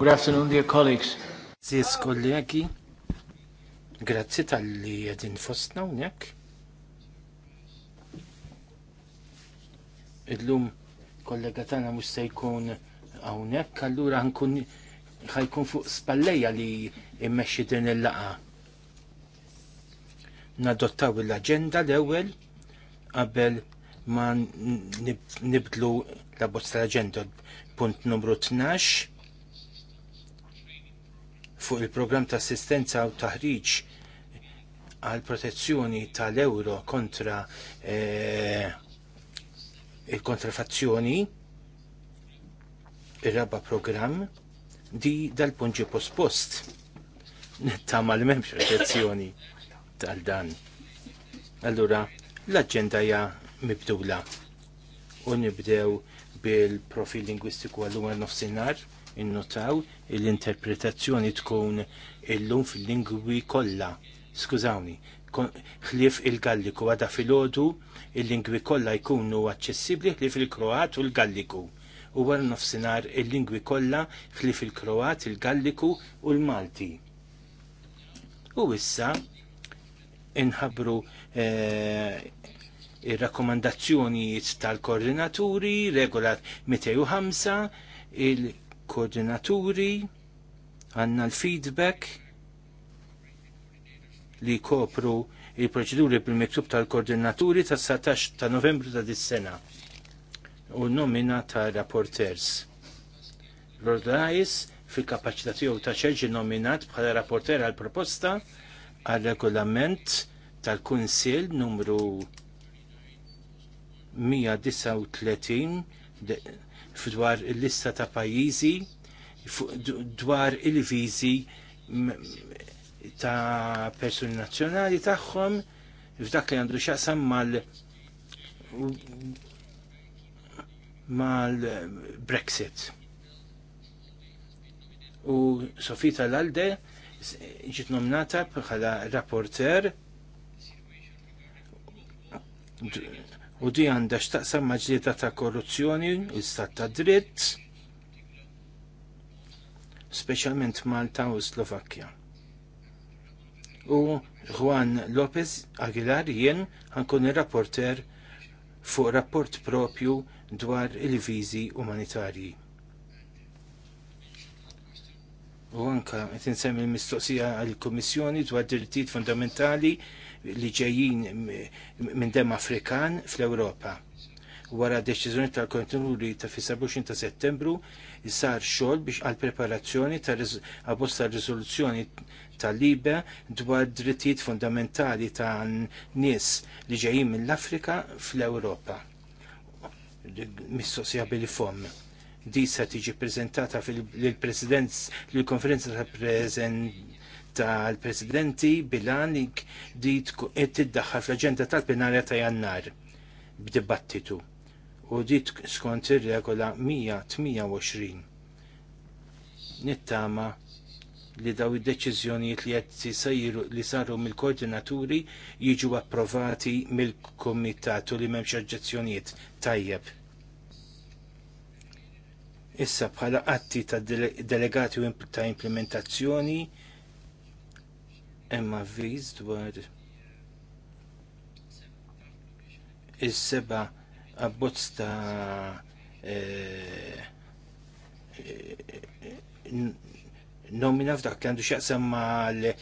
Good afternoon, dear colleagues. Zis kollegi, grazzi tal-li jedin fostna unjak. Illum kollega tana mux se jkun għawnek, allura nkun ħajkun fuq spalleja li immexxi din il-laqa. Nadottaw l-agenda l-ewel qabel ma nibdlu la bozza l-agenda punt numru 12 fuq il-programm ta' assistenza u taħriġ għal protezzjoni tal-euro kontra eh, il-kontrafazzjoni ir-raba program, di dal-punġi post-post nittama li memx protezzjoni tal-dan. Allura, l-agenda hija mibdula u nibdew bil-profil lingwistiku għallum għal nofsinar, innotaw l-interpretazzjoni tkun illum fil-lingwi kollha. Skużawni, ħlief il-Galliku għada fil-ħodu il-lingwi kollha jkunu aċċessibbli ħlief il-Kroat u l-Galliku. U għar nofsinhar il-lingwi kollha ħlief il-Kroat, il-Galliku u l-Malti. U issa inħabru e, eh, ir-rakkomandazzjoni tal-koordinaturi, regola 205, il- koordinaturi, għanna l-feedback li kopru il-proċeduri bil-miktub tal-koordinaturi tas satax ta' novembru ta' dis-sena u nomina ta' rapporters. Lord Lajs fil-kapacità tiegħu ta' ċerġi nominat bħala rapporter għal proposta għal regolament tal-Kunsil numru 139 dwar il-lista ta' pajjiżi dwar il-viżi ta' persuni nazzjonali tagħhom f'dak li għandu x'aqsam mal mal-Brexit. U Sofita Lalde ġiet nominata bħala rapporter u di għanda x'taqsam ma' ġlieda ta' korruzzjoni u stat ta' dritt, speċjalment Malta u Slovakkja. U Juan Lopez Aguilar jien għankun il rapporter fuq rapport propju dwar il-viżi umanitarji. U anka qed insemmi l-mistoqsija għall-Kummissjoni dwar drittijiet fundamentali li ġejjin minn dem Afrikan fl-Ewropa. Wara deċiżjoni tal-kontinuri ta' fi 27 ta' settembru sar xogħol biex għal preparazzjoni ta' ta' riżoluzzjoni ta' Liba dwar drittijiet fundamentali ta' nies li ġejjin mill-Afrika fl-Ewropa. Mistoqsija billi fom di se tiġi prezentata fil-konferenza ta' tal-Presidenti bilan li e tiddaħħal fl-aġenda tal-plenarja ta' jannar b'dibattitu u dit skont ir-regola 128. Nittama li daw id-deċiżjonijiet li qed sejru li saru mill-koordinaturi jiġu approvati mill-kumitatu li m'hemmx oġġezzjonijiet tajjeb. Issa bħala atti ta' delegati ta' implementazzjoni imma viz dwar is-seba abbozz ta' e, e, e, nomina f'dak li għandu xaqsam l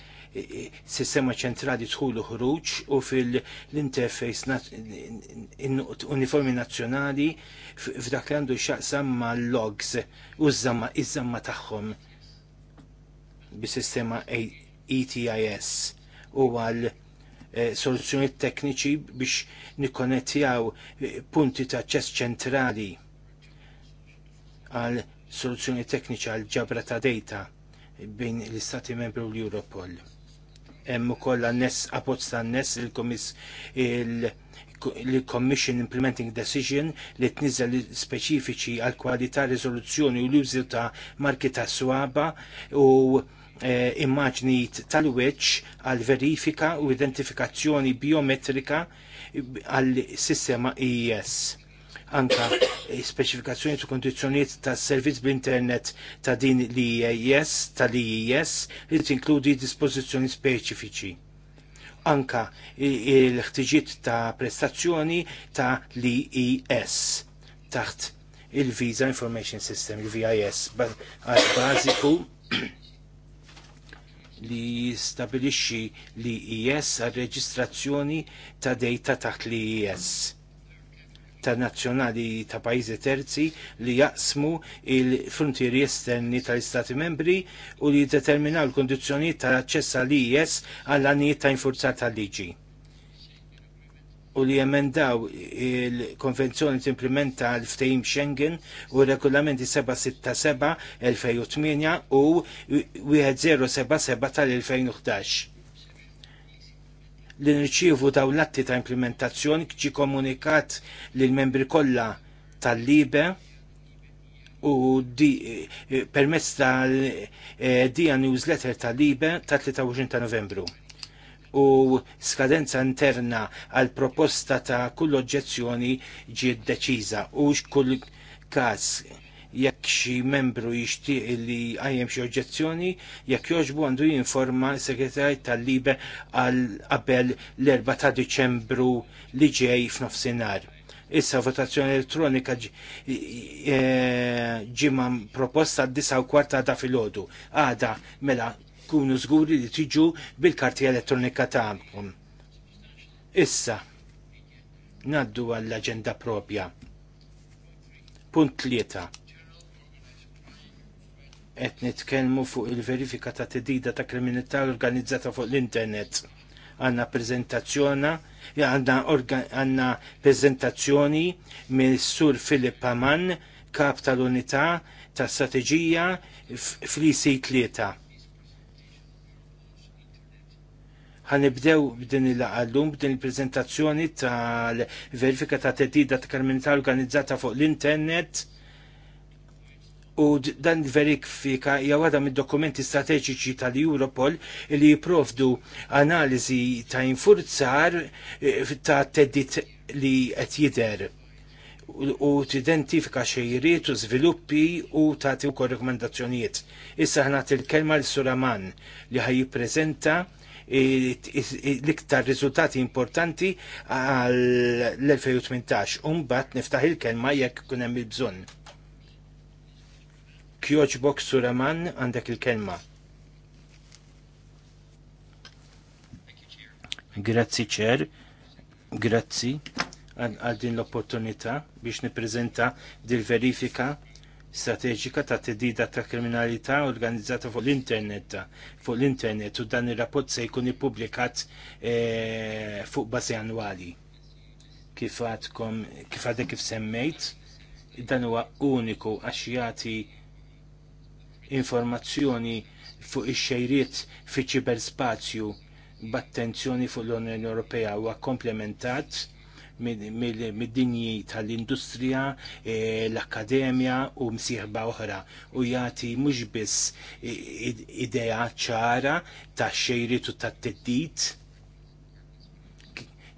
sistema ċentrali dħul u ħruġ u fil-interface uniformi nazzjonali f'dak li għandu xaqsam mal logs u iz żamma tagħhom bis-sistema ETIS u għal eh, soluzzjoniet tekniċi biex nikkonnettjaw eh, punti ta' ċess ċentrali għal soluzzjoni tekniċi għal ġabra ta' data bejn l-Istati Membri u l-Europol. Hemm ukoll għan-ness appoġġ tan-ness il-Commission Implementing Decision li tniżel speċifiċi għal kwalità riżoluzzjoni u l użil ta' marki ta' swaba u Eh, immaġnijiet tal-weċ għal verifika u identifikazzjoni biometrika għal sistema IES. E Anka specifikazzjoni u kondizjoniet tas servizz bl-internet ta' din li IES, tal-IES, e li tinkludi dispożizzjoni speċifiċi. Anka l-ħtiġiet ta' prestazzjoni ta' li ies e taħt il-Visa Information System, il-VIS, bażiku li jistabilixxi li IS e għal reġistrazzjoni ta' dejta taħt li IS e ta' nazzjonali ta' pajjiżi terzi li jaqsmu il-frontieri esterni tal-Istati membri u li determina l-kondizjoni tal-aċċess għal IS e għall-għanijiet ta' infurzata liġi u li jemendaw il-konvenzjoni t-implementa l-ftehim Schengen u regolamenti 767-2008 u 1077 tal-2011 li nirċievu daw l-atti ta' implementazzjoni ġi komunikat l membri kollha tal-libe u di eh, permezz tal-dija eh, newsletter tal-libe ta' 23 ta' novembru u skadenza interna għal proposta ta' kull oġġezzjoni ġiet deċiża u x'kull każ jekk xi membru jixtieq li għajjem xi oġġezzjoni, jekk jogħġbu għandu jinforma s-segretarj tal-libe għal qabel l-4 ta' Diċembru li ġej f'nofsinhar. Issa votazzjoni elettronika eh, ġimam proposta d u kwarta da filgħodu. Għada mela kunu żguri li tiġu bil-karti elettronika tagħkom. Issa, naddu għall-aġenda propja. Punt tlieta. Qed nitkellmu fuq il-verifika ta' tedida ta' kriminalità organizzata fuq l-internet. Għanna prezentazzjona, għanna prezentazzjoni mill sur Filip Aman, kap tal-unità ta' strateġija fl-IC tlieta ħanibdew b'din il-għallum b'din il-prezentazzjoni tal-verifika ta' tedida ta' kriminalità organizzata fuq l-internet u dan verifika jawada mid-dokumenti strateġiċi tal-Europol li jipprovdu analiżi ta' infurzar eh, ta' teddit li qed jidher u t-identifika xejriet u sviluppi u tagħti wkoll rekomendazzjonijiet. Issa ħnat il-kelma l-Suraman li ħaj jippreżenta l-iktar riżultati importanti għal l-2018. Umbat niftaħ il-kelma jekk kun hemm il-bżonn. Bok Suraman għandek il-kelma. Grazzi ċer, grazzi għal din l-opportunità biex niprezenta dil-verifika strateġika ta' tedida ta' kriminalità organizzata fuq l-internet fuq l-internet u dan ir-rapport se jkun ippubblikat eh, fuq bażi annwali. Kif għadkom kif għadek kif semmejt, dan huwa uniku għax jagħti informazzjoni fuq ix-xejriet fiċ ċiberspazju b'attenzjoni fuq l-Unjoni Ewropea huwa komplementat mid-dinji tal-industrija, eh, l-akademja u msieħba oħra u jagħti mhux biss idea ċara ta' xejrit u ta' teddit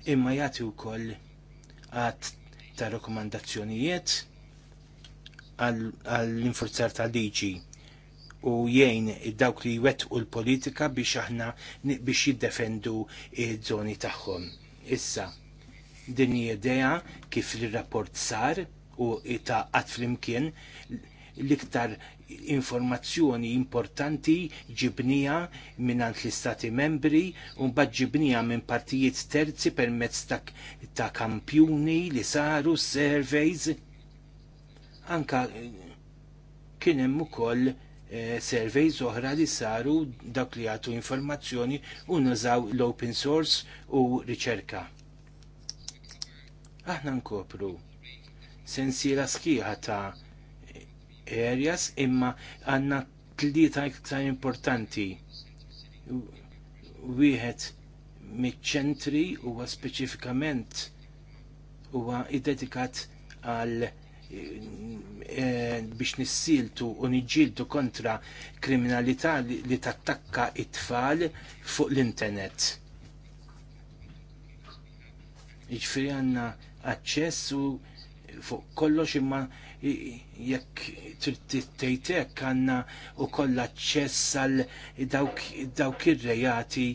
imma jagħti wkoll għat ta' rakkomandazzjonijiet għall-infurzar ta' liġi u jgħin dawk li jwettqu l-politika biex aħna biex jiddefendu id żoni tagħhom. Issa, din idea kif ir rapport sar u itaqat flimkien l-iktar informazzjoni importanti ġibnija minnant l-istati membri un bad ġibnija minn partijiet terzi permezz ta', ta kampjuni li saru surveys anka kien hemm ukoll eh, surveys oħra li saru dak li għatu informazzjoni u nużaw l-open source u riċerka aħna nkopru sensiela sħiħa ta' areas imma għanna tlieta iktar importanti. Wieħed miċ-ċentri huwa speċifikament huwa iddedikat għal eh, biex nissiltu u niġġieldu kontra kriminalità li tattakka it-tfal fuq l-internet. Jiġifieri għandna aċċess u fuq kollox imma jekk tejtek għanna u koll aċċess għal dawk ir-rejati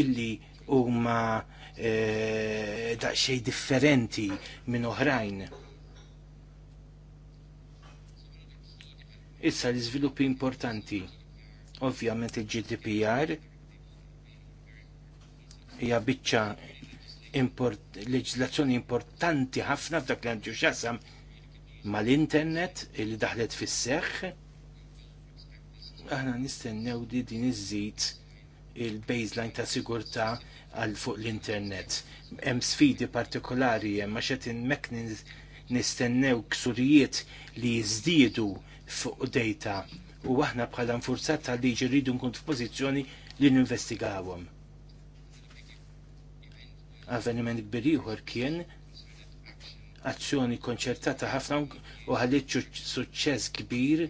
illi huma e, daqsxejn differenti minn oħrajn. Issa l-iżviluppi importanti. Ovvjament il-GDPR hija biċċa import, leġislazzjoni importanti ħafna f'dak li għandu xasam mal-internet li daħlet fis seħħ aħna nistennew li din iżżid il-baseline ta' sigurtà għal fuq l-internet. Hemm sfidi partikolari hemm għax qed mek nistennew ksurijiet li jiżdiedu fuq data u aħna bħala nfurzat tal liġi rridu nkun f'pożizzjoni li ninvestigawhom. Avveniment kbir kien azzjoni konċertata ħafna u ħallit suċċess kbir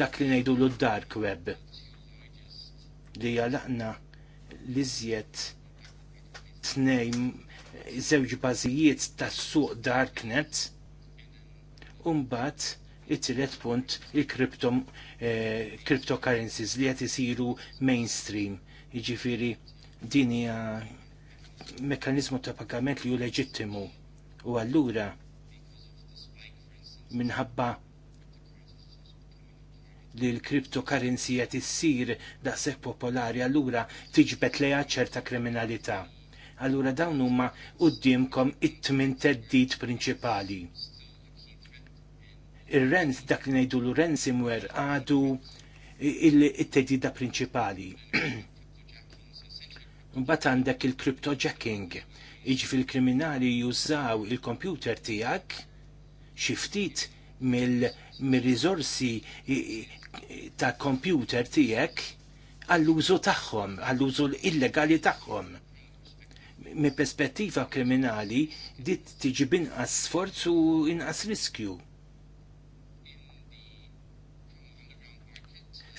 dak li ngħidu l dark web li jalaqna li zjed tnejn żewġ bażijiet tas-suq darknet u mbagħad it-tielet punt il-cryptocurrencies eh, li qed isiru mainstream. Jiġifieri din hija mekkanizmu ta' pagament li hu leġittimu u allura minħabba li l-kriptokarenzi qed issir daqshekk popolari allura tiġbet lejha ċerta kriminalità. Allura dawn huma quddiemkom it-tmin teddid prinċipali. Ir-rent dak li ngħidu l rent imwer għadu it-teddida prinċipali. Mbagħad għandek il-crypto jacking. Iġifi kriminali jużaw il-kompjuter tiegħek xi ftit mill-riżorsi ta' kompjuter tiegħek għall-użu tagħhom, għall-użu illegali tagħhom. Mi perspettiva kriminali dit tiġi binqas sforz u inqas riskju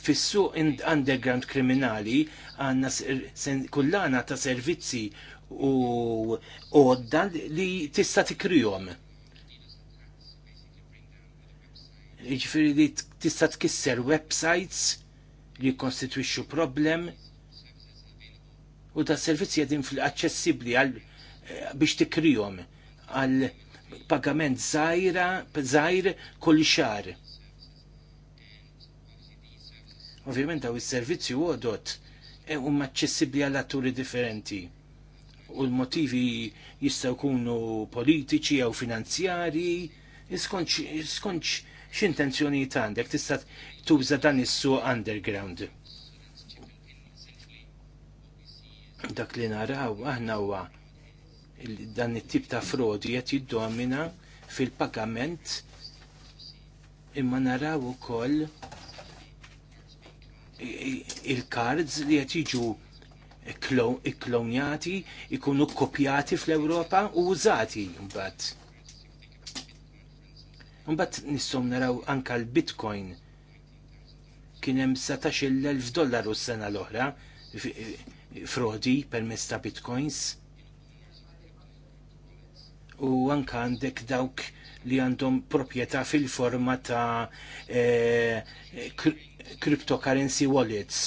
fissu underground kriminali għanna kullana ta' servizzi u għodda li tista' tikrijom. Iġifiri li tista' tkisser websites li konstitwixxu problem u ta' servizzi għedin fil-accessibli għal eh, biex tikrijom għal pagament zaħir kull xar Ovvjament daw is-servizzi għodot e huma aċċessibbli għal atturi differenti. U l-motivi jistgħu jkunu politiċi jew finanzjari, skonċ x'intenzjoni għandek tista' tuża dan is-suq underground. Dak li naraw aħna huwa dan it-tip ta' frodi qed jiddomina fil-pagament imma naraw ukoll il-kards li qed jiġu ikklonjati ikunu kopjati fl-Ewropa u użati mbagħad. Mbagħad nistgħu naraw anke l-Bitcoin kien hemm elf dollaru s-sena l-oħra frodi permezz ta' Bitcoins. U anka għandek dawk li għandhom proprjetà fil-forma ta' e, e, cryptocurrency wallets.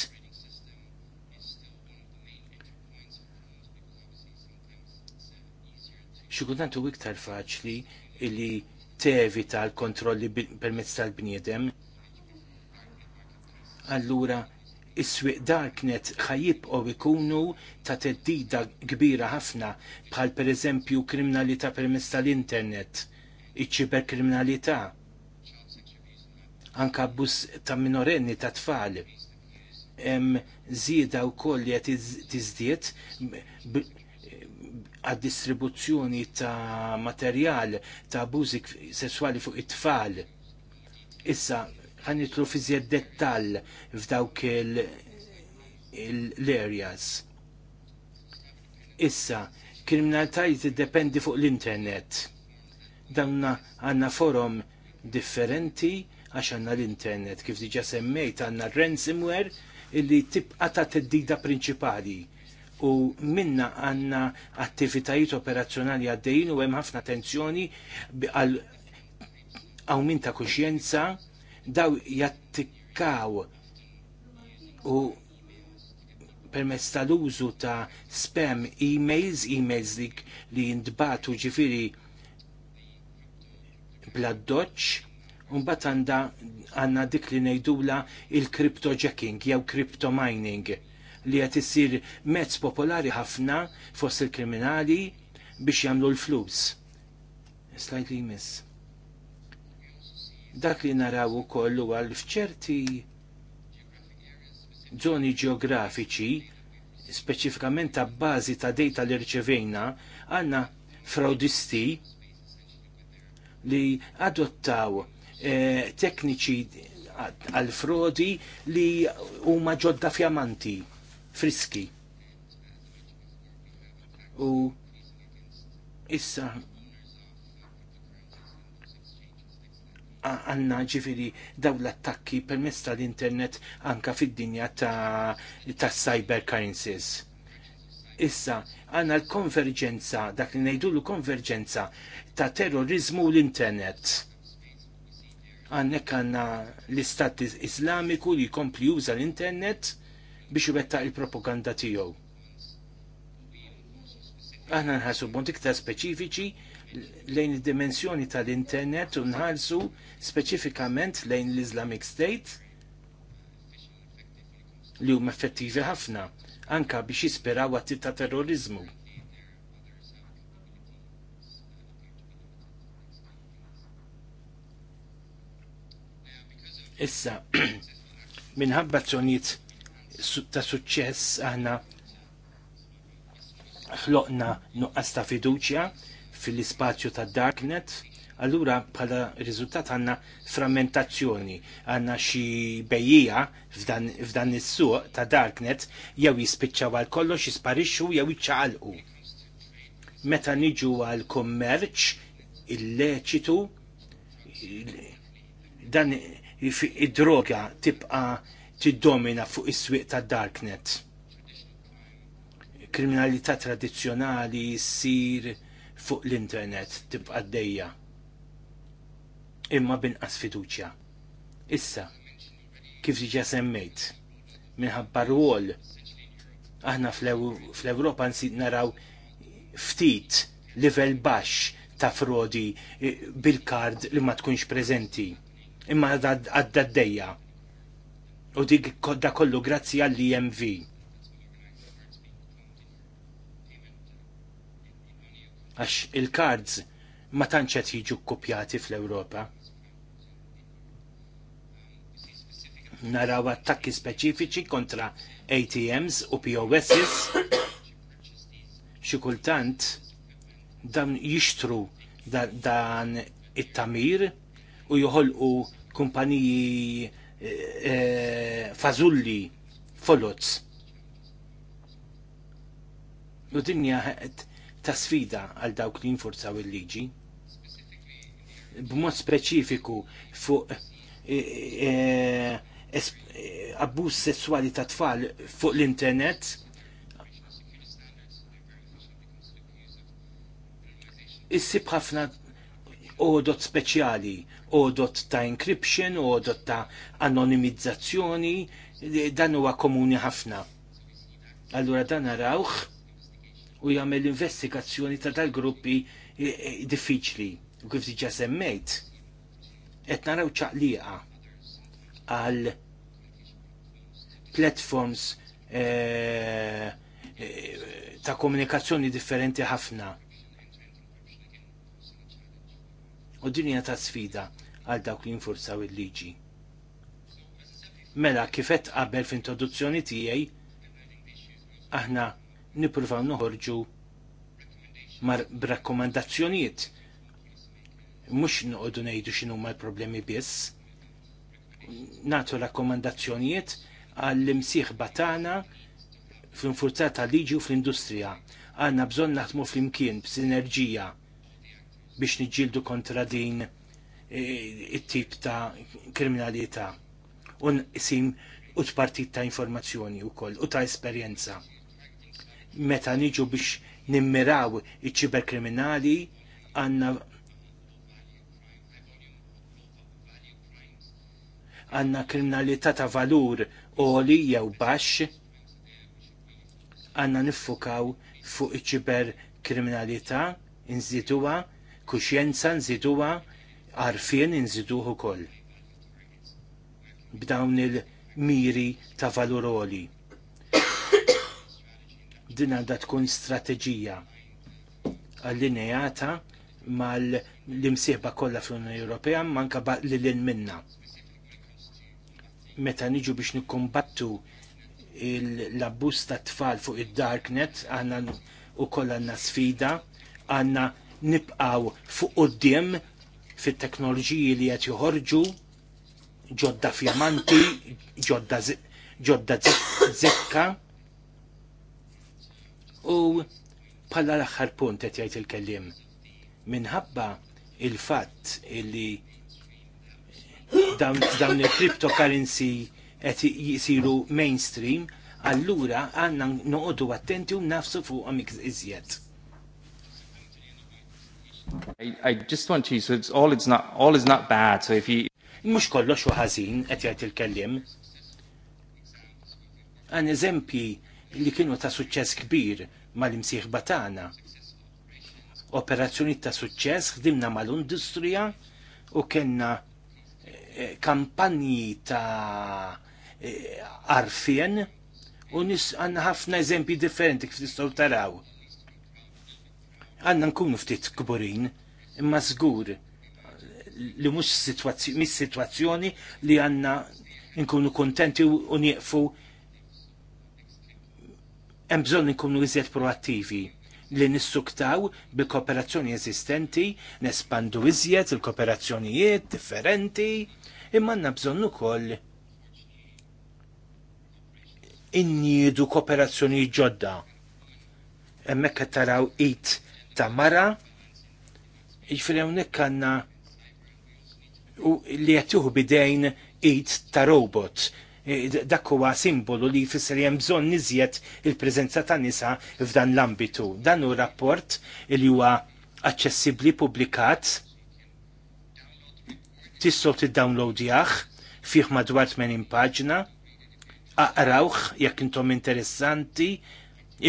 Xikultant u iktar faċli li tevita l-kontrolli permezz tal-bniedem. Allura, is-swieq darknet u ikunu ta' teddida kbira ħafna bħal pereżempju kriminalità permezz tal-internet iċ-ċiberkriminalità, anka abbuż ta' minorenni ta' tfal, zida u wkoll li qed tiżdied għad-distribuzzjoni ta' materjal ta' abużi sessuali fuq it-tfal. Issa, ħanitlu jitlu zjed dettal f'dawk l-areas. Issa, kriminalità jitt-dependi fuq l-internet danna għanna forum differenti għax għanna l-internet, kif diġa semmejt għanna ransomware illi tibqa ta' teddida prinċipali u minna għanna attivitajiet operazzjonali għaddejn u hemm ħafna tensjoni għal għaw ta' kuxjenza daw jattikaw u permess tal-użu ta' spam emails, emails li, li jindbatu ġifiri bla doċ, Unbat għanda għanna dik li nejdula il-crypto jacking jew crypto mining li għat issir mezz popolari ħafna fost il-kriminali biex jamlu l-flus. Slajt li jmiss. Dak li naraw u kollu għal fċerti zoni ġeografiċi, speċifikament ta' bazi ta' data li rċevejna, għanna fraudisti li adottaw eh, tekniċi għal-frodi li huma ġodda fjamanti, friski. U issa għanna ġifiri daw l-attakki permess tal-internet anka fid-dinja ta cyber currencies Issa, għanna l-konverġenza, dak li nejdu l-konverġenza ta' terrorizmu u l-internet. Għannek għanna l-istat islamiku li kompli juża l-internet biex jwetta il-propaganda tiegħu. Aħna nħarsu bont iktar speċifiċi lejn id-dimensjoni tal-internet u nħarsu speċifikament lejn l-Islamic State li huma effettivi ħafna anka biex jisperaw għatti ta' terrorizmu. Issa, minħabba t-soniet ta' suċċess aħna ħloqna nuqqas ta' fiduċja fil-ispazju ta' darknet allura bħala riżultat għandna frammentazzjoni, għandna xi bejjija f'dan is-suq ta' darknet jew jispiċċaw għal kollox jisparixxu jew jiċċaqalqu. Meta niġu għal kummerċ illeċitu dan id-droga tibqa tiddomina fuq is-swieq ta' darknet. Kriminalità tradizzjonali ssir fuq l-internet tibqa d-dejja imma binqas fiduċja. Issa, kif diġa semmejt, minħabba rwol, aħna fl-Europa nsit naraw ftit livell baxx ta' frodi eh, bil-kard li ma tkunx preżenti. Imma għadda d-dejja. U dik kodda kollu grazzi għall-IMV. Għax il-kards ma tantx qed jiġu kkupjati fl-Ewropa naraw attakki speċifiċi kontra ATMs u POSs xi kultant dan jixtru dan, dan it-tamir u joħolqu kumpaniji e, eh, e, eh, fażulli folots. U dinja ta' sfida għal dawk li jinfurzaw il-liġi. B'mod speċifiku fuq e, abbuż sessuali ta' tfal fuq l-internet. Issib ħafna odot speċjali, odot ta' encryption, odot ta' anonimizzazzjoni, dan huwa komuni ħafna. Allura dan narawh u jagħmel investigazzjoni ta' dal-gruppi eh, eh, diffiċli u kif diġa semmejt. Qed naraw ċaqliqa għal platforms eh, eh, ta' komunikazzjoni differenti ħafna. U dinja ta' sfida għal dawk li nfurzaw il-liġi. Mela, kifet qabel f'introduzzjoni tiegħi, aħna nippruvaw noħorġu mar b'rakkomandazzjonijiet. Mhux noqogħdu ngħidu x'inhuma l-problemi biss, natu rakkomandazzjonijiet għall-imsieħba tagħna fl-infurzat tal-liġi u fl-industrija. Għanna bżon naħdmu fl-imkien b'sinerġija biex niġġieldu kontra din e, it-tip ta' kriminalità u sim u t-partit ta' informazzjoni u koll u ta' esperienza. Meta niġu biex nimmiraw iċ-ċiberkriminali għanna għanna kriminalità ta' valur oli jew baxx, għanna niffukaw fuq iċiber kriminalità, nżiduwa, kuxjenza nżiduwa, għarfien nżiduħu koll. B'dawn il-miri ta' valur oli. Din għandha tkun strateġija allineata mal-imsieħba kollha fl-Unjoni Ewropea manka baqli l minna meta niġu biex nikkombattu l-abbuż ta' tfal fuq id-darknet għanna u koll għanna sfida għanna nibqaw fuq qoddim fit-teknoloġiji li qed joħorġu ġodda fjamanti, ġodda ġodda zekka u palla l-aħħar punt qed jgħid il-kellim minħabba il-fatt illi dawn il-cryptocurrency qed jisiru mainstream, allura għandna noqogħdu attenti u nafsu fuqhom iżjed. I, I just want to use so it's all it's not all is not bad. So if you Mhux kollox u ħażin qed jgħid il-kellim. Għan eżempji li kienu ta' suċċess kbir mal-imsieħba batana. Operazzjoni ta' suċċess ħdimna mal-industrija u kellna Eh, kampanji ta' arfien eh, u nis għanna ħafna eżempji differenti kif tistgħu taraw. Għanna nkunu ftit kburin, imma żgur li mhux mis-sitwazzjoni li għanna nkunu kontenti u nieqfu hemm bżonn nkunu iżjed proattivi li nissuktaw bi kooperazzjoni eżistenti, nespandu iżjed il-kooperazzjonijiet differenti, imma għandna bżonn ukoll innidu kooperazzjoni ġodda. Hemmhekk qed taraw it ta' mara, jiġifieri hawnhekk għandna li qed bidejn it ta' robot E, dak huwa simbolu li jfisser hemm bżonn niżjed il-preżenza ta' nisa f'dan l-ambitu. Dan hu rapport li huwa aċċessibbli pubblikat tistgħu tiddownloadjah fih madwar 80 paġna, aqrawh jekk intom interessanti,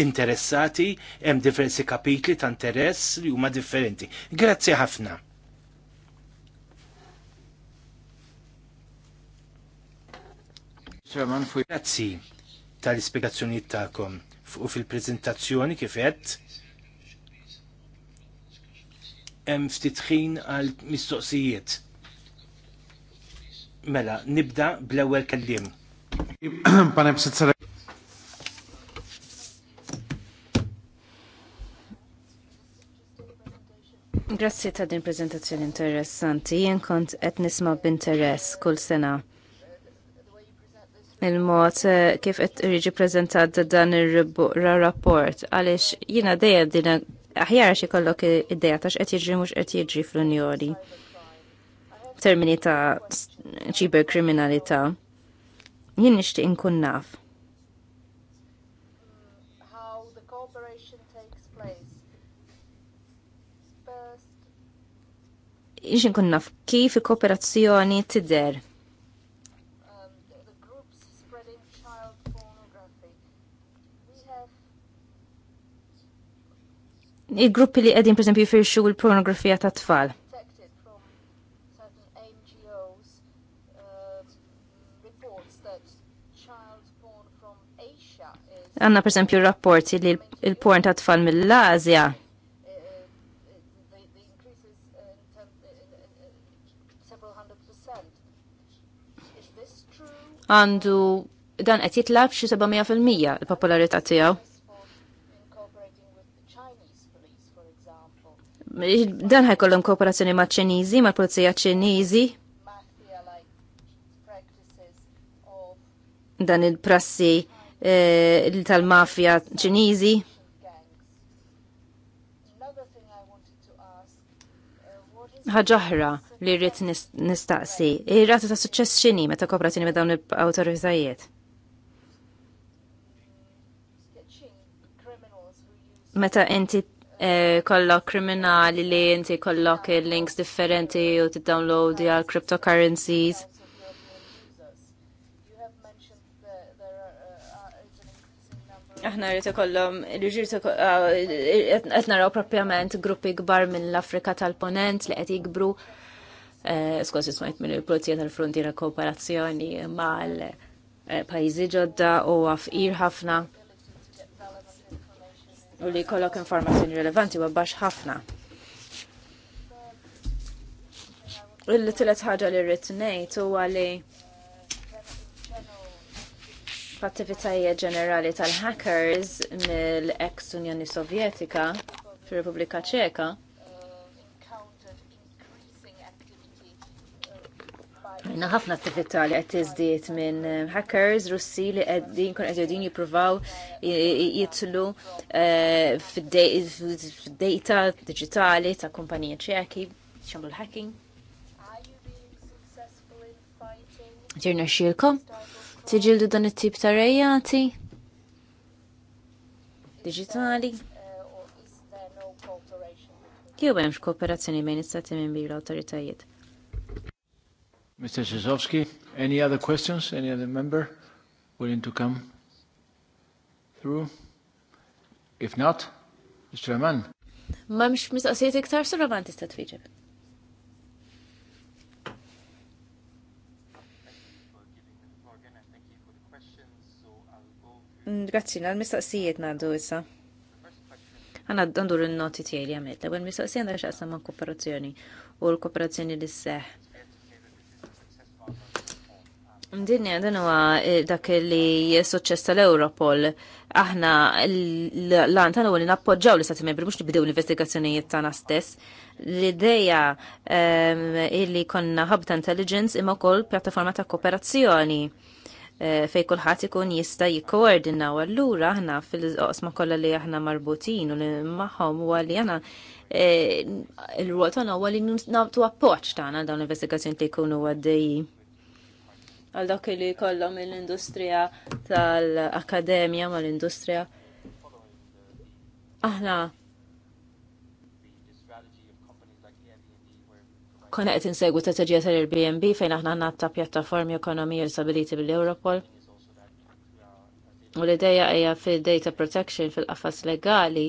interessati, hemm diversi kapitli ta' interess li huma differenti. Grazzi ħafna. Chairman, fu Grazzi tal-ispiegazzjoni ta'kom u fil-prezentazzjoni kifet hemm ftitħin għal mistoqsijiet. Mela, nibda bl-ewwel kelliem. Grazzi ta' din prezentazzjoni interessanti. Jien kont qed nisma' b'interess kull sena il-mod eh, kif qed riġi prezentat dan ir-rapport għaliex jiena dejja dina aħjar xi kollok id-dejja ta' x'qed jiġri mhux qed jiġri fl-Unjoni. Termini ta' ċiberkriminalità. Jien nixtieq inkun naf. Ixin kun naf kif kooperazzjoni t-der? il-gruppi li għedin, per esempio, jifirxu il pornografija ta' tfal. Uh, Għanna per esempio rapporti li il-porn ta' tfal mill-Azja għandu dan qed jitlab xi 700% il-popolarità tiegħu. dan ħajkollhom kooperazzjoni ma' ċiniżi, ma' pulizija ċiniżi. Dan il-prassi eh, tal-mafja ċiniżi. ħaġaħra li rrit nistaqsi. Ir-rata ta' suċċess x'inhi meta kooperazzjoni ma' dawn l-awtoritajiet? Meta inti Eh, kollok kriminali li inti kollok links differenti u t download għal cryptocurrencies. Aħna rrit ikollhom irġir eh, qed naraw propjament gruppi kbar mill-Afrika tal-Ponent li qed jikbru. Eh, Skos ismajt minn il-Polizija tal-Frontiera Kooperazzjoni mal-pajjiżi ġodda u għaf ħafna u li kollok informazzjoni rilevanti u bax ħafna. Il-tilet ħaġa li rrid ngħid huwa li f'attivitajiet ġenerali tal-hackers mill-ex Unjoni Sovjetika fir-Repubblika Ċeka Inna ħafna attività li għattizdiet minn eh, hackers Russi li għeddin kun għeddin jippruvaw jitlu eh, fid-data diġitali ta' kumpanija ċeħki, xamlu l-hacking. Ġirna xilkom? Tiġildu dan it-tip ta' rejati? Digitali? Kjubem x kooperazzjoni bejn istati membri l autoritajiet Mr. Szysowski, any other questions? Any other member willing to come through? If not, Mr. Rahman. Mamx mistaqsijiet iktar, Sir Rahman tista' twieġeb. Mm, grazzi, għal-mistaqsijiet naddu issa. Għanna għandur il-noti tiegħi li għamilt. Għal-mistaqsijiet għandu xaqsam ma' kooperazzjoni u l-kooperazzjoni li seħ Dinja, dan huwa eh, dak li suċċess tal-Europol. Aħna l-għan tagħna li nappoġġaw li sati membri mhux nibdew l-investigazzjonijiet tagħna stess. L-idea ehm, illi konna hub ta' intelligence imma wkoll pjattaforma ta' kooperazzjoni eh, fej kulħadd ikun jista' jikkoordinaw allura aħna fil-qosma kollha li aħna marbutin u li magħhom huwa li aħna eh, il-rwol tagħna huwa li nagħtu appoġġ tagħna dawn l-investigazzjoni li jkunu għaddejjin għal dak li kollhom mill-industrija tal-akademja mal-industrija. Aħna konna qed insegwu strateġija tal-Airbnb fejn aħna għandna ta' pjattaformi ekonomija li sabiliti bil-Europol. U l idea hija fil-data protection fil-qafas legali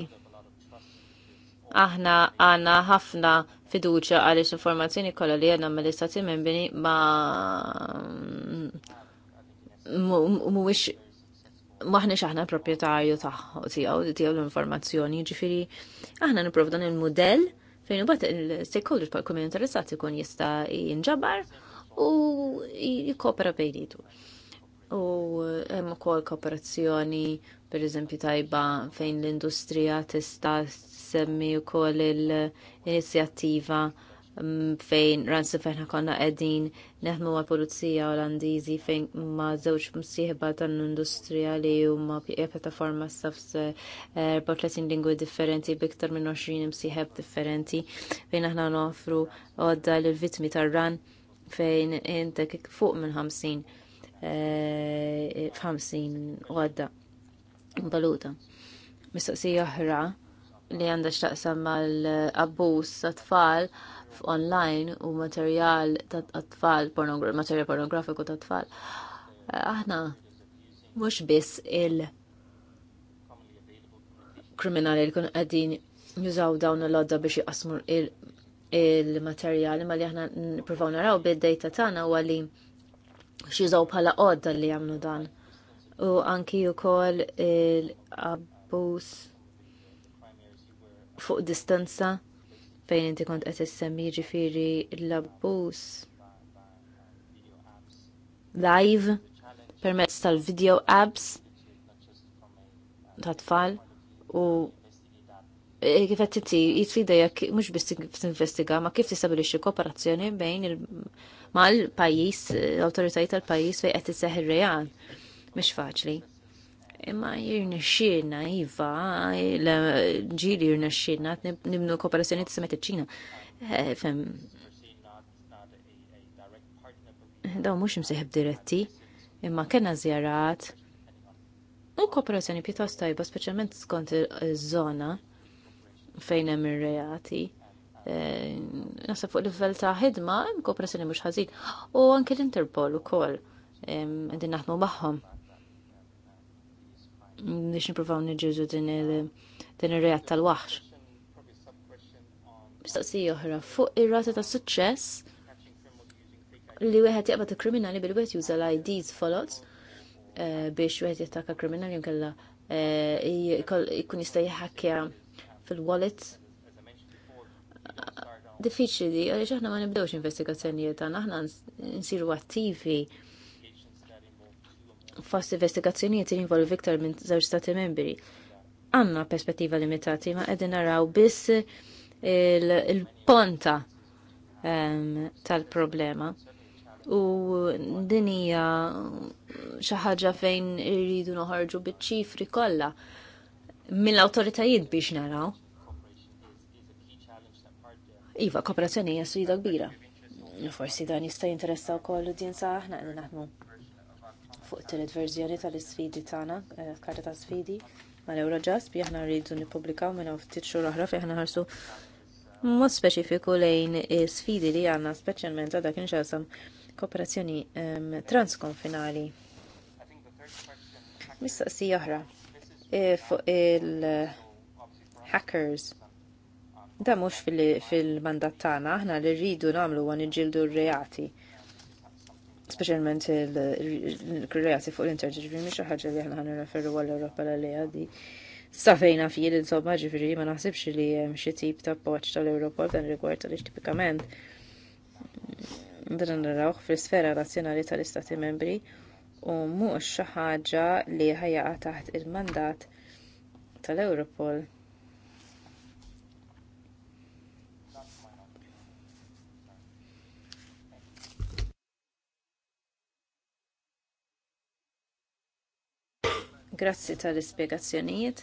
aħna għanna ħafna fiduċa għaliex informazzjoni kollha li għanna mill-istati membri ma mhuwiex maħniex aħna proprjetarju taħħu tijaw tijaw l-informazzjoni, ġifiri aħna nipprov dan il-mudell fejn bat il-stakeholders bħal kumin interessati kun jista' jinġabar u jikkopera bejditu. U hemm ukoll kooperazzjoni pereżempju tajba fejn l-industrija tista' u koll l inizjattiva mm, fejn ransu fejn konna qegħdin neħmu ma' pulizija Olandiżi fejn ma' żewġ msieħba tan-industrija li huma s safs 34 lingwi differenti biktar minn 20 msieħeb differenti fejn aħna noffru għodda l vittmi tar-ran fejn intek fuq minn 50 50 e, e, għodda valuta. Mistoqsija oħra li għandha x'taqsam mal-abbuż ta' tfal online u materjal ta' tfal, materjal pornografiku ta' tfal. Aħna mhux biss il- kriminali li kun għadin jużaw dawn l-odda biex jqasmu il-materjali ma li aħna nippruvaw naraw bid-dejta tagħna huwa li xjużaw bħala odda li jagħmlu dan. U anki wkoll il abbus fuq distanza fejn inti kont qed issemmi jiġifieri l-abbuż live permezz tal-video apps ta' tfal u e, kif qed titi jitfida jekk mhux biss tinvestiga ma kif tistabilixxi kooperazzjoni bejn mal-pajjiż l-awtoritajiet tal-pajjiż fejn qed isseħħ ir-real. Mhix faċli. Imma jirna xirna, jiva, ġiri jirna xirna, nibnu kooperazzjoni t-semet ċina. Eh, fem, daw mux mseħib diretti, imma kena zjarat. U kooperazzjoni pjuttost tajba, specialment skont iż-żona fejn hemm ir-reati. Eh, Nasa fuq livell ta' ħidma, kooperazzjoni mux ħażin. U anke l-Interpol ukoll, din naħdmu magħhom biex niprofaw nġiżu din il rejat tal-waħx. Mistaqsija oħra fuq ir-rata ta' suċċess li wieħed jaqbad il-kriminali bil-wieħed juża l-IDs folots eh, biex wieħed jattakka kriminali jinkella jkun eh, jista' jħakkja fil-wallet diffiċli għaliex aħna ma nibdewx investigazzjonijiet tagħna aħna nsiru attivi Fast investigazzjonijiet li jinvolvi iktar minn żewġ stati membri. Għandna perspettiva limitati ma qegħdin naraw biss il-ponta ehm, tal-problema. U din hija xi ħaġa fejn irridu noħorġu biċ-ċifri kollha mill-awtoritajiet biex naraw. Iva, kooperazzjoni hija sfida kbira. Forsi dan jista' jinteressa wkoll udjenza aħna qegħdin naħdmu fuq telet verżjoni tal-isfidi tagħna, eh, karta ta' sfidi mal-Eurojust bi aħna rridu nippubblikaw minn ftit xhur oħra fejn aħna ħarsu mod speċifiku lejn sfidi li għandna speċjalment għadha kien xasam kooperazzjoni ehm, transkonfinali. Mistaqsija oħra eh, fuq il-hackers. Da mhux fil-mandat tagħna aħna li rridu nagħmlu għan iġildu r-reati specialment il-kreati fuq l-internet, ġifiri miex ħagġa li ħana ħana referru għall-Europa l-għalija di. Safejna fil insomma ġifiri ma naħsibx li hemm xi tip ta' poċ tal-Europa dan rigward tal tipikament. Dan narawh fl-sfera nazzjonali tal-Istati membri u mhux xi ħaġa li ħajja taħt il-mandat tal-Europol Grazzi tal-ispiegazzjonijiet.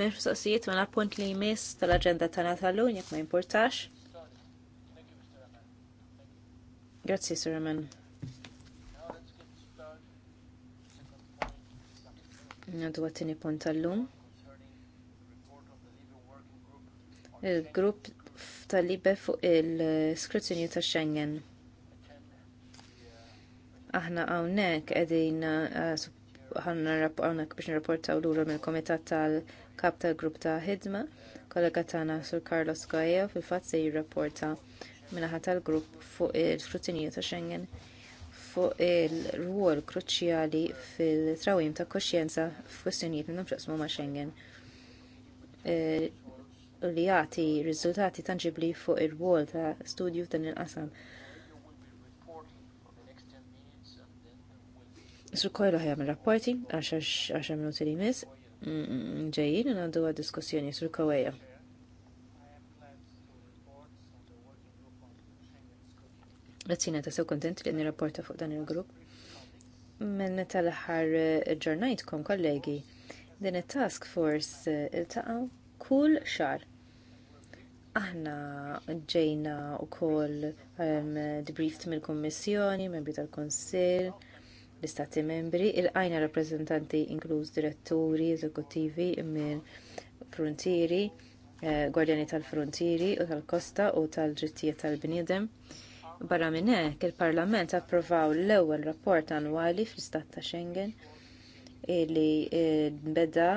Menx soqsijiet ma napunt li jmiss tal-agenda ta' Natalun, jek jekk ma jimpurtax. Grazzi, Suraman. Nadu għattini punt tal-lum. Il-grupp tal-libe fuq il-skrutinju ta' Schengen aħna hawnhekk qegħdin eh, ħanna għawnek biex nirrapportaw lura mill-Komitat tal-Kap tal-Grupp ta' Hidma, kollega tagħna Sur Carlos Gaia fil-fatt se jirrapporta minnaħa tal-grupp fuq il-fruttinju ta' Schengen fuq il-rwol kruċjali fil-trawim ta' koxjenza f'kwistjonijiet minnhom xaqsmu ma' Schengen eh, li jagħti riżultati tanġibli fuq ir-rwol ta' studju f'dan il-qasam Sur kollu ħajam il-rapporti, 10 minuti li mis, mm, ġejjin għandu għad diskussjoni sur kawajja. Għazzina ta' sew kontent li għanni rapporta fuq dan il-grupp. Men meta l-ħar eh, ġurnajtkom kollegi, din il-task force eh, il-taqaw kull xar. Aħna ġejna u koll ehm, debriefed mill-kommissjoni, membri tal-konsil, l-istati membri il-għajna rappreżentanti inkluż diretturi eżekuttivi minn frontieri, eh, gwardjani tal-frontieri u tal-kosta u tal-ġittijiet tal-bniedem. Barra minn hekk il-Parlament approvaw l-ewwel rapport annwali fl-istat ta' Schengen li eh, beda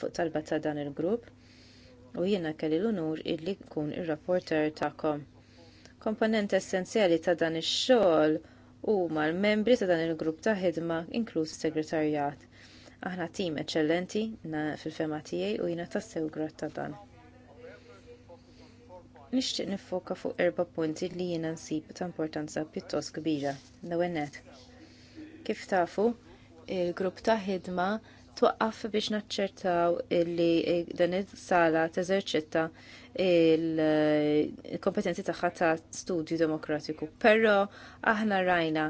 fuq talba ta' dan il-grupp u jiena kelli l-unur illi kun ir-rapporter tagħkom. Komponent essenzjali ta' dan ix-xogħol u mal-membri ta' dan il-grupp ta' ħidma inkluż segretarjat. Aħna tim eċċellenti fil-fema tiegħi u jiena tassew grat ta' dan. Nixtieq niffoka fuq erba' punti li jiena nsib ta' importanza pjuttost kbira. l Kif tafu, il-grupp ta' ħidma twaqqaf biex naċċertaw illi dan is-sala teżerċetta il-kompetenzi tagħha ta' studju demokratiku. Però aħna rajna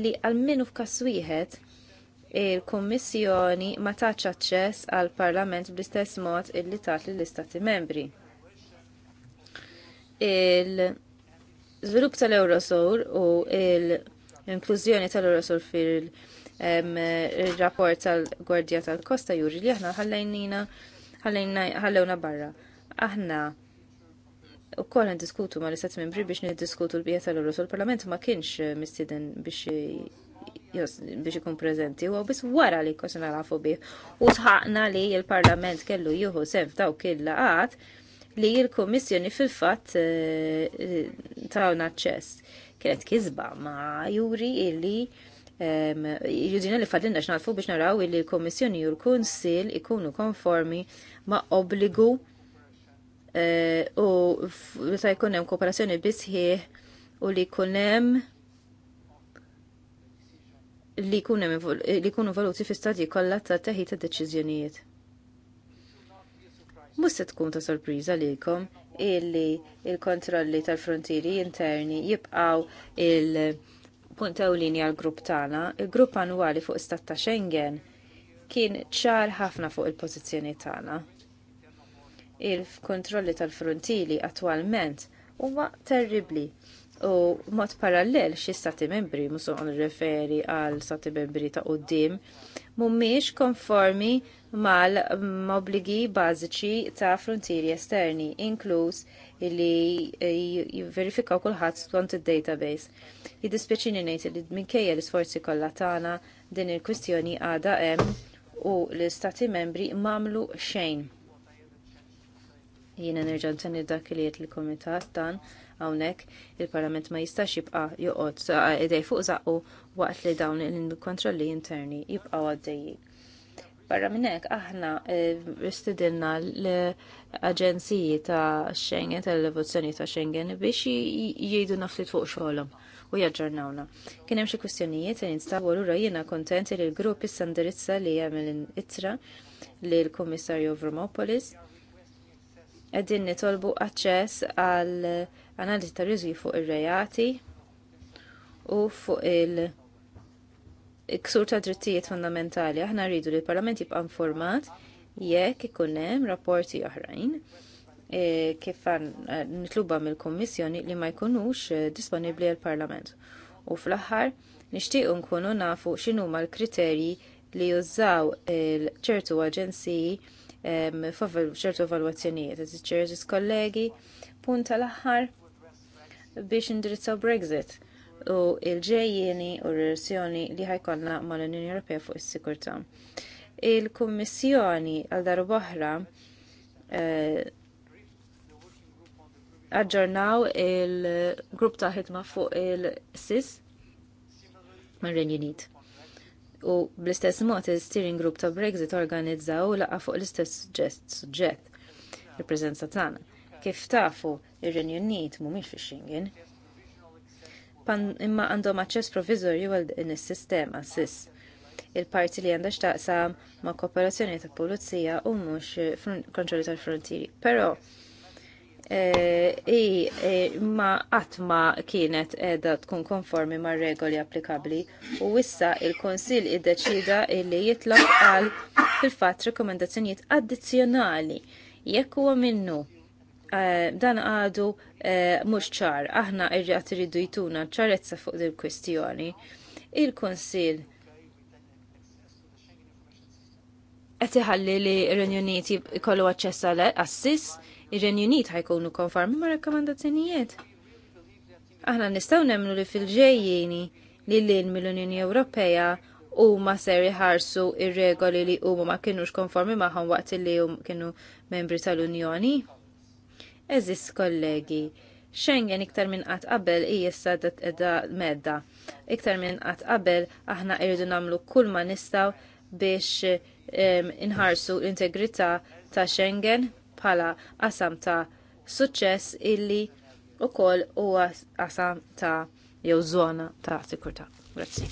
li għalminu f'kas wieħed il-Kommissjoni ma taċ aċċess għal Parlament bl-istess mod illi li lill istati membri. Il-żvilupp tal-Eurosur u l-inklużjoni tal-Eurosur fil- rapport tal-Gwardja tal-Kosta juri li aħna ħallejnina ħallewna barra. Aħna u koll diskutu ma l-istat membri biex niddiskutu l-bija tal-Urus. Il-Parlament ma kienx eh, mistiden biex biex ikun prezenti, u bis wara li kosna nafu bih. U sħaqna li il-Parlament kellu juhu daw f'daw killaqat li il-Komissjoni fil-fat eh, eh, tawna ċess. Kienet kizba ma juri illi jidina li fadlinna xnafu biex naraw li l-Komissjoni u l konsil ikunu konformi ma' obbligu eh, u li ta' jkunem kooperazzjoni bisħi u li kunem li kunem li kunu valuti fi stadji kollha ta' teħid ta' deċiżjonijiet. Mhux se tkun ta' sorpriża lilkom illi il-kontrolli tal-frontieri interni jibqaw il- punt ewlieni għal grupp tagħna, il-grupp annwali fuq istat ta' Schengen kien ċar ħafna fuq il-pożizzjoni tagħna. Il-kontrolli tal-frontili attwalment huwa terribli u mod parallel xi stati membri musuq referi għal stati membri ta' qudiem mhumiex konformi mal-obbligi bażiċi ta' frontieri esterni, inkluż illi eh, jiverifikaw kulħadd skont id-database. Jiddispjaċini ngħid li minkejja l-isforzi kollha tagħna din il-kwistjoni għadha hemm u l-istati membri mamlu xejn. Jiena nerġa' ntenni dak li qed il-kumitat dan hawnhekk il-Parlament ma jistax jibqa' joqgħod idej fuq zaqqu waqt li dawn il-kontrolli interni jibqgħu għaddejjin barra minnek aħna eh, istidilna aġenziji ta' Schengen, tal-evoluzzjoni ta' Schengen, biex jgħidu naftit fuq xogħolhom u jaġġornawna. Kien hemm xi kwistjonijiet li nistabu lura jiena kontent li l-grupp issa indirizza li jagħmel ittra li l-Kummissarju Vermopolis qegħdin nitolbu aċċess għal analiżi ta' riżwi fuq ir-rejati u fuq il- ksur ta' drittijiet fundamentali. Aħna rridu li l-Parlament jibqa' informat jekk ikun hemm rapporti oħrajn eh, kif eh, nitluba mill-Kommissjoni li ma jkunux eh, disponibbli għal parlament U fl-aħħar nixtiequ nkunu nafu x'inhuma l-kriterji li jużaw ċertu aġenziji ċertu valwazzjonijiet evalwazzjonijiet, ċertu kollegi, punt tal-aħħar biex indirizzaw Brexit u l ġejjieni u r-relazzjoni li ħajkollna mal-Unjoni Ewropea fuq is-sikurtà il-Kummissjoni għal darboħra eh, aġġornaw il-grupp ta' ħidma fuq il-SIS mar-Renju U bl-istess mod il-steering group ta' Brexit organizzaw laqa fuq l-istess suġġett il prezenza tagħna. Kif tafu ir-Renju Unit mhumiex fi Schengen, imma għandhom aċċess provizorju għal din is-sistema SIS il-parti li għandha x'taqsam ma' kooperazzjoni ta' pulizija u mhux kontrolli tal-frontieri. Però eh, i eh, ma għatma kienet edha tkun konformi ma' regoli applikabli u wissa il-Konsil id-deċida illi jitlaq għal fil-fat rekomendazzjonijiet addizzjonali jekk huwa minnu eh, dan għadu mhux ċar aħna irrid jridu jtuna ċarezza fuq il-kwestjoni. Il-Konsil qed iħalli li r-Renju Unit jkollu għal assis, ir-Renju Unit ħajkunu konformi ma' rakkomandazzjonijiet. Aħna nistgħu nemmnu li fil ġejjini li l-in mill-Unjoni Ewropea u ma ser iħarsu ir-regoli li huma ma kienux konformi magħhom waqt li kienu membri tal-Unjoni. Eżis kollegi, Schengen iktar minn qatt qabel ijessa edha medda. Iktar minn qatt qabel aħna irridu nagħmlu kull ma nistgħu biex inħarsu l-integrità ta' Schengen bħala qasam ta' suċċess illi wkoll huwa qasam ta' jew żona ta' sikurtà. Grazzi.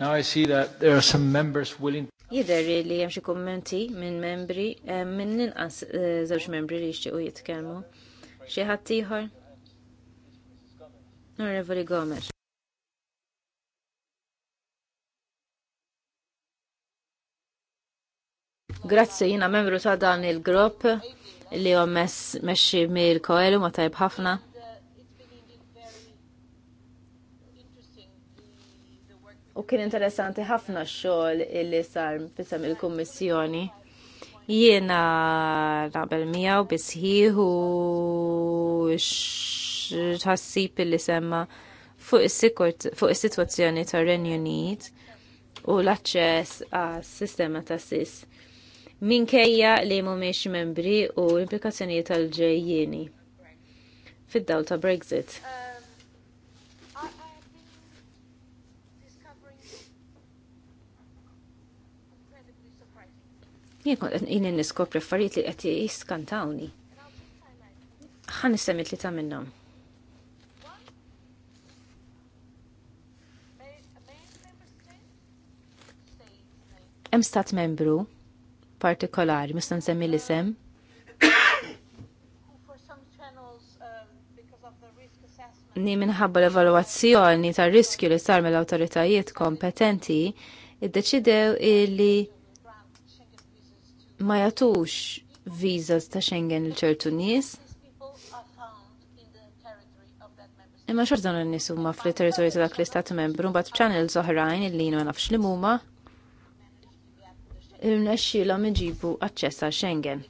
Now I see that there are some members willing Jider li hemm xi kummenti minn membri minn inqas eh, żewġ membri li jixtiequ jitkellmu. Xi ħadd ieħor? Onorevoli Gomes. Grazzi jina membru ta' dan il-grupp li għom meċi mir koelu ma tajb ħafna. U kien interessanti ħafna xogħol illi sar fisem il-kummissjoni. Jiena naqbel miegħu bisħieħu tħassib illi semma fuq is-sitwazzjoni tar-Renju Unit u l-aċċess għas-sistema ta' sis minkejja li mhumiex membri u implikazzjonijiet tal-ġejjieni fid-dawl ta' Brexit. Jien kont qed niskopri affarijiet li qed jiskantawni. Ħa nissemmi li ta' minnhom. Hemm stat membru partikolari, mista nsemmi l-isem. Ni minħabba l-evaluazzjoni tar riskju li sar mill awtoritajiet kompetenti, id-deċidew li ma jatux vizas ta' Schengen l-ċertu nies. Imma xorta n-nies huma fl-territorju ta' dak l-istat membru, mbagħad channels oħrajn illi jiena nafx li huma irnexxielhom iġibu aċċess għal Schengen.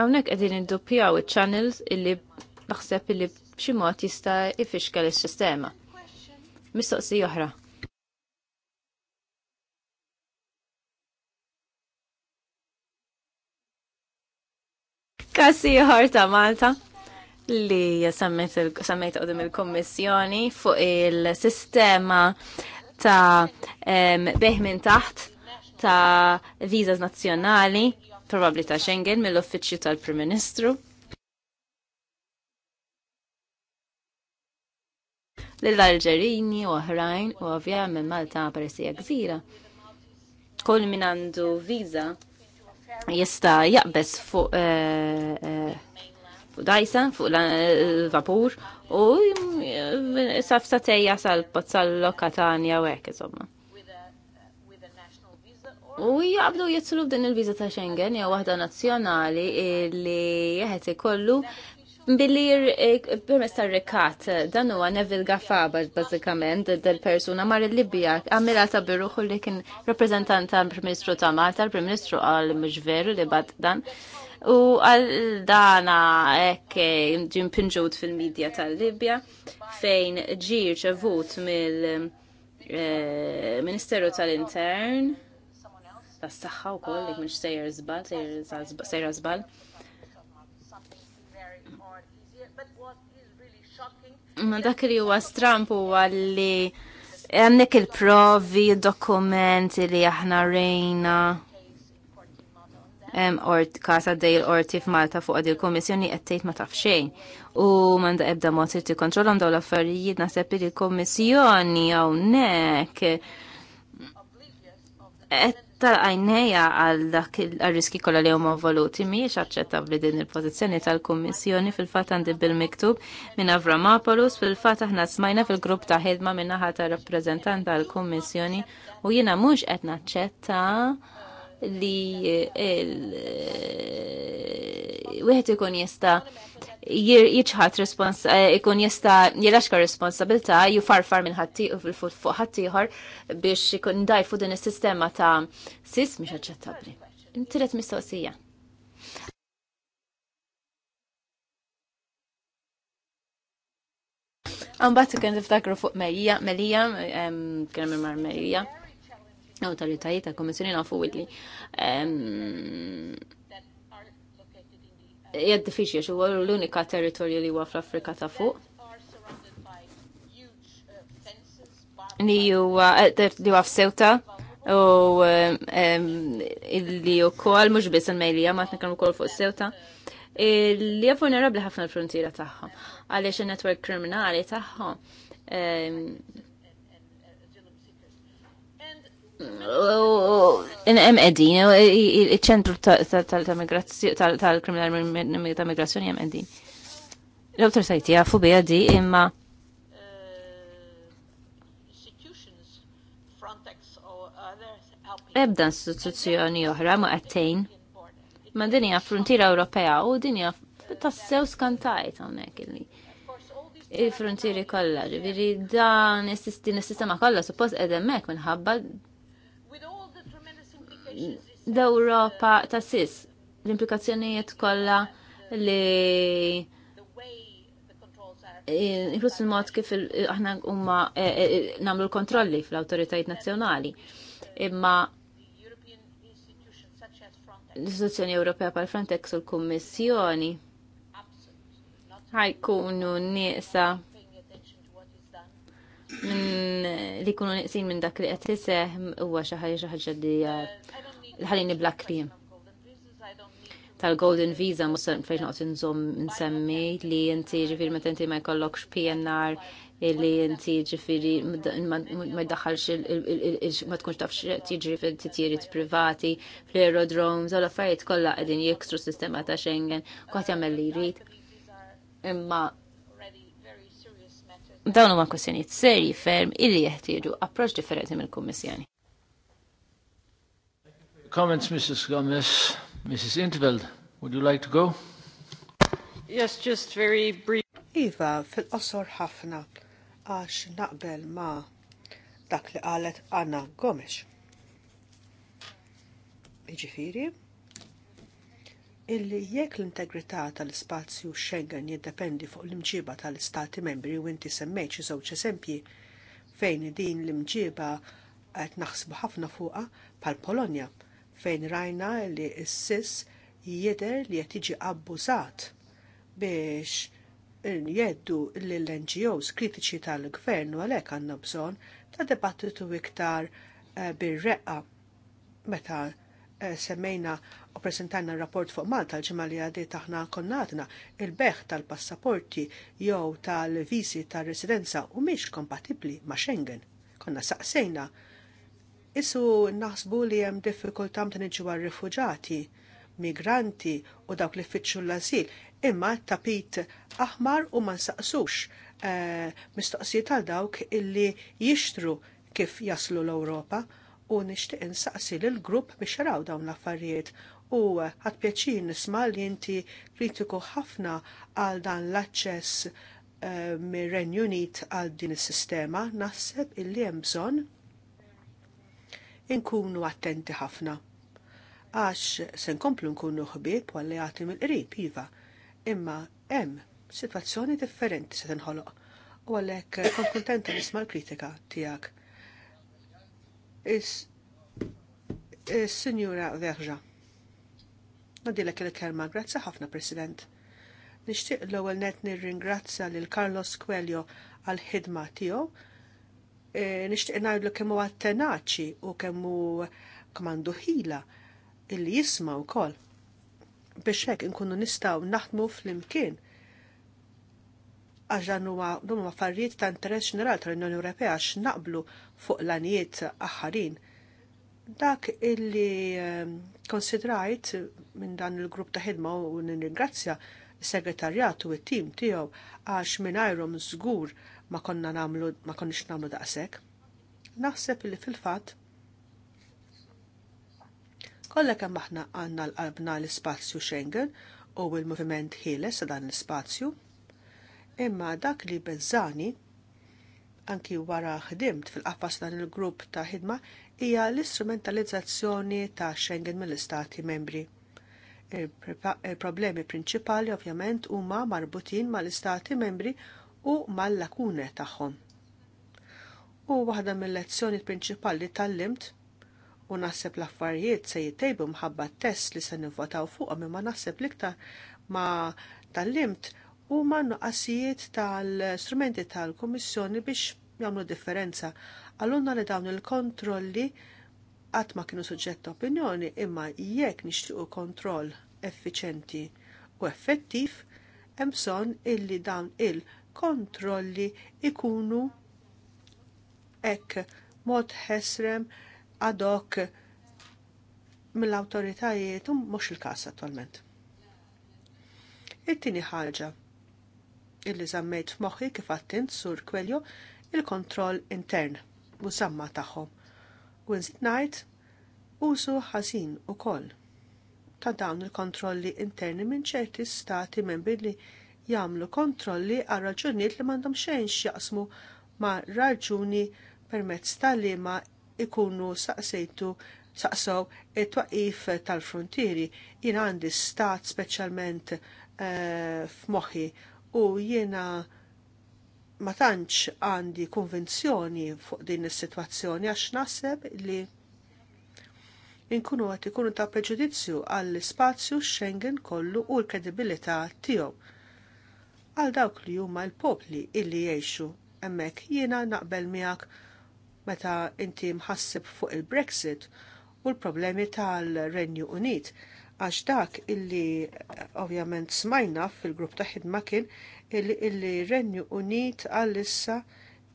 Hawnhekk qegħdin iddoppjaw iċ-channels illi naħseb illi b'xi mod jista' jfixkel is-sistema. Mistoqsija oħra. Kassi ħarta Malta li sammejt għodim il-kommissjoni fuq il-sistema ta' beħ minn taħt ta' vizas nazzjonali, probabli ta' Schengen, mill-uffiċċju tal-Prim Ministru. l alġerini u oħrajn u ovvja minn Malta persija gżira. Kull min għandu viza jista' jaqbes fuq eh, eh, fuq dajsan, fuq eh, vapur u mm, safsa tejja sal-loka tanja u għek, insomma. U jgħabdu jitzlu din il-viza ta' Schengen jew waħda nazzjonali li jeħed ikollu Billi eh, permess tar-rekat, dan huwa Neville Gaffaba bażikament del-persuna mar il-Libja għamilha ta' biruħu li kien rappreżentant tal-Prim Ministru ta' Malta, l-Prim Ministru qal mhux veru li bad dan u għal dana ek eh, ġim pinġut fil-medja tal-Libja fejn ġir ċevut mill-Ministeru eh, tal-Intern tas-saħħa wkoll jekk mhux sejjer żball, sejra żball. Ma dak li huwa stramp huwa li għannek il-provi, dokumenti li aħna rejna kasa dej l-orti f'Malta fuq għadil il-Komissjoni għettejt ma taf xejn. U manda ebda mod irti kontrolom daw l-affarijiet naħseb li l-Komissjoni għawnek. Tal-għajneja għal dak il-riski kolla li huma voluti mi aċċettabli din il-pozizjoni tal-Kummissjoni fil-fat għandi bil-miktub minn Avramopoulos fil-fat aħna smajna fil-grupp ta' ħidma minn naħa ta' rappreżentant tal-Kummissjoni u jiena mhux qed naċċetta li eh, eh, wieħed ikun jista' jiċħat respons eh, ikun jista' jilaxka responsabilità farfar minn fil-fut fuq ħaddieħor biex ikun dajfu din is-sistema ta' sis mhix aċċettabbli. Tiret mistoqsija. Għambat kien niftakru fuq Melija, Melija, kien mar Melija autoritajiet ta' komissjoni nafu li ehm, jgħad diffiċli xo huwa l-unika territorju li huwa fl-Afrika ta' fuq. Li huwa eh, li huwa f'Sewta u ehm, li u kol mux biss il-mejlija ma t-nekan u kol fuq Sewta li għafu nerab li ħafna l frontira taħħom. għaliex in netwerk kriminali taħħom. Ehm, Hemm qegħdin iċ-ċentru e, e, e, tal-kriminali ta' migrazzjoni hemm qegħdin. L-awtor sajti jafu bija di imma ebda istituzzjoni oħra ma għattejn ma dinja frontira Ewropea u dinja tassew skantajt hawnhekk illi il frontiri kollha, ġifieri dan is-sistema kollha suppost qegħdem hekk minħabba l-Ewropa ta' sis l-implikazzjonijiet kollha li inklus il-mod kif aħna huma eh, eh, eh, nagħmlu l-kontrolli fl-awtoritajiet nazzjonali. Imma l-istituzzjoni Ewropea pal Frontex u l-Kummissjoni ħajkunu nieqsa li jkunu niqsin minn dak li qed u huwa xi ħaġa li ħalini bla cream tal-Golden Visa mus fejn noqt nżomm nsemmi li inti ġifiri meta inti ma jkollokx PNR li jinti ġifiri ma jdaħħalx ma tkunx tafx tiġri fil-titjiriet privati fl-aerodromes għal fajt kollha qegħdin jekstru sistema ta' Schengen kwaħt jagħmel li jrid. Imma dawn huma kwestjonijiet serji ferm illi jħtieġu approċċ differenti mill-Kummissjoni comments, Mrs. Gomez. Mrs. Intveld, would you like to go? Yes, just very brief. Iva, fil-qosor ħafna, għax naqbel ma dak li qalet Anna Gomes. Iġifiri, illi jekk l-integrità tal-spazju Schengen jiddependi fuq l-imġiba tal-istati membri u inti semmejċ żewġ eżempji fejn din l-imġiba qed naħsbu ħafna fuqha bħall Polonja fejn rajna li s-sis jider li qed abbużat biex eh, jeddu l-NGOs kritiċi tal-gvern u għalhekk għandna bżonn ta' debattitu iktar eh, bir-reqqa meta eh, semmejna u presentajna rapport fuq Malta l-ġimgħa li għadiet aħna konnatna il-beħ tal-passaporti jew tal-viżi tar residenza u miex kompatibbli ma' Schengen. Konna saqsejna Isu naħsbu li hemm diffikultam ta' nġu għar-rifuġati, migranti u dawk li fitxu l-azil, imma tapit aħmar u ma nsaqsux e, mistoqsijiet għal dawk illi jixtru kif jaslu l-Ewropa u nixtieq insaqsi l grupp biex jaraw dawn l-affarijiet u għad pjaċin nisma' li inti kritiku ħafna għal dan l-aċċess e, mir-Renju Unit għal din is-sistema naħseb illi hemm bżonn inkunu attenti ħafna. Għax se nkomplu nkunu ħbieb u alleati mill-qrib iva, imma hemm sitwazzjoni differenti se tinħoloq. U għalhekk kon kontenta nisma' l-kritika tiegħek. Is-Sinjura Verġa. Nadilek il-kelma, grazza ħafna, President. Nixtieq l-ewwel net nirringrazzja lil Carlos Quelio għal-ħidma tiegħu Eh, nixtieq ngħidlu kemm għattenaċi u kemm hu kmandu ħila illi jisma' kol. Biex hekk inkunu nistgħu naħdmu flimkien għax dan huwa dum affarijiet ta' interess ġeneral tal-Unjoni Ewropea għax naqblu fuq l-anijiet aħħarin. Dak illi ehm, konsidrajt minn dan il-grupp ta' ħidma u nirringrazzja s-segretarjat u t-tim tiegħu għax minn żgur ma konna namlu, ma konniex namlu daqsek. Naħseb li fil-fat kollha kem maħna għandna l-qalbna l-ispazju Schengen u l-moviment ħieles sa dan l-ispazju, imma dak li bezzani anki wara ħdimt fil-qafas dan il-grupp ta' ħidma hija l-istrumentalizzazzjoni ta' Schengen mill-istati membri. Il-problemi prinċipali ovvjament huma marbutin mal-istati membri u mal-lakune tagħhom. U waħda mill-lezzjoni prinċipali tal-limt u naħseb l-affarijiet se jittejbu mħabba test li se nivvotaw fuqhom imma naħseb l-iktar ma tal-limt u ma nuqqasijiet tal-strumenti tal-Kummissjoni biex jagħmlu differenza. Għallunna li dawn il-kontrolli għat ma kienu suġġett opinjoni imma jekk nixtiequ kontroll effiċenti u effettiv, hemm bżonn illi dawn il-kontrolli kontrolli ikunu ek mod ħesrem ad hoc mill-autoritajiet u mhux il-każ attualment. It-tieni ħaġa illi żammejt f'moħħi kif attint sur kwelju il-kontroll intern u samma tagħhom. U nżid ngħid użu ħażin ukoll ta' dawn il-kontrolli interni minn ċerti stati membri li jagħmlu kontrolli għal raġunijiet li m'għandhom xejn x'jaqsmu ma' raġuni permezz tal-liema ikunu saqsejtu saqsow it-twaqif tal-frontieri. Jien għandi stat speċjalment e, f'moħħi u jiena ma tantx għandi konvenzjoni fuq din is-sitwazzjoni għax naħseb li inkunu għat ikunu ta' preġudizzju għall spazju Schengen kollu u l-kredibilità tiegħu għal dawk li huma l-popli illi jgħixu hemmhekk jiena naqbel miegħek meta inti mħassib fuq il-Brexit u l-problemi tal-Renju Unit għax dak illi eh, ovvjament smajna fil-grupp ta' ħidma kien illi, Renju Unit għall-issa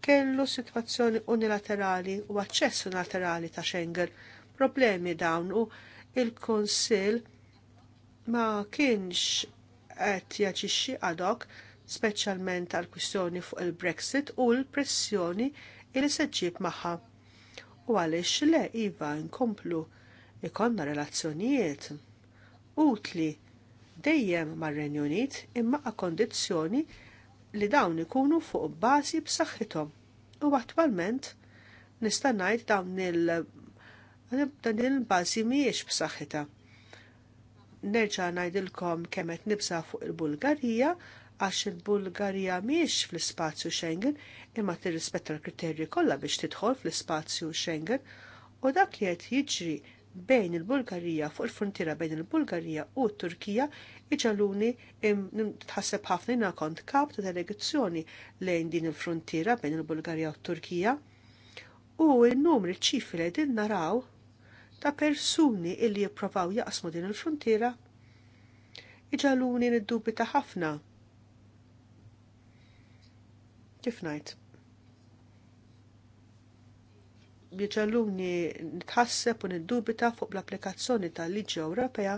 kellu sitwazzjoni unilaterali u għacċess unilaterali ta' Schengen. Problemi dawn u il-Konsil ma kienx qed jaġixxi għadok speċjalment għal kwistjoni fuq il-Brexit u l-pressjoni li se ġġib magħha. U għaliex le iva nkomplu ikonna relazzjonijiet utli dejjem mar-Renju Unit imma a kondizzjoni li dawn ikunu fuq bażi b'saħħithom. U attwalment nista' ngħid dawn il dan il-bażi mhijiex b'saħħitha. Nerġa' ngħidilkom kemm qed nibsa fuq il-Bulgarija għax il-Bulgarija miex fl-ispazju Schengen imma tirrispetta l-kriterji kollha biex tidħol fl-ispazju Schengen u dak li qed jiġri bejn il-Bulgarija fuq il-frontiera bejn il-Bulgarija u t-Turkija iġaluni tħasseb ħafna jina kont kap ta' delegazzjoni lejn din il-frontiera bejn il-Bulgarija u t-Turkija u n-numri ċifri li din naraw ta' persuni illi jipprovaw jaqsmu din il-frontiera iġaluni niddubita ħafna Kif ngħid? Jiġaluni nitħasseb u niddubita fuq l-applikazzjoni tal-Liġi Ewropea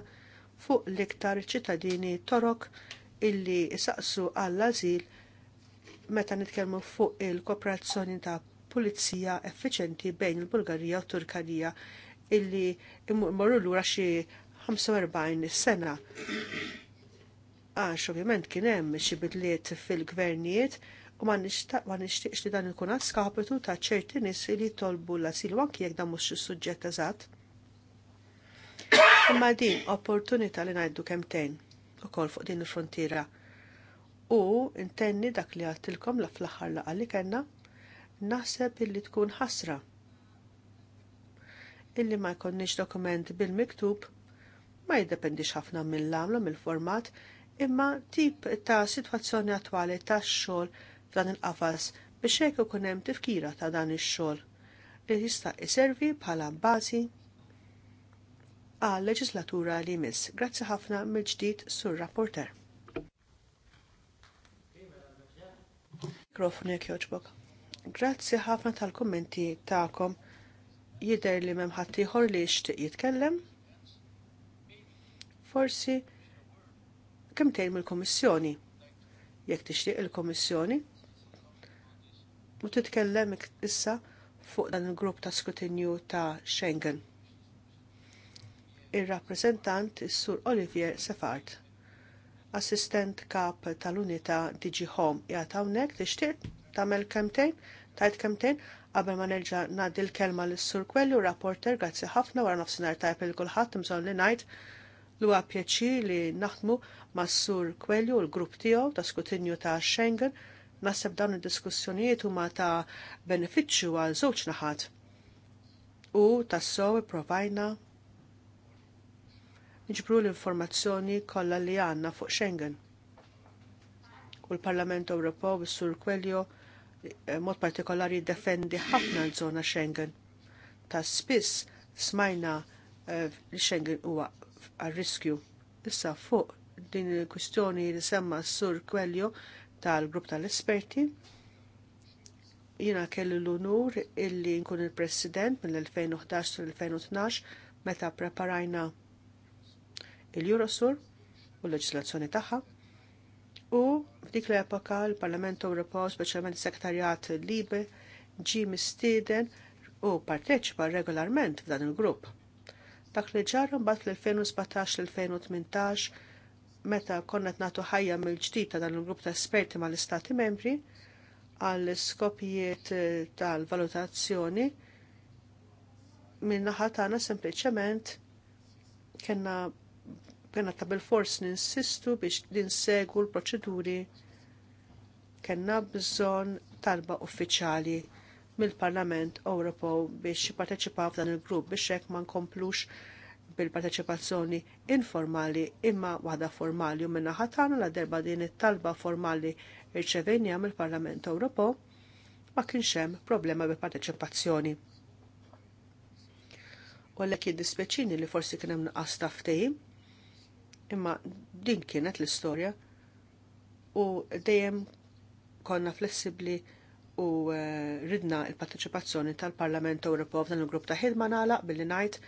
fuq l-iktar ċittadini torok illi saqsu għall-azil meta nitkellmu fuq il-kooperazzjoni ta' pulizija effiċenti bejn il-Bulgarija u Turkanija illi l lura xi 45 sena. Għax ovvjament kien hemm xi bidliet fil-gvernijiet u ma nixtieqx li dan ikun għaskapitu ta' ċerti nis li jitolbu l-asil anki jekk dan mhux is-suġġett eżatt. Imma din opportunità li ngħidu kemtejn ukoll fuq din il-frontiera. U intenni dak li għattilkom la fl-aħħar la' li kellna naħseb illi tkun ħasra. Illi ma jkonniex dokument bil-miktub ma jiddependix ħafna mill għamlu mill-format imma tip ta' situazzjoni attwali ta' xogħol f'dan il-qafas biex hekk ikun hemm tifkira ta' dan ix-xogħol li jista' iservi bħala bażi għal leġislatura li jmiss. Grazzi ħafna mill-ġdid sur rapporter. Mikrofon jekk joġbok. Grazzi ħafna tal-kummenti tagħkom. Jidher li memħatti ħadd ieħor li jixtieq jitkellem. Forsi kemm tejm mill-Kummissjoni. Jekk tixtieq il-Kummissjoni, u titkellem issa fuq dan il-grupp ta' skrutinju ta' Schengen. Ir-rappreżentant is-Sur Olivier Sefard, assistent kap tal-unità Digi Home, jgħat hawnhekk tixtieq tagħmel kemtejn, tajt kemtejn, qabel ma nerġa' ngħaddi l-kelma lis sur Kwelli u rapporter grazzi ħafna wara nofsinhar tajb il kulħadd imżon li ngħid l huwa pjaċir li naħdmu mas-Sur Kwelli u l-grupp tiegħu ta' skrutinju ta' Schengen Naħseb dawn id-diskussjonijiet huma ta' benefiċċju għal żewġ naħat. U tassew ipprovajna niġbru l-informazzjoni kollha li għandna fuq Schengen. U l-Parlament Ewropew s sur Kweljo eh, mod partikolari defendi ħafna l-żona Schengen. Ta' spiss smajna eh, li Schengen huwa għal riskju. Issa fuq din il-kwistjoni li semma s-Sur Kweljo tal-grupp tal-esperti. Jina kelli l-unur illi nkun il-president mill-2011 l-2012 meta preparajna il-Eurosur u l-leġislazzjoni tagħha. U f'dik l-epoka l-Parlament Ewropew, speċjalment sektarjat Libe, ġi mistieden u parteċipa regolarment f'dan il-grupp. Dak li ġarra mbagħad l-2017 l-2018 meta konna nagħtu ħajja mill-ġdid ta' dan il-grupp ta' esperti mal-Istati membri għall skopijiet eh, tal-valutazzjoni minn naħa tagħna sempliċement kellna kena ta' bil-fors ninsistu biex ninsegu l-proċeduri kena bżonn talba uffiċjali mill-Parlament Ewropew biex jipparteċipaw f'dan il-grupp biex hekk ma nkomplux bil-parteċipazzjoni informali imma waħda formali u minna ħatana la derba din it-talba formali irċevenja mill-Parlament Ewropo ma kienx hemm problema bil-parteċipazzjoni. U għalhekk jiddispjaċini li forsi kien hemm nuqqas imma din kienet l-istorja u dejjem konna flessibli u eh, ridna il-parteċipazzjoni tal-Parlament Ewropew f'dan il-grupp ta' ħidma nagħlaq billi ngħid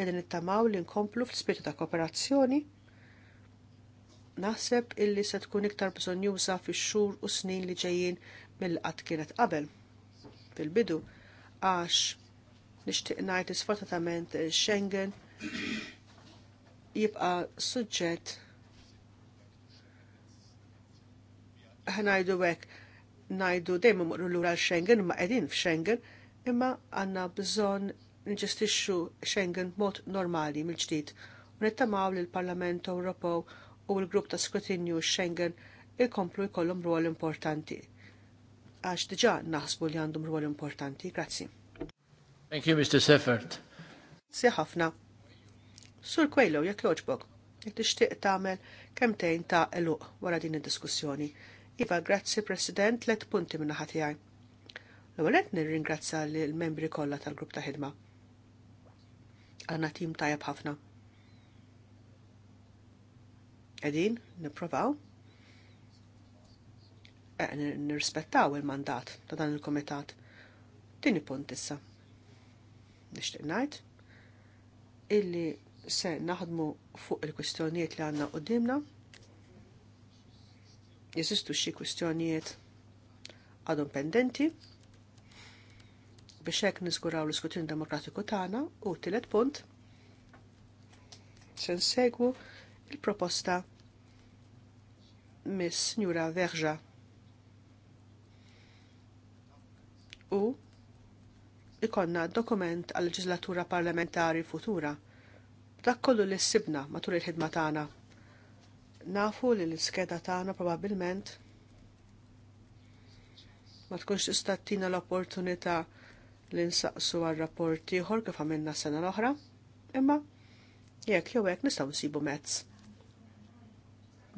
edin nittamaw li nkomplu fl-spirtu ta' kooperazzjoni. Naħseb illi se tkun iktar bżonjuża fix-xhur u snin li ġejjin mill-qatt kienet qabel. Fil-bidu, għax nixtieq ngħid isfortatament Schengen jibqa' suġġett ħnajdu hekk ngħidu dejjem imorru lura l-Schengen ma qegħdin f'Schengen imma għandna bżonn nġestixxu Schengen b'mod normali mill-ġdid u nittamaw li l-Parlament Ewropew u l-grupp ta' skrutinju Schengen ikomplu jkollhom rwol importanti. Għax diġà naħsbu li għandhom rwol importanti. Grazzi. Thank you, Mr. Seffert. Si ħafna. Sur Kwejlo, jekk joġbok, jekk tixtieq tagħmel kemtejn ta' eluq wara din id-diskussjoni. Iva, grazzi President, let punti minna ħatijaj. L-għalet nir-ringrazza l-membri kollha tal-grupp ta' ħidma għanna tim tajab ħafna. Edin, niprofaw, e, nirrispettaw il-mandat ta' dan il-komitat. Tini punt issa. Nishtiq najt, illi se naħdmu fuq il-kwistjonijiet li għanna dimna. Jeżistu xi kwistjonijiet għadhom pendenti, biex hekk niżguraw l-iskrutin demokratiku tagħna u tielet punt se nsegwu l proposta miss Njura Verja u ikonna dokument għal leġislatura parlamentari futura. Dak kollu li sibna matul il-ħidma tagħna. Nafu li l-iskeda tagħna probabbilment ma tkunx tista' l-opportunità li nsaqsu għal rapporti ieħor kif għamilna sena l-oħra, imma jekk jew hekk nistgħu nsibu mezz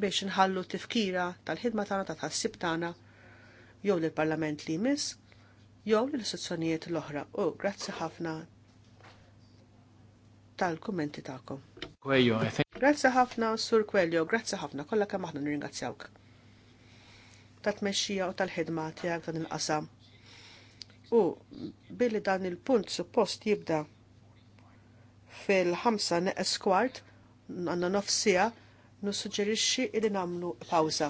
biex nħallu tifkira tal-ħidma tagħna ta' tħassib tagħna jew lill-Parlament li jmiss jew lill-istituzzjonijiet l-oħra. U grazzi ħafna tal-kummenti tagħkom. Grazzi ħafna Sur Kweljo, grazzi ħafna kollha kemm aħna nirringrazzjawk. Tat-tmexxija u tal-ħidma tiegħek dan il-qasam u billi dan il-punt suppost jibda fil-ħamsa neqes kwart għanna nofsija nussuġġerixxi li namlu pawza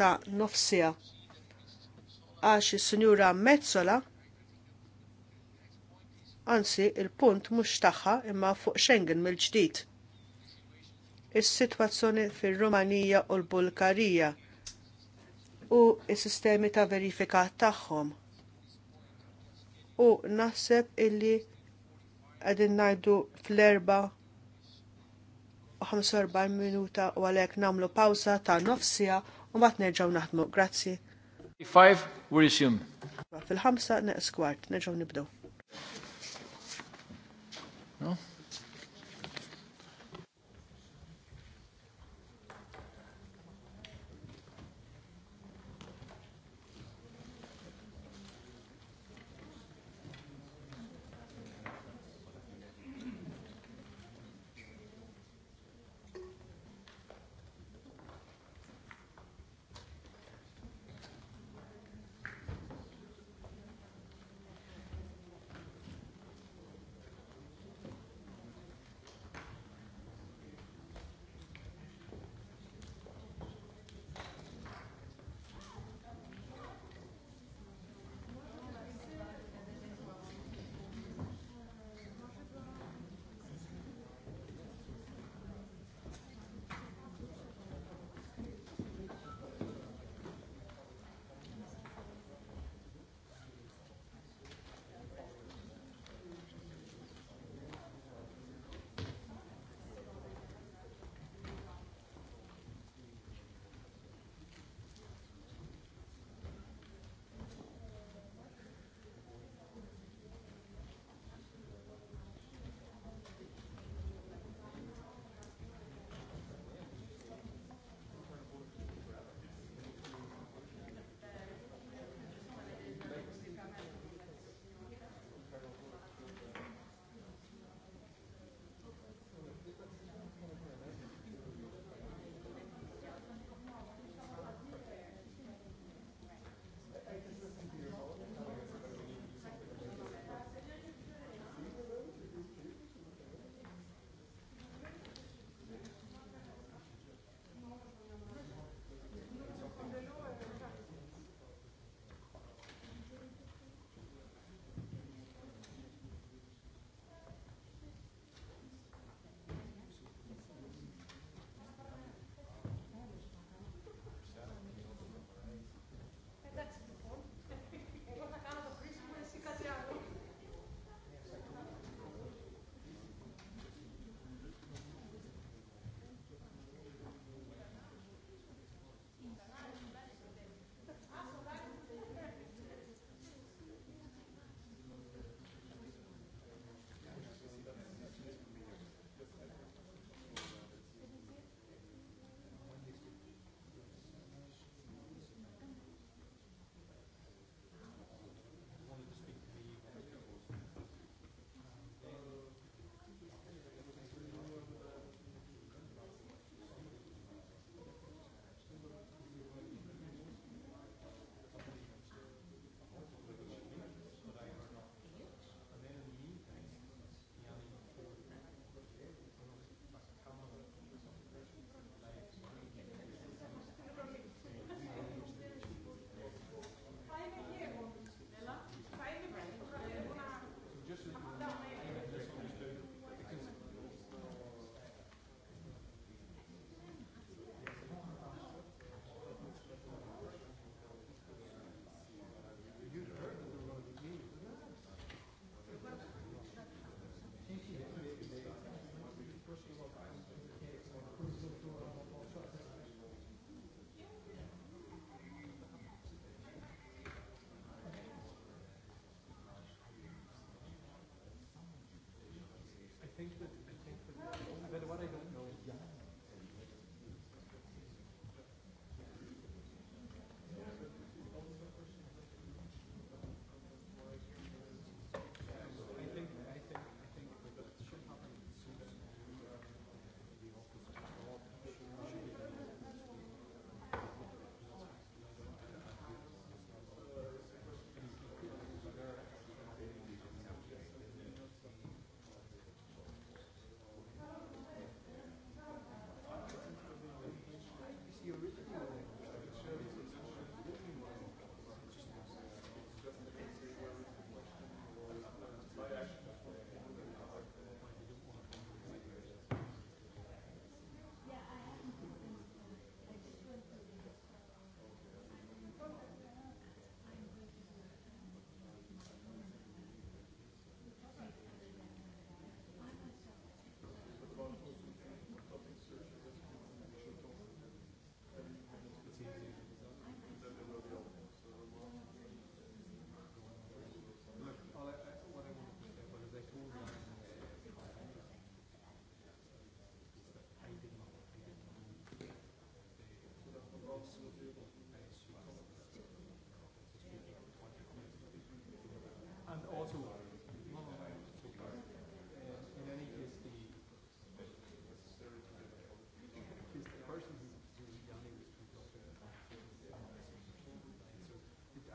ta' nofsija għax il sinjura Mezzola anzi il-punt mhux tagħha imma fuq Schengen mill-ġdid. Is-sitwazzjoni fir-Rumanija u l-Bulgarija u s-sistemi ta' verifika tagħhom u naħseb illi għedin najdu fl-erba 45 minuta u għalek namlu pausa ta' nofsija u bat nerġaw naħdmu. Grazzi. Five we resume. Fil-ħamsa kwart nerġaw nibdu. No? think that I think that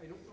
I don't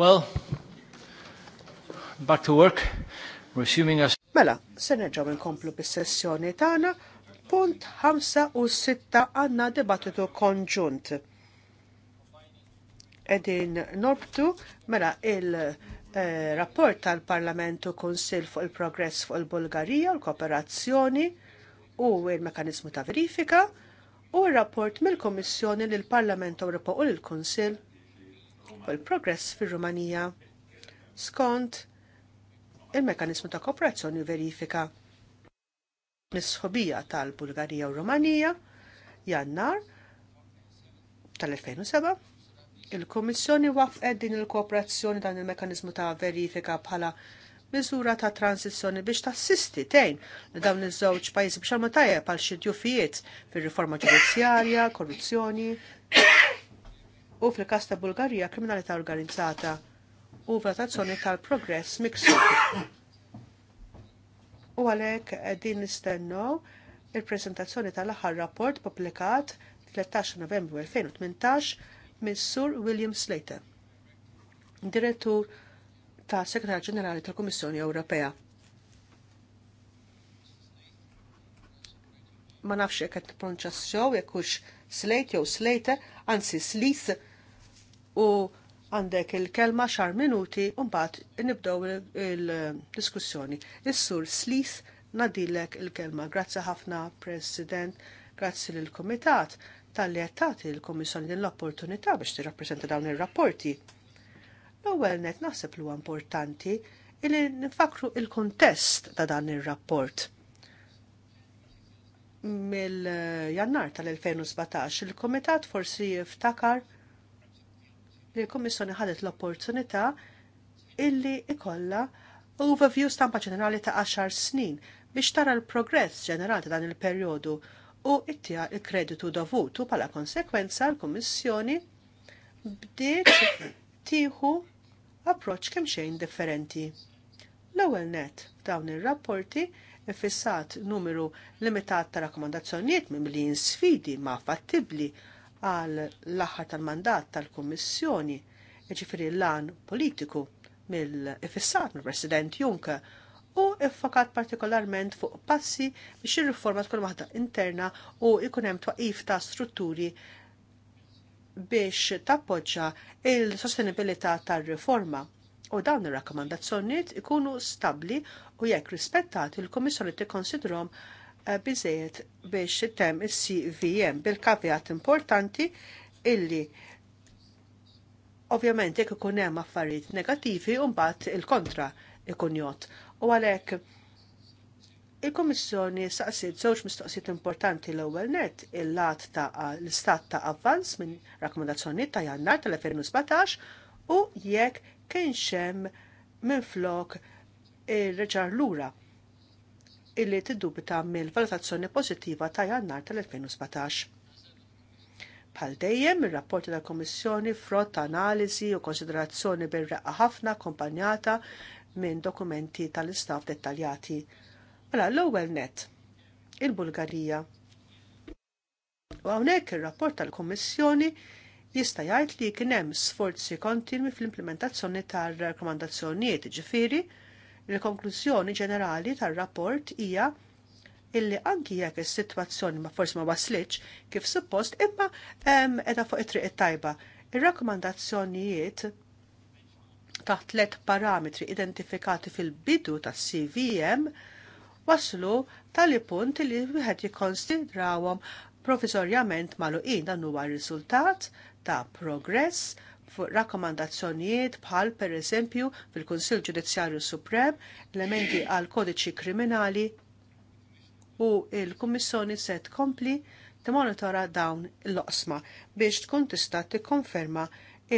Well, back to work. Resuming us. Mela, se nerġaw nkomplu bis-sessjoni tagħna punt 5 u 6 għanna debattitu konġunt. Edin norbtu mela il-rapport eh, tal-Parlamentu Konsil fuq il-progress fuq il-Bulgarija, l-kooperazzjoni u il-mekanizmu ta' verifika u il-rapport mill-Komissjoni l-Parlament Ewropew u l konsil il progress fir-Rumanija skont il-mekanizmu ta' kooperazzjoni verifika. Misħobija tal-Bulgarija u Rumanija jannar tal-2007 il komissjoni wafqet din il-kooperazzjoni dan il-mekanizmu ta' verifika bħala miżura ta' transizjoni biex tassisti tejn li dawn iż-żewġ pajjiżi biex għal tajjeb għal xi djufijiet fir-riforma ġudizzjarja, korruzzjoni, u fil-kas ta' Bulgarija kriminalità organizzata u valutazzjoni tal-progress miksu. U għalhekk din nistennew il-preżentazzjoni tal-aħħar rapport pubblikat 13 Novembru 2018 minn Sur William Slater, direttur ta' Segretar Ġenerali tal-Kummissjoni Ewropea. Ma nafx jekk qed nipronċassjaw jekk hux Slate jew Slater, anzi Slith u għandek il-kelma xar minuti mbagħad nibdew il-diskussjoni. Is-sur Slith nadilek il-kelma. Grazzi ħafna President, grazzi l komitat tal-li għattati l-Komissjoni din l-opportunità biex tirrappreżenta dawn ir-rapporti. L-ewwel net naħseb li huwa importanti li nifakru il-kontest ta' dan ir-rapport mill-jannar tal-2017 il-Komitat forsi ftakar li l-Kommissjoni ħadet l-opportunità illi ikolla overview stampa ġenerali ta' 10 snin biex tara l-progress ġenerali dan il-perjodu u ittija il-kreditu dovutu pala konsekwenza l-Kommissjoni bdiet tieħu approċ kemm xejn differenti. L-ewwel net dawn ir-rapporti ifissat numru limitat ta' rakkomandazzjonijiet minn li sfidi ma' fattibli għal l-aħħar tal-mandat tal-Kummissjoni, ġifiri l-lan politiku mill-ifissat mill-President Juncker, u iffakat partikolarment fuq passi biex ir-riforma tkun waħda interna u jkun hemm twaqif ta' strutturi biex tappoġġa il-sostenibilità tar-riforma. U dawn ir-rakkomandazzjonijiet ikunu stabbli u jekk rispettati il-Kummissjoni tikkonsidrom Eh, biżejjed biex jittem is-CVM bil-kavjat importanti illi ovvjament jekk ikun hemm affarijiet negattivi u mbagħad il-kontra ikun jgħod. U għalhekk il kummissjoni saqsiet żewġ mistoqsijiet importanti l-ewwel net il-lat ta' l-istat ta' avvanz minn rakkomandazzjonijiet ta' Jannar tal-2017 u jekk kienx hemm minflok il reġar lura illi tiddubita mill-valutazzjoni pożittiva ta' jannar tal-2017. Bħal dejjem, ir-rapporti tal kummissjoni frott analiżi u konsiderazzjoni bir ħafna kompanjata minn dokumenti tal-istaff dettaljati. Mela l-ewwel net, il-Bulgarija. U hawnhekk ir-rapport tal-Kummissjoni jista' jgħid li kien hemm sforzi kontinwi fl-implementazzjoni tar-rakkomandazzjonijiet ġifieri Il-konklużjoni ġenerali tar-rapport hija illi anki jekk is-sitwazzjoni ma forsi ma waslitx kif suppost imma qiegħda fuq it-triq it-tajba. Ir-rakkomandazzjonijiet taħt tliet parametri identifikati fil-bidu tas-CVM waslu tali punt li wieħed jikkonsidrawhom proviżorjament magħluqin dan huwa r-riżultat ta' progress fuq rakkomandazzjonijiet bħal pereżempju fil-Kunsill Ġudizzjarju Suprem l-emendi għal kodiċi kriminali u l kummissjoni se tkompli timonitora dawn l-oqsma biex tkun tista' tikkonferma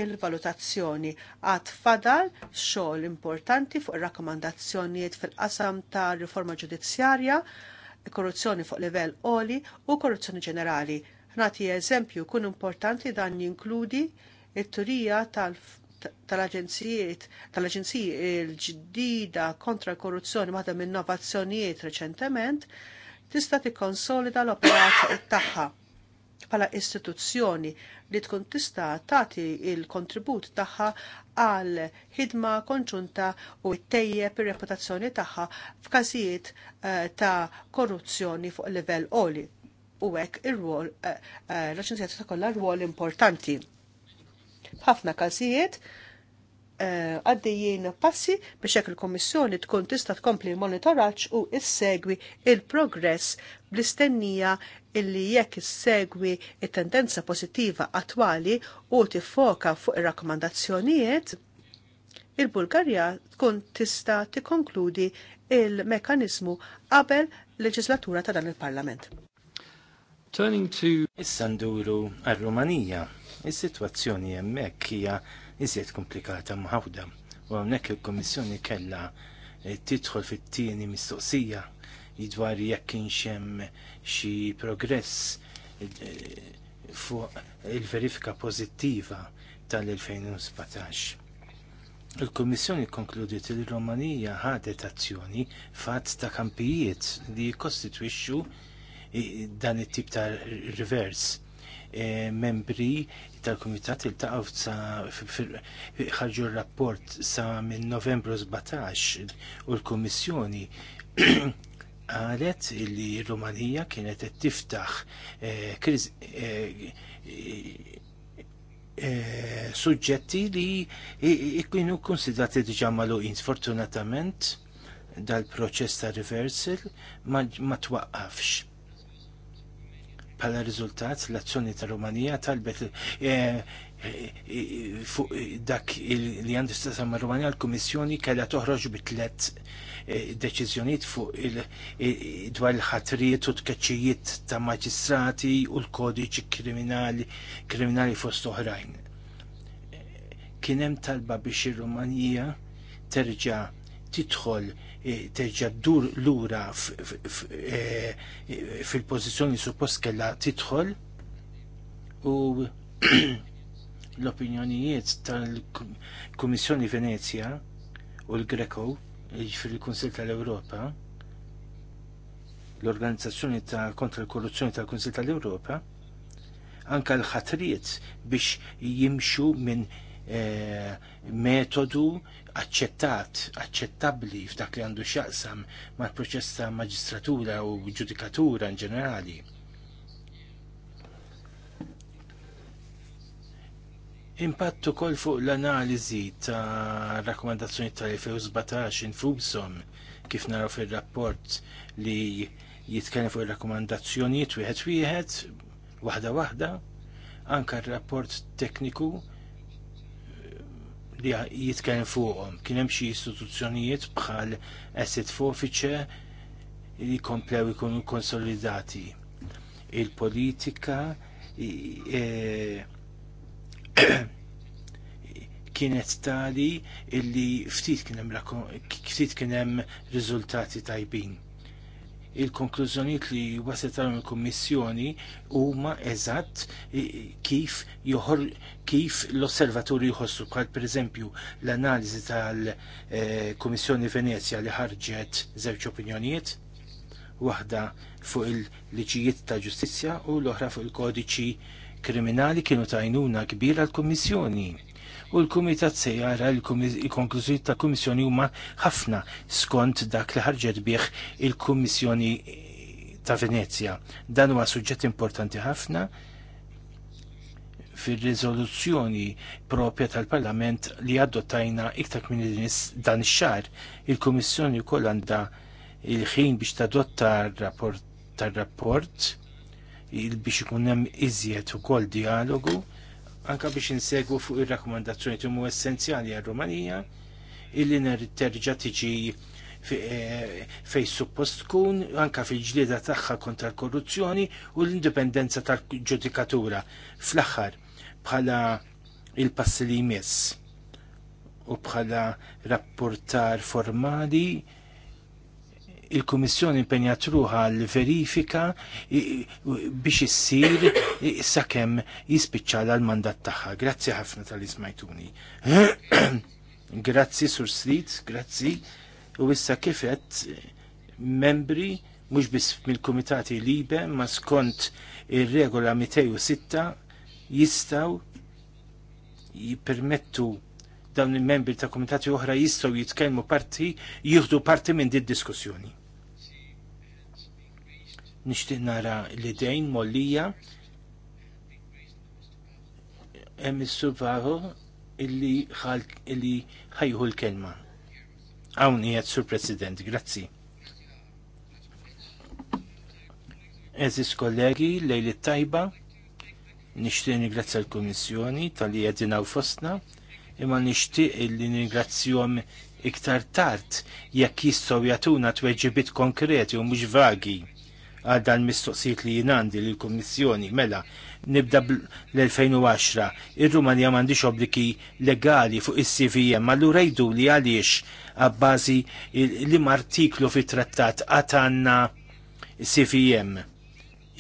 il-valutazzjoni għad fadal xogħol importanti fuq rakkomandazzjonijiet fil-qasam ta' riforma ġudizzjarja, korruzzjoni fuq livell oli u korruzzjoni ġenerali. Nati eżempju kun importanti dan jinkludi it-turija tal-aġenzijiet tal-aġenziji l-ġdida kontra korruzzjoni waħda innovazzjonijiet reċentement tista' tikkonsolida l-operat tagħha bħala istituzzjoni li tkun tista' tagħti l kontribut tagħha għal ħidma konġunta u ttejjeb ir-reputazzjoni tagħha f'każijiet eh, ta' korruzzjoni fuq livell qoli. U hekk ir-rwol eh, eh, l-Aġenzija tista' kollha rwol importanti f'ħafna każijiet eh, għaddejjien passi biex hekk il-Kommissjoni tkun tista' tkompli monitoraġġ u issegwi il-progress bl-istennija illi jekk issegwi it-tendenza pożittiva attwali u tifoka fuq ir-rakkomandazzjonijiet, il-Bulgarja tkun tista' tikkonkludi il-mekanizmu qabel leġislatura ta' dan il-Parlament. Turning to issanduru nduru għal-Rumanija Is-sitwazzjoni hemmhekk hija iżjed komplikata mħawda u hawnhekk il-Kummissjoni kellha eh, tidħol fit-tieni mistoqsija jidwar jekk kienx hemm xi progress eh, fuq il-verifika pożittiva tal-2017. Il-Kummissjoni konkludiet li l-Romanija ħadet azzjoni fatt ta' kampijiet li jikostitwixxu eh, dan it-tip ta' reverse membri tal-Kumitat iltaqgħu sa ħarġu r-rapport sa minn Novembru 17 u l-Kummissjoni qalet li r-Rumanija kienet qed tiftaħ eh, eh, eh, suġġetti li jkunu konsidrati diġà magħluqin. Sfortunatament dal-proċess ta' reversal ma twaqqafx Pala riżultat, l-azzjoni ta' Rumanija talbet eh, eh, eh, fuq dak li għandu stasa ma' Rumanija l-Komissjoni kalla toħroġ bitlet deċizjoniet fuq dwar il-ħatrijiet u tkeċċijiet ta' maġistrati u l-kodiċi kriminali kriminali fost oħrajn. Kienem talba biex ir-Rumanija terġa' tidħol Eh, terġa' l lura eh, fil-pożizzjoni suppost kellha tidħol u l-opinjonijiet tal-Kummissjoni Venezia u l-Greco fil-Kunsil jiġifieri tal-Ewropa l-Organizzazzjoni ta' kontra l-Korruzzjoni tal konsil tal-Ewropa anka l-ħatriet biex jimxu minn eh, metodu aċċettat, aċċettabbli f'dak li għandu x'jaqsam mal-proċess ta' maġistratura u ġudikatura in ġenerali. Impatt ukoll fuq l-analiżi ta' rakkomandazzjoni tal-2017 infushom kif naraw fir-rapport li jitkellem fuq ir-rakkomandazzjonijiet wieħed wieħed waħda waħda anka r-rapport tekniku li jitkellem fuqhom. Kien hemm xi istituzzjonijiet bħal asset forfeiture li komplew ikunu konsolidati. Il-politika e, kienet tali illi ftit kien hemm riżultati tajbin il-konklużjonijiet li waslet għalhom il-Kummissjoni huma eżatt kif joħor kif l-osservaturi jħossu bħal pereżempju l-analiżi tal-Kummissjoni Venezja li ħarġet żewġ opinjonijiet waħda fuq il-liġijiet ta' ġustizzja u l-oħra fuq il-kodiċi kriminali kienu tajnuna kbira l-Kummissjoni u l-Kumitat se jara l-konklużjoni ta' Kummissjoni huma ħafna skont dak li ħarġet bih il-Kummissjoni ta' Venezia. Dan huwa suġġett importanti ħafna fil rezoluzzjoni propja tal-Parlament li adottajna iktar minn dan ix-xar, il-Kummissjoni wkoll għandha il-ħin biex tadotta tar-rapport biex ikun hemm iżjed ukoll dialogu anka biex insegwu fuq ir-rakkomandazzjoni tumu essenzjali għal-Rumanija illi terġa' tiġi e, fej suppost tkun anka fil-ġlieda tagħha kontra l-korruzzjoni u l-indipendenza tal-ġudikatura fl-aħħar bħala il-passi li jmiss u bħala rapportar formali il-Kummissjoni impenjat ruħa l-verifika biex issir sakemm jispiċċala l-mandat tagħha. Grazzi ħafna tal-ismajtuni. grazzi Sur Street, grazzi. U issa kifet membri mhux biss mill-Kumitati Libe ma skont ir-regola 206 jistaw jippermettu dawn il-membri ta' komitati oħra jistgħu jitkellmu parti, jieħdu parti minn din diskussjoni nixtieq nara li idejn mollija hemm is-sur illi illi ħajħu l-kelma. Hawn qiegħed sur President, grazzi. Eżis kollegi, lejli tajba, nixtieq ningrazzja l-Kummissjoni tal-li qegħdin fostna, imma nixtieq li ningrazzjom iktar tard jekk jistgħu jagħtuna tweġibiet konkreti u mhux vagi għal dan mistoqsijiet li jinandi li l-Kommissjoni mela nibda l-2010 ir-Rumanija mandiċ obbligi legali fuq is-CVM allura jdu li għaliex għabbazi li martiklu fit trattat għatanna CVM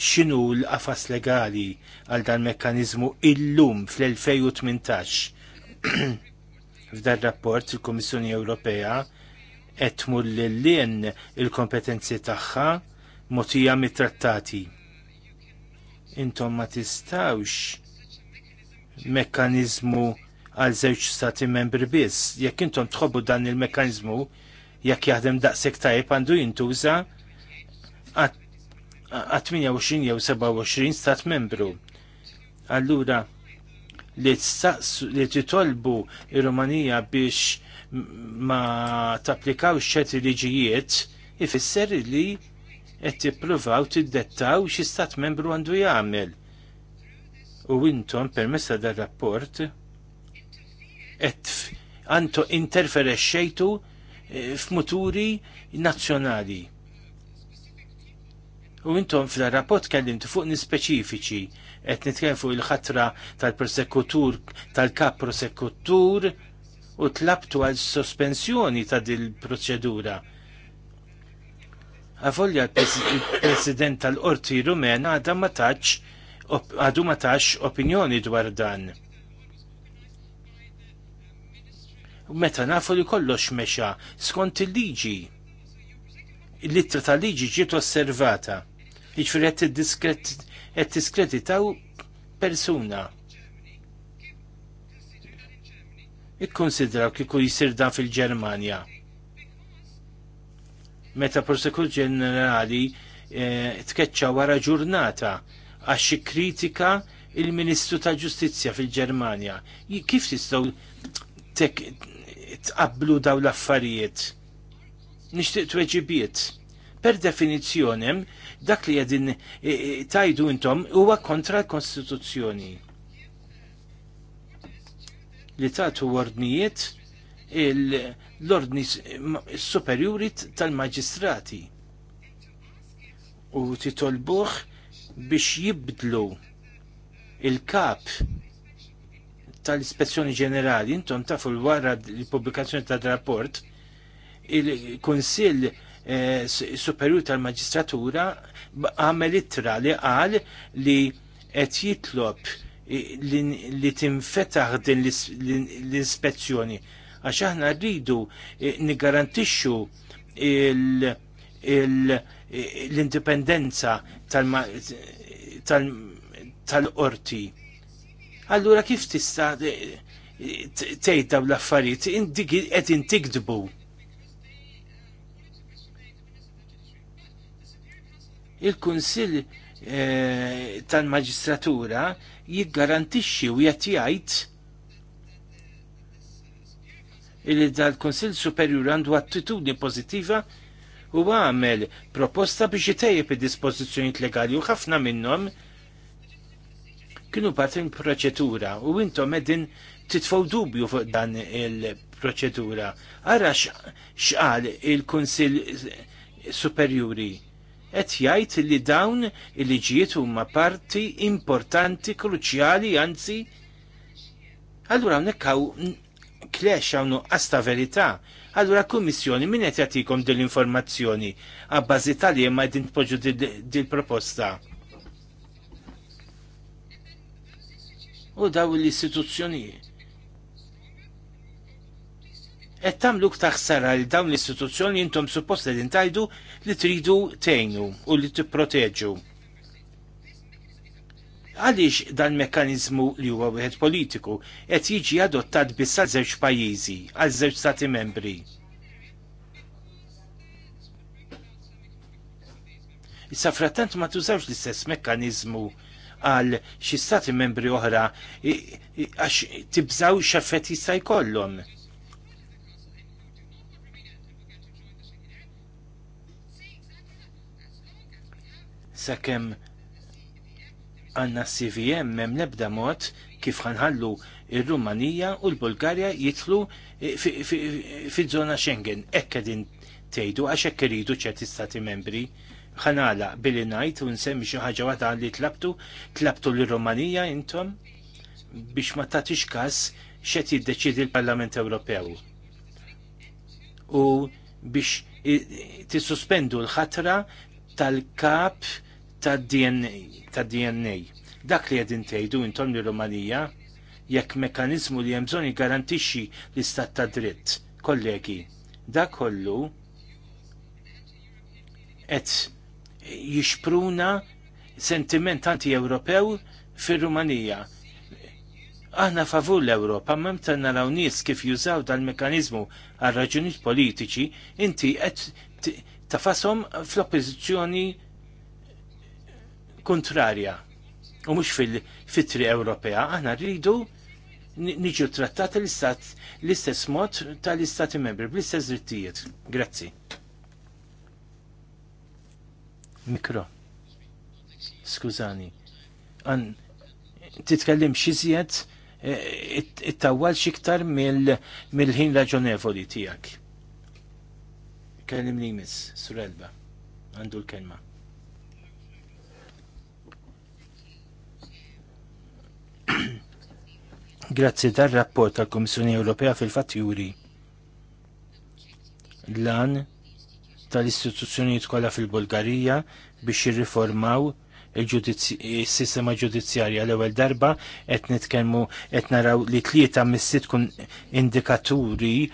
xinu l-qafas legali għal dan mekkanizmu illum fl-2018 f'dan rapport il-Kommissjoni Ewropea qed tmur lien il-kompetenzi tagħha motija mitrattati. Intom ma tistawx mekkanizmu għal żewġ stati membri biss. Jekk intom tħobbu dan il-mekkanizmu, jekk jaħdem daqshekk tajb għandu jintuża għat 28 jew 27 stat membru. Allura li titolbu ir-Rumanija biex ma tapplikawx ċerti liġijiet ifisser li qed tippruvaw tiddettaw xi stat membru għandu jagħmel. U intom permessa dar rapport qed għanto interferexxejtu eh, f'muturi nazzjonali. U intom fil-rapport kellimtu fuq nispeċifiċi qed nitkellem fuq il-ħatra tal-prosekutur tal-kap prosekutur u tlabtu għal sospensjoni ta' dil proċedura Avolja il-President tal-Qorti Rumena għadha ma taċ għadu ma taċ opinjoni dwar dan. Meta nafu li kollox mexa skont il-liġi. Il-littra tal-liġi ġiet osservata. Iġfri qed diskreditaw persuna. Ikkonsidraw kieku jisir dan fil-Ġermanja meta prosekut ġenerali e, tkeċċa wara ġurnata għax kritika il-Ministru ta' Ġustizzja fil-Ġermanja. Kif tistgħu tqablu daw l-affarijiet? Nixtieq tweġibiet. Per definizzjoni, dak li qegħdin eh, eh, tajdu intom huwa kontra l-Kostituzzjoni. Li tagħtu ordnijiet l-ordni superjuri tal-maġistrati u titolbuħ biex jibdlu il-kap tal-ispezzjoni ġenerali, intom tafu l-wara l-pubblikazzjoni tal-rapport, il-Konsil eh, Superjur tal-Maġistratura għamel ittra li qal li qed jitlob li tinfetaħ din l-ispezzjoni għax aħna rridu eh, nigarantixxu l-indipendenza tal-qorti. Allura kif tista' tgħid dawn l-affarijiet qed intikdbu. Il-Kunsill eh, tal-Maġistratura jiggarantixxi u jgħid illi dal-Konsil Superjur għandu attitudni pozittiva u għamel proposta biex jitejjeb id-dispożizzjonijiet legali u ħafna minnhom kienu parti proċedura u intom qegħdin titfgħu dubju fuq dan il-proċedura. Arax x'qal il-Kunsill Superjuri qed jgħid li dawn il-liġijiet huma parti importanti, kruċjali, anzi. Allura hawnhekk Kles għawnu għasta ta' verità. Allura kummissjoni min qed jagħtikom din l-informazzjoni għabbażi tal ma qegħdin tpoġġu din proposta. U daw l-istituzzjonijiet. Qed tagħmlu taħsara li dawn l-istituzzjoni intom suppost li tajdu li tridu tgħinu u li tipproteġu. Għaliex dan mekkanizmu li huwa wieħed politiku qed jiġi adottat biss għal żewġ pajjiżi, għal żewġ stati membri. Issa frattant ma tużawx l-istess mekkanizmu għal xi stati membri oħra għax tibżaw x'effett jista' jkollhom. Sakemm għanna CVM mem nebda mod kif ħanħallu il-Rumanija u l-Bulgarja jitlu fi zona Schengen. Ekka din tejdu għax ekk iridu ċerti stati membri ħanala billi najt u nsemmi xi ħaġa waħda li tlabtu, tlabtu l-Rumanija intom biex ma tagħtix każ xet jiddeċidi l-Parlament Ewropew. U biex tissuspendu l-ħatra tal-kap ta' dna Ta DNA. Dak li qegħdin tejdu intom li Rumanija jekk mekanizmu li hemm bżonn jgarantixxi l-istat ta' dritt. Kollegi, dak kollu qed jixpruna sentiment anti-Ewropew fir-Rumanija aħna favur l-Ewropa mem ta' naraw nis kif jużaw dal-mekanizmu għal raġunijiet politiċi, inti qed tafashom fl-oppożizzjoni kontrarja u mhux fil-fitri Ewropea, aħna rridu niġu trattati l-istat l-istess mod tal-istati membri, bl-istess drittijiet. Grazzi. Mikro. Skużani. Għan titkellim xizjet eh, it-tawwal xiktar mill-ħin raġonevoli tijak. Kellim li mis, surelba, għandu l-kelma. Grazzi dar-rapport tal-Kummissjoni Ewropea fil fatturi juri. Lan tal-istituzzjonijiet kollha fil-Bulgarija biex jirriformaw il-sistema ġudizzjarja l-ewwel darba qed nitkellmu qed naraw li tlieta mis-sitt kun indikaturi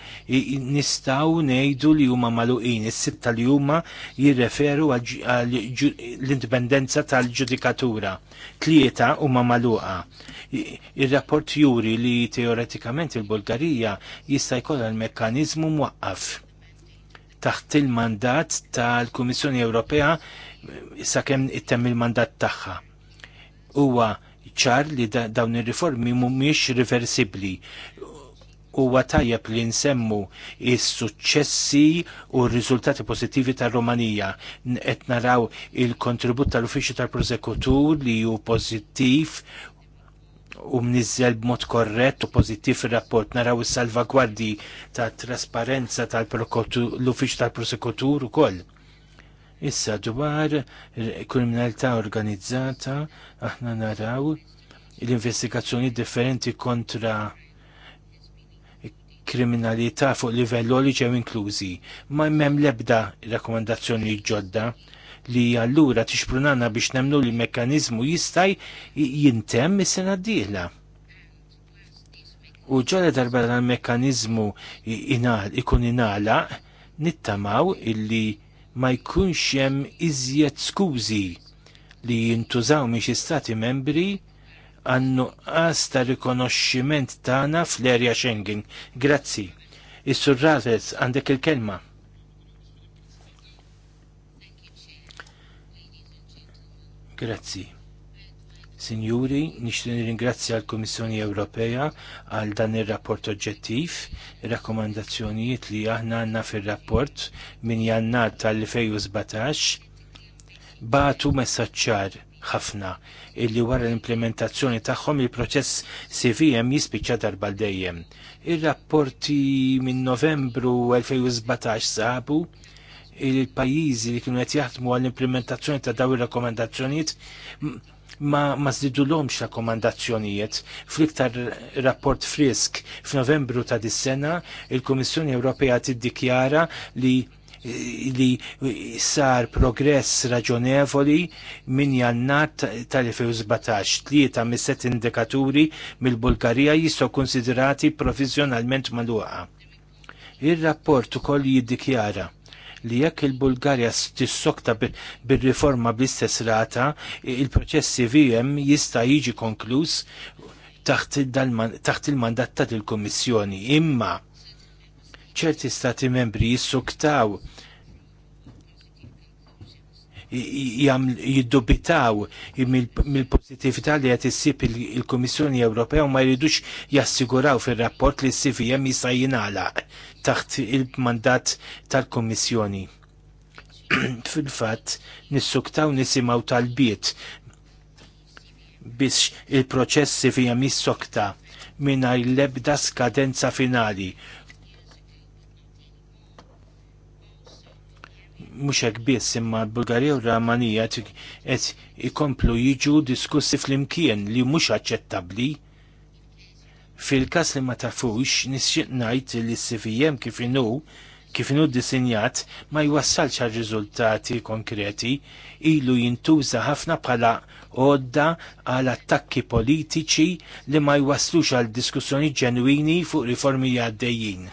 nistgħu ngħidu li huma magħluqin is-sitta li huma jirreferu l-indipendenza tal-ġudikatura. Tlieta huma magħluqa. Ir-rapport juri li teoretikament il-Bulgarija jista' jkollha l-mekkaniżmu mwaqqaf taħt il-mandat tal-Kummissjoni Ewropea issa kemm ittemm il-mandat tagħha. Huwa ċar li dawn ir-riformi mhumiex reversibbli huwa tajjeb li nsemmu is-suċċessi u r-riżultati pożittivi tar-Romanija. Qed naraw il-kontribut tal-Uffiċċju tal-Prosekutur li hu pożittiv u mnizzel b'mod korrett u pożittiv ir rapport naraw is-salvagwardji ta' trasparenza tal-Uffiċċju tal-Prosekutur ukoll Issa dwar kriminalità organizzata aħna naraw l-investigazzjoni differenti kontra kriminalità fuq livell li ġew inklużi. Ma jmem l-ebda rakkomandazzjoni ġodda li allura tixprunana biex nemnu li l-mekkaniżmu jistaj jintem is-sena d-dieħla u ġara darba l-mekkanizmu ikun inala, nittamaw illi ma jkunx hemm iżjed skużi li jintużaw miex istati membri għannu qas ta' rikonoxximent tagħna fl-erja Schengen. Grazzi. Is-Sur Rafes għandek il-kelma. Grazzi. Sinjuri, nixtri nirringrazzja l-Komissjoni Ewropea għal dan ir-rapport oġġettiv, rakkomandazzjonijiet li aħna għandna fir-rapport minn jannar tal-2017 batu messaċċar ħafna illi wara l-implementazzjoni tagħhom il-proċess CVM jispiċċa darba dejjem. Ir-rapporti minn Novembru 2017 sabu il-pajjiżi li kienu qed jaħdmu għall-implementazzjoni ta' dawn ir-rakkomandazzjonijiet ma, ma zdidulomx rakkomandazzjonijiet. Fl-iktar rapport frisk f'Novembru ta' dis-sena, il-Kummissjoni Ewropea tiddikjara li li sar progress raġonevoli minn jannar tal-2017. Tlieta mis-set indikaturi mill-Bulgarija jistgħu konsiderati provizjonalment maluqa. Ir-rapport ukoll jiddikjara li jekk il-Bulgarja tissokta bil riforma bl-istess rata, il-proċess CVM jista' jiġi konkluż taħt il-mandat ta' il-Kommissjoni. Imma ċerti stati membri jissuktaw jiddubitaw mill-pozitività li qed issib il-Kummissjoni Ewropea u ma jridux jassiguraw fir-rapport li s-CVM jista' jingħalaq taħt il-mandat tal-Komissjoni. Fil-fatt, nissuktaw nisimaw tal-biet biex il-proċessi fija missokta sokta minna l-ebda skadenza finali. Muxek biss imma l-Bulgarija u l-Ramanija qed ikomplu jiġu diskussi fl-imkien li mhux aċċettabbli Fil-kas li ma tafux, nisċiq najt li s-CVM kif kifinu kif disinjat, ma jwassalx għal riżultati konkreti, ilu jintuża ħafna bħala għodda għal attakki politiċi li ma jwasslux għal diskussjoni ġenwini fuq riformi għaddejjin.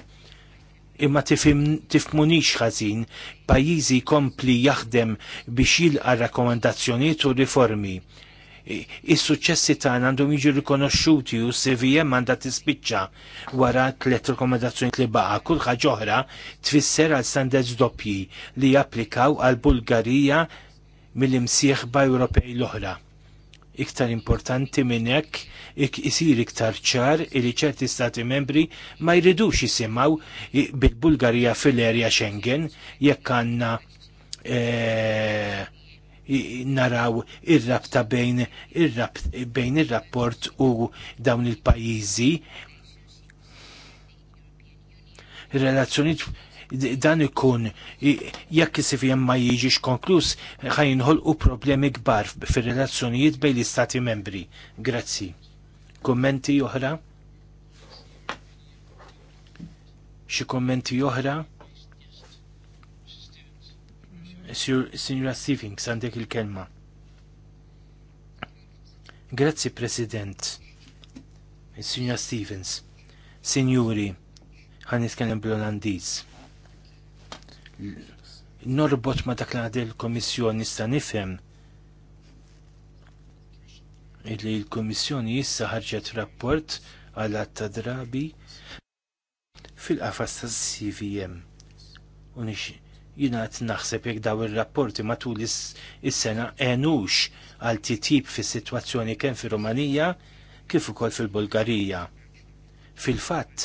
Imma tifmunix ħażin pajjiżi kompli jaħdem biex jilqa rakkomandazzjonijiet u riformi Is-suċċessi tagħna għandhom jiġu rikonoxxuti u CVM għandha tispiċċa wara tliet rekomendazzjoni li baqa' kull ħaġa tfisser għal standards doppji li japplikaw għal Bulgarija mill ba' Ewropej l-oħra. Iktar importanti minn hekk ik isir iktar ċar li ċerti stati membri ma jridux jisimaw bil-Bulgarija fil-erja Schengen jekk għandna eh, naraw ir-rabta bejn ir-rapport u dawn il-pajjiżi. Relazzjoni dan ikun jekk isif ma jiġix konkluż ħajnħol u problemi kbar fir-relazzjonijiet bejn l-istati membri. Grazzi. Kommenti oħra? Xi kommenti oħra? Signora Stevens, għandek il-kelma. Grazzi, President. Signora Stevens. Signori, għan nitkellem bl-Olandiz. Norbot ma dak li l-Komissjoni sta' nifhem illi l-Komissjoni issa ħarġet rapport għal ta' drabi fil-qafas ta' CVM. Unixi jinaħt naħseb jek daw il-rapporti matul is-sena enux għal titib fis situazzjoni kemm fi Rumanija kif ukoll fil-Bulgarija. Fil-fatt,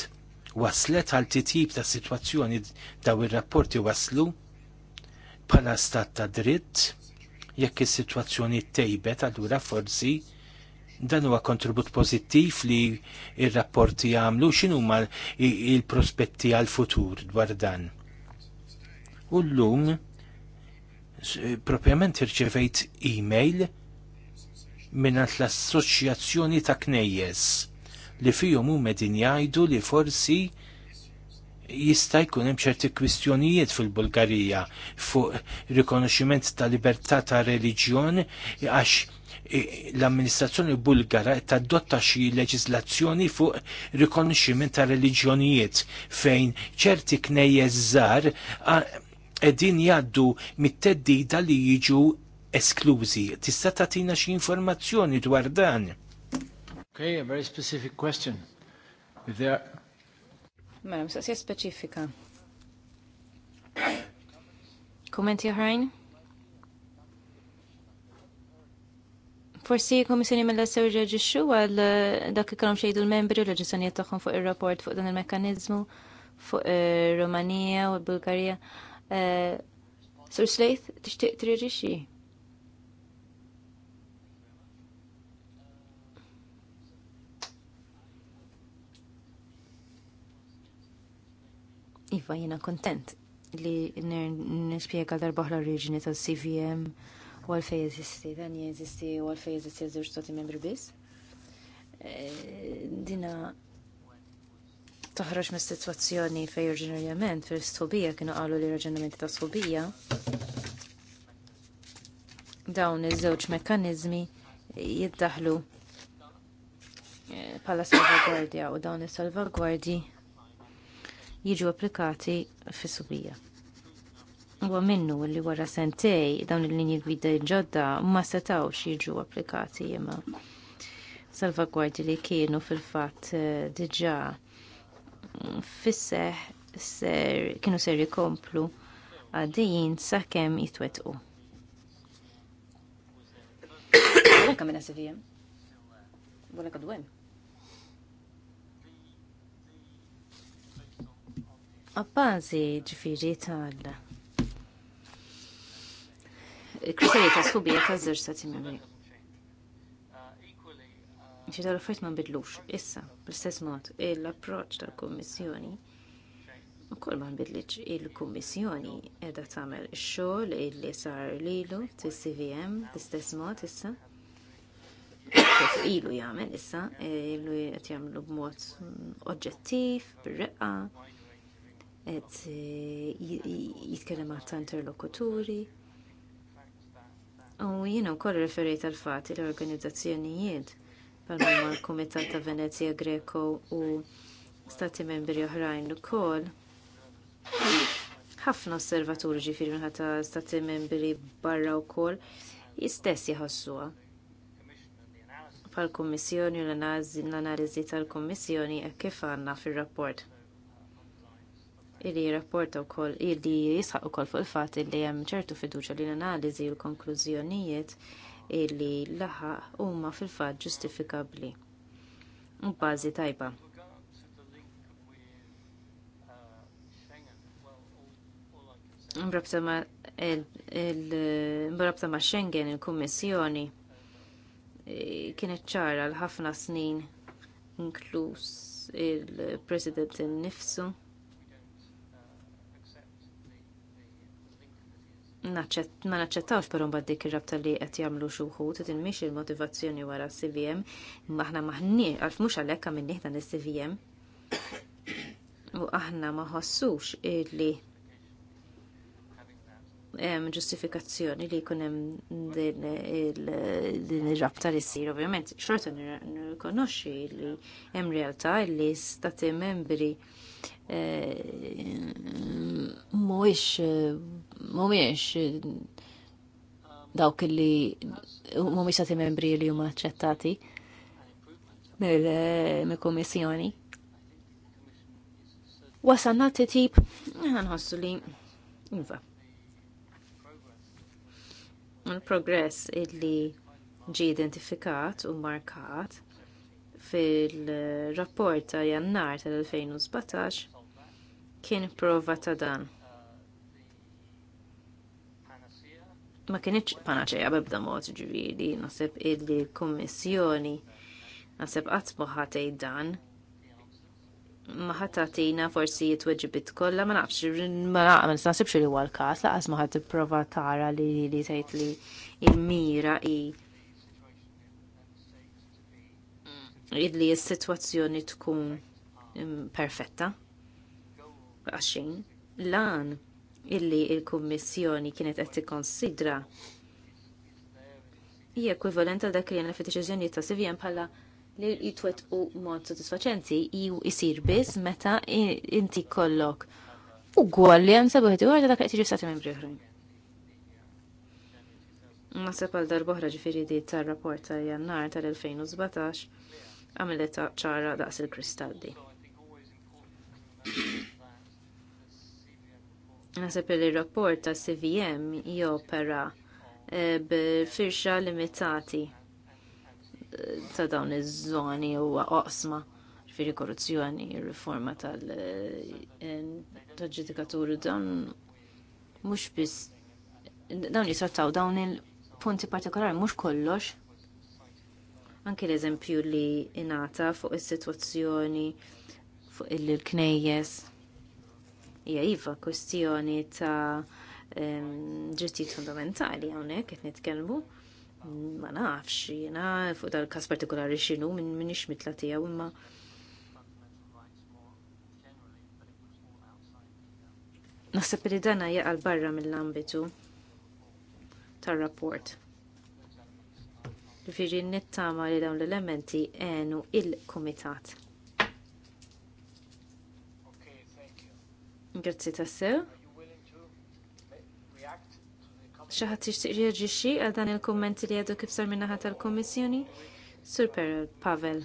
waslet għal titib ta' situazzjoni daw il-rapporti waslu bħala stat ta' dritt jekk is-sitwazzjoni tejbet allura forsi dan huwa kontribut pozittiv li il rapporti għamlu x'inhuma il-prospetti għal futur dwar dan u l-lum propjament irċevejt email minn l-Assoċjazzjoni ta' Knejjes li fihom hu medin jgħidu li forsi jista' jkun hemm ċerti kwistjonijiet fil-Bulgarija fuq rikonoxximent ta' libertà ta' reliġjon għax e, l-amministrazzjoni bulgara tadotta xi leġislazzjoni fuq rikonoxximent ta' reliġjonijiet fejn ċerti knejjeż żgħar Qegħdin jgħaddu mit-teddida li jiġu esklużi. Tista' tagħtina xi informazzjoni dwar dan. Okay, a very specific question. If there Mela, mistaqsija speċifika. Kummenti oħrajn? Forsi komissjoni mella sew ġeġixxu għal eh, dak kellhom xejdu l-membri u l-ġisanijiet tagħhom fuq ir-rapport fuq dan il-mekkaniżmu fuq eh, rumanija u l-Bulgarija. Uh, Eh, Slaith, tishtiq tixtieq tirixi. Iva, jena kontent li nispiega darbaħla r-reġini tal-CVM u għalfej jeżisti, dan jeżisti u għalfej jeżisti għazur stati membri bis. Eh, dina toħroġ mis sitwazzjoni fej oriġinarjament fil-sħobija kienu qalu li raġunamenti ta' sħobija dawn iż-żewġ mekkaniżmi jiddaħlu bħala eh, salvagwardja u dawn is-salvagwardji jiġu applikati fis-subija. Huwa minnu li wara sentej dawn il-linji gwida ġodda ma setawx jiġu applikati imma salvagwardji li kienu fil-fatt eh, diġà fisseħ ser, kienu ser jikomplu għaddejjin sakemm jitwetqu. Għanka minna sevijem. Għanka dwem. Għabbażi ġifiri tal. Kriterji ta' subija ta' zir sa' timimri. Ġi tal ma nbidlux. Issa, bl-istess mod, l-approċċ tal-Kummissjoni ukoll ma nbidlitx il-Kummissjoni qiegħda tagħmel ix-xogħol li sar lilu t cvm bl-istess mod issa kif ilu jagħmel issa, ilu qed jagħmlu b'mod oġġettiv, b reqqa qed e, jitkellem ta' interlokuturi. U jiena koll referi tal-fatt li organizzazzjonijiet palma l-Kumitat ta' Venezia Greco u stati membri oħrajn ukoll. Ħafna osservaturi ġifieri minħat ta' stati membri barra wkoll jistess jħossuha. Pal-Kummissjoni u l-analiżi tal-Kummissjoni hekk kif għandna fir-rapport. Ili rapporta wkoll ili jisħaq ukoll fuq il-fatt li hemm ċertu fiduċja li l-analiżi u l-konklużjonijiet illi laħaq huma fil-fatt ġustifikabbli Mbażi bażi tajba. Mbrabta ma' Schengen il-Kummissjoni e, kienet ċara l-ħafna snin inkluż il-President nifsu ma naċċettawx però mbagħad dik ir-rabta li qed jagħmlu xi wħud din mhix il-motivazzjoni wara CVM, imma aħna maħniex għalf mhux għalhekk hemm in-nieħ dan is-CVM. U aħna ma ħossux li hemm ġustifikazzjoni li jkun hemm din ir-rabta li ssir ovvjament xorta nirrikonoxxi li hemm realtà li stati membri Eh, mhuwiex eh, mwix eh, dawk li mhumiex sati membri li huma aċċettati mill-Kummissjoni. Wasanna titip, nħossu li, infa. Il-progress illi ġi identifikat u markat fil-rapport ta' jannar tal-2017 kien prova ta' dan. Ma kienieċ panaċeja bebda mod ġviri, nasib illi kommissjoni nasib għatmu ħatej dan, ma ħatatina forsi jitweġibit kolla, ma nafx, ma naqmen, nasibx li huwa l-kas, laqas ma ħat prova tara li li tajt li il-mira i illi s-sitwazzjoni tkun perfetta. Għaxin, lan illi il-Kummissjoni kienet qed tikkonsidra hija ekwivalent għal dak li għandna fit-deċizjoni ta' CVM bħala li jitwet u mod soddisfaċenti ju jisir biss meta inti kollok u għal li għansabu għetu għarda dak għetiġi stati membri uħrajn. Nasib għal darboħra ġifiri di tar rapport ta' jannar tal-2017 għamilet ċara daqs il-kristalli. Nasib li rapport ta' CVM jopera eh, b'firxa limitati eh, ta' dawn iż-żoni u oqsma firri korruzzjoni, riforma tal-ġudikaturi eh, dawn mhux biss dawn jisattaw dawn il-punti partikolari mhux kollox Anki l-eżempju li inata fuq is-sitwazzjoni fuq il-knejjes. Hija iva kwestjoni ta' ġrittijiet fundamentali hawnhekk qed nitkellmu. Ma nafx jiena fuq dal-każ partikolari x'inhu minn minix mitla tiegħu imma Naħseb li dana jaqal barra mill-ambitu tar-rapport. Ġifiri nittama li dawn l-elementi għenu il-komitat. Grazzi tassew. ħadd tixtieq reaġixxi għal dan il kommenti li għadu kif sar minnaħa tal komissjoni Super, Pavel.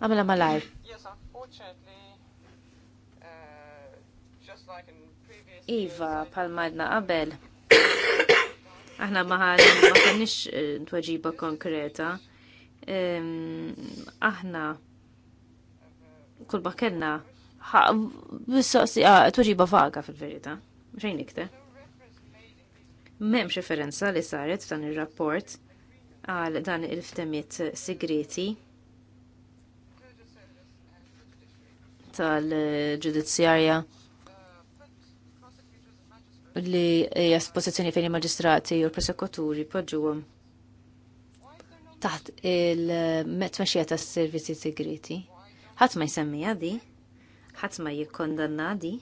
Għamela uh, uh, malajr. Uh, iva, palmadna għabel. Aħna maħal ma kenniex eh, tweġiba konkreta. Aħna kull ma kellna ah, tweġiba vaga fil-verità. Xejn ikte? M'hemmx referenza li saret f'dan ir-rapport għal dan il-ftemiet segreti tal-ġudizzjarja li jasposizjoni fejn il-magistrati u l-prosekuturi podġuwom taħt il-metmaxija ta' servizi segreti. Ħadd ma jsemmiha għadi, ħadd ma jikkondanna għadi.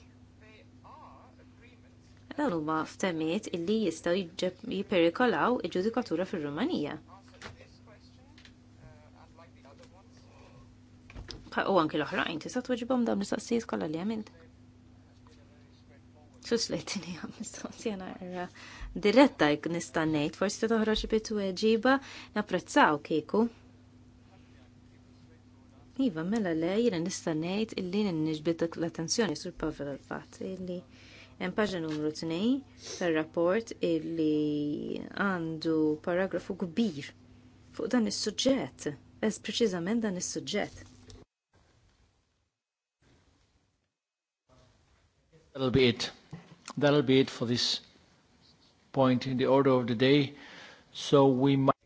Dan huma ftemiet illi jistgħu jiperikolaw il-ġudikatura fir-Rumanija. U anki l-oħrajn tista' tweġibhom dawn l-istaqsijiet kollha li għamilt. Xux lejtini għam mistoqsijana għarra diretta jk nistannejt, forsi toħroġ bitu eġiba, napprezzaw kieku. Iva, mela le, jena nistannejt illi n-nġbitak l-attenzjoni sur Pavel għal-fat, illi hemm paġna numru 2 tar-rapport illi għandu paragrafu kbir fuq dan is-suġġett, ez preċiżament dan is-suġġett. That'll be it. That'll be it for this point in the order of the day. So we might...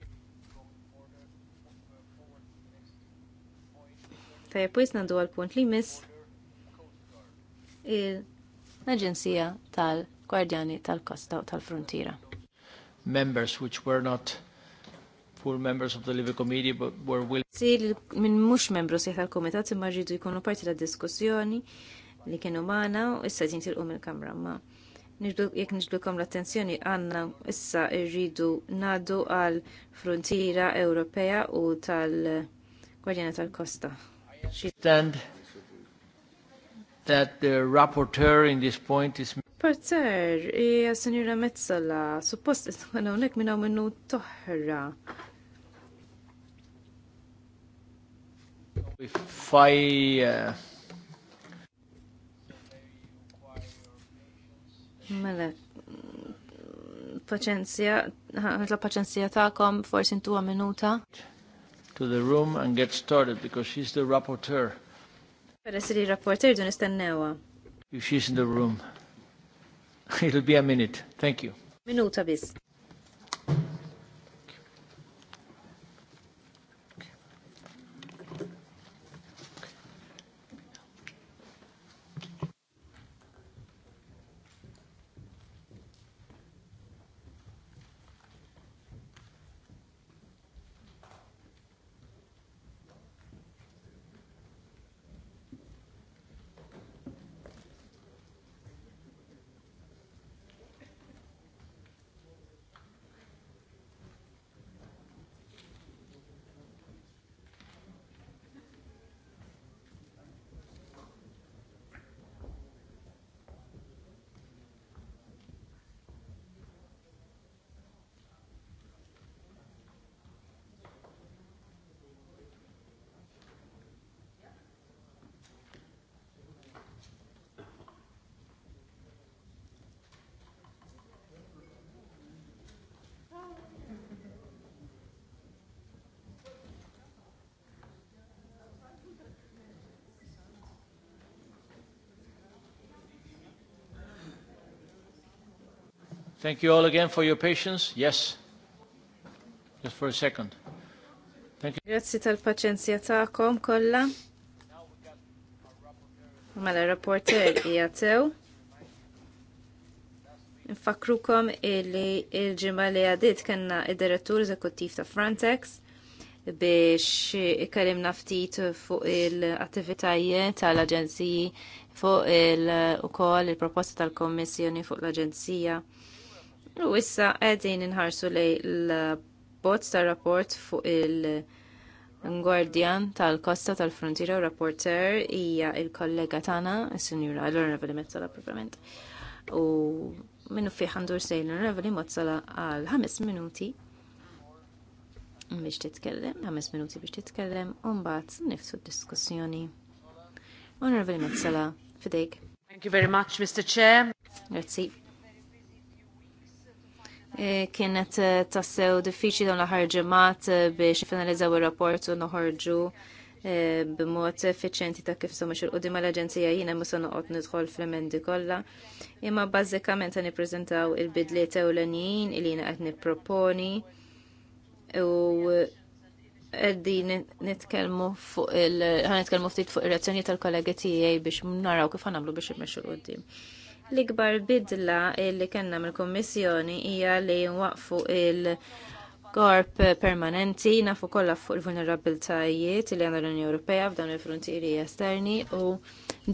Tajja, pwis nandu għal-punt li mis l-Aġenzija tal-Gwardjani tal-Kosta u tal-Frontiera. Members which were not full members of the Libre Committee but were willing. Si minn mux membru sieħ tal-Komitat imma ġidu jkunu parti tad diskussjoni li kienu maħna u issa ġin tilqu mil kamra ma. Jek nġbdukom l-attenzjoni għanna issa irridu nadu għal frontiera Ewropea u tal-Gwardjana tal-Kosta. Stand that the rapporteur in this point is Porter, hija Sinjura Mezzola, suppost istgħana unnek minna hawn minnu toħra. Faj Mela, paċenzja, la paċenzja ta'kom, forsi intuwa minuta. To the room and get started because she's the rapporteur. essere il rapporteur dun istennewa. If she's in the room, it'll be a minute. Thank you. Minuta bis. Thank you all again for your patience. Yes. Just for a second. Thank you. Grazzi tal-paċenzja ta'kom kolla. Mela rapporter jgħatew. Nfakrukom illi il-ġimma li għadit kanna id-direttur eżekuttiv ta' Frontex biex ikellimna ftit fuq il-attivitajiet tal-aġenziji fuq il-ukoll il-proposta tal-Kommissjoni fuq l-Aġenzija U issa qegħdin inħarsu lej l bot tar-rapport fuq il-Guardian tal-Kosta tal-Frontiera u rapporter hija il-kollega tagħna, is-Sinjura Lorna Mezzala, propriament. U minnu fi ħandur l Lorna Mozzala għal ħames minuti biex titkellem, ħames minuti biex titkellem, u mbagħad nifsu d-diskussjoni. Onorevoli Mezzala, fidejk. Thank you very much, Mr. Chair. Grazie. Eh, kienet eh, tassew diffiċli dawn l-aħħar ġimgħat eh, biex finalizzaw ir-rapport u noħorġu b'mod effiċjenti ta' kif somma xil mal-Aġenzija jiena ma se noqgħod nidħol fl-emendi kollha. Imma bażikament se nippreżentaw il-bidliet ewlenin il jiena qed nipproponi u qegħdin nitkellmu fuq il ħan nitkellmu ftit fuq ir-reazzjoni tal-kollegi tiegħi biex naraw kif ħanamlu biex immexxu l-qudiem. L-ikbar bidla li kellna mill-Kummissjoni hija li nwaqfu il- korp permanenti nafu kollha fuq il-vulnerabilitajiet li għandha l-Unjoni Ewropea f'dawn il-frontieri esterni u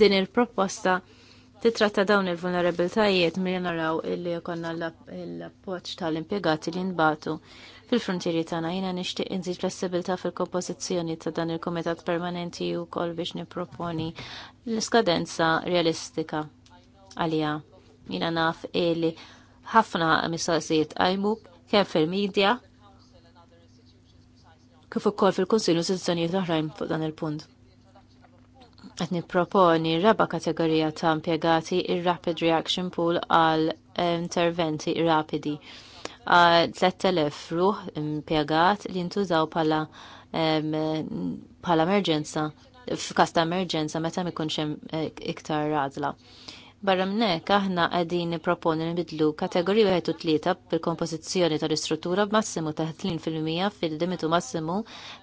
din il-proposta titratta dawn il-vulnerabilitajiet milli naraw illi jkollna l-appoġġ tal-impjegati li nbatu fil-frontieri tagħna jiena nixtieq inżid flessibilità fil-kompożizzjoni ta' dan il-kumitat permanenti wkoll biex nipproponi l-iskadenza realistika għalija. Jina naf li ħafna mistoqsijiet għajmu kemm fil-medja kif ukoll fil-Kunsilju Sizzjonijiet oħrajn fuq dan il-punt. Qed nipproponi raba kategorija ta' impjegati ir-Rapid Reaction Pool għal interventi rapidi. 3000 ruħ impjegat li ntużaw pala pala emerġenza f'kas ta' emerġenza meta ma jkunx hemm eh, iktar għażla. Barra mnek aħna għadin proponi nibidlu kategoriju 1 u 3 bil kompożizzjoni tal-istruttura b'massimu ta' 30% fil fid-dimitu massimu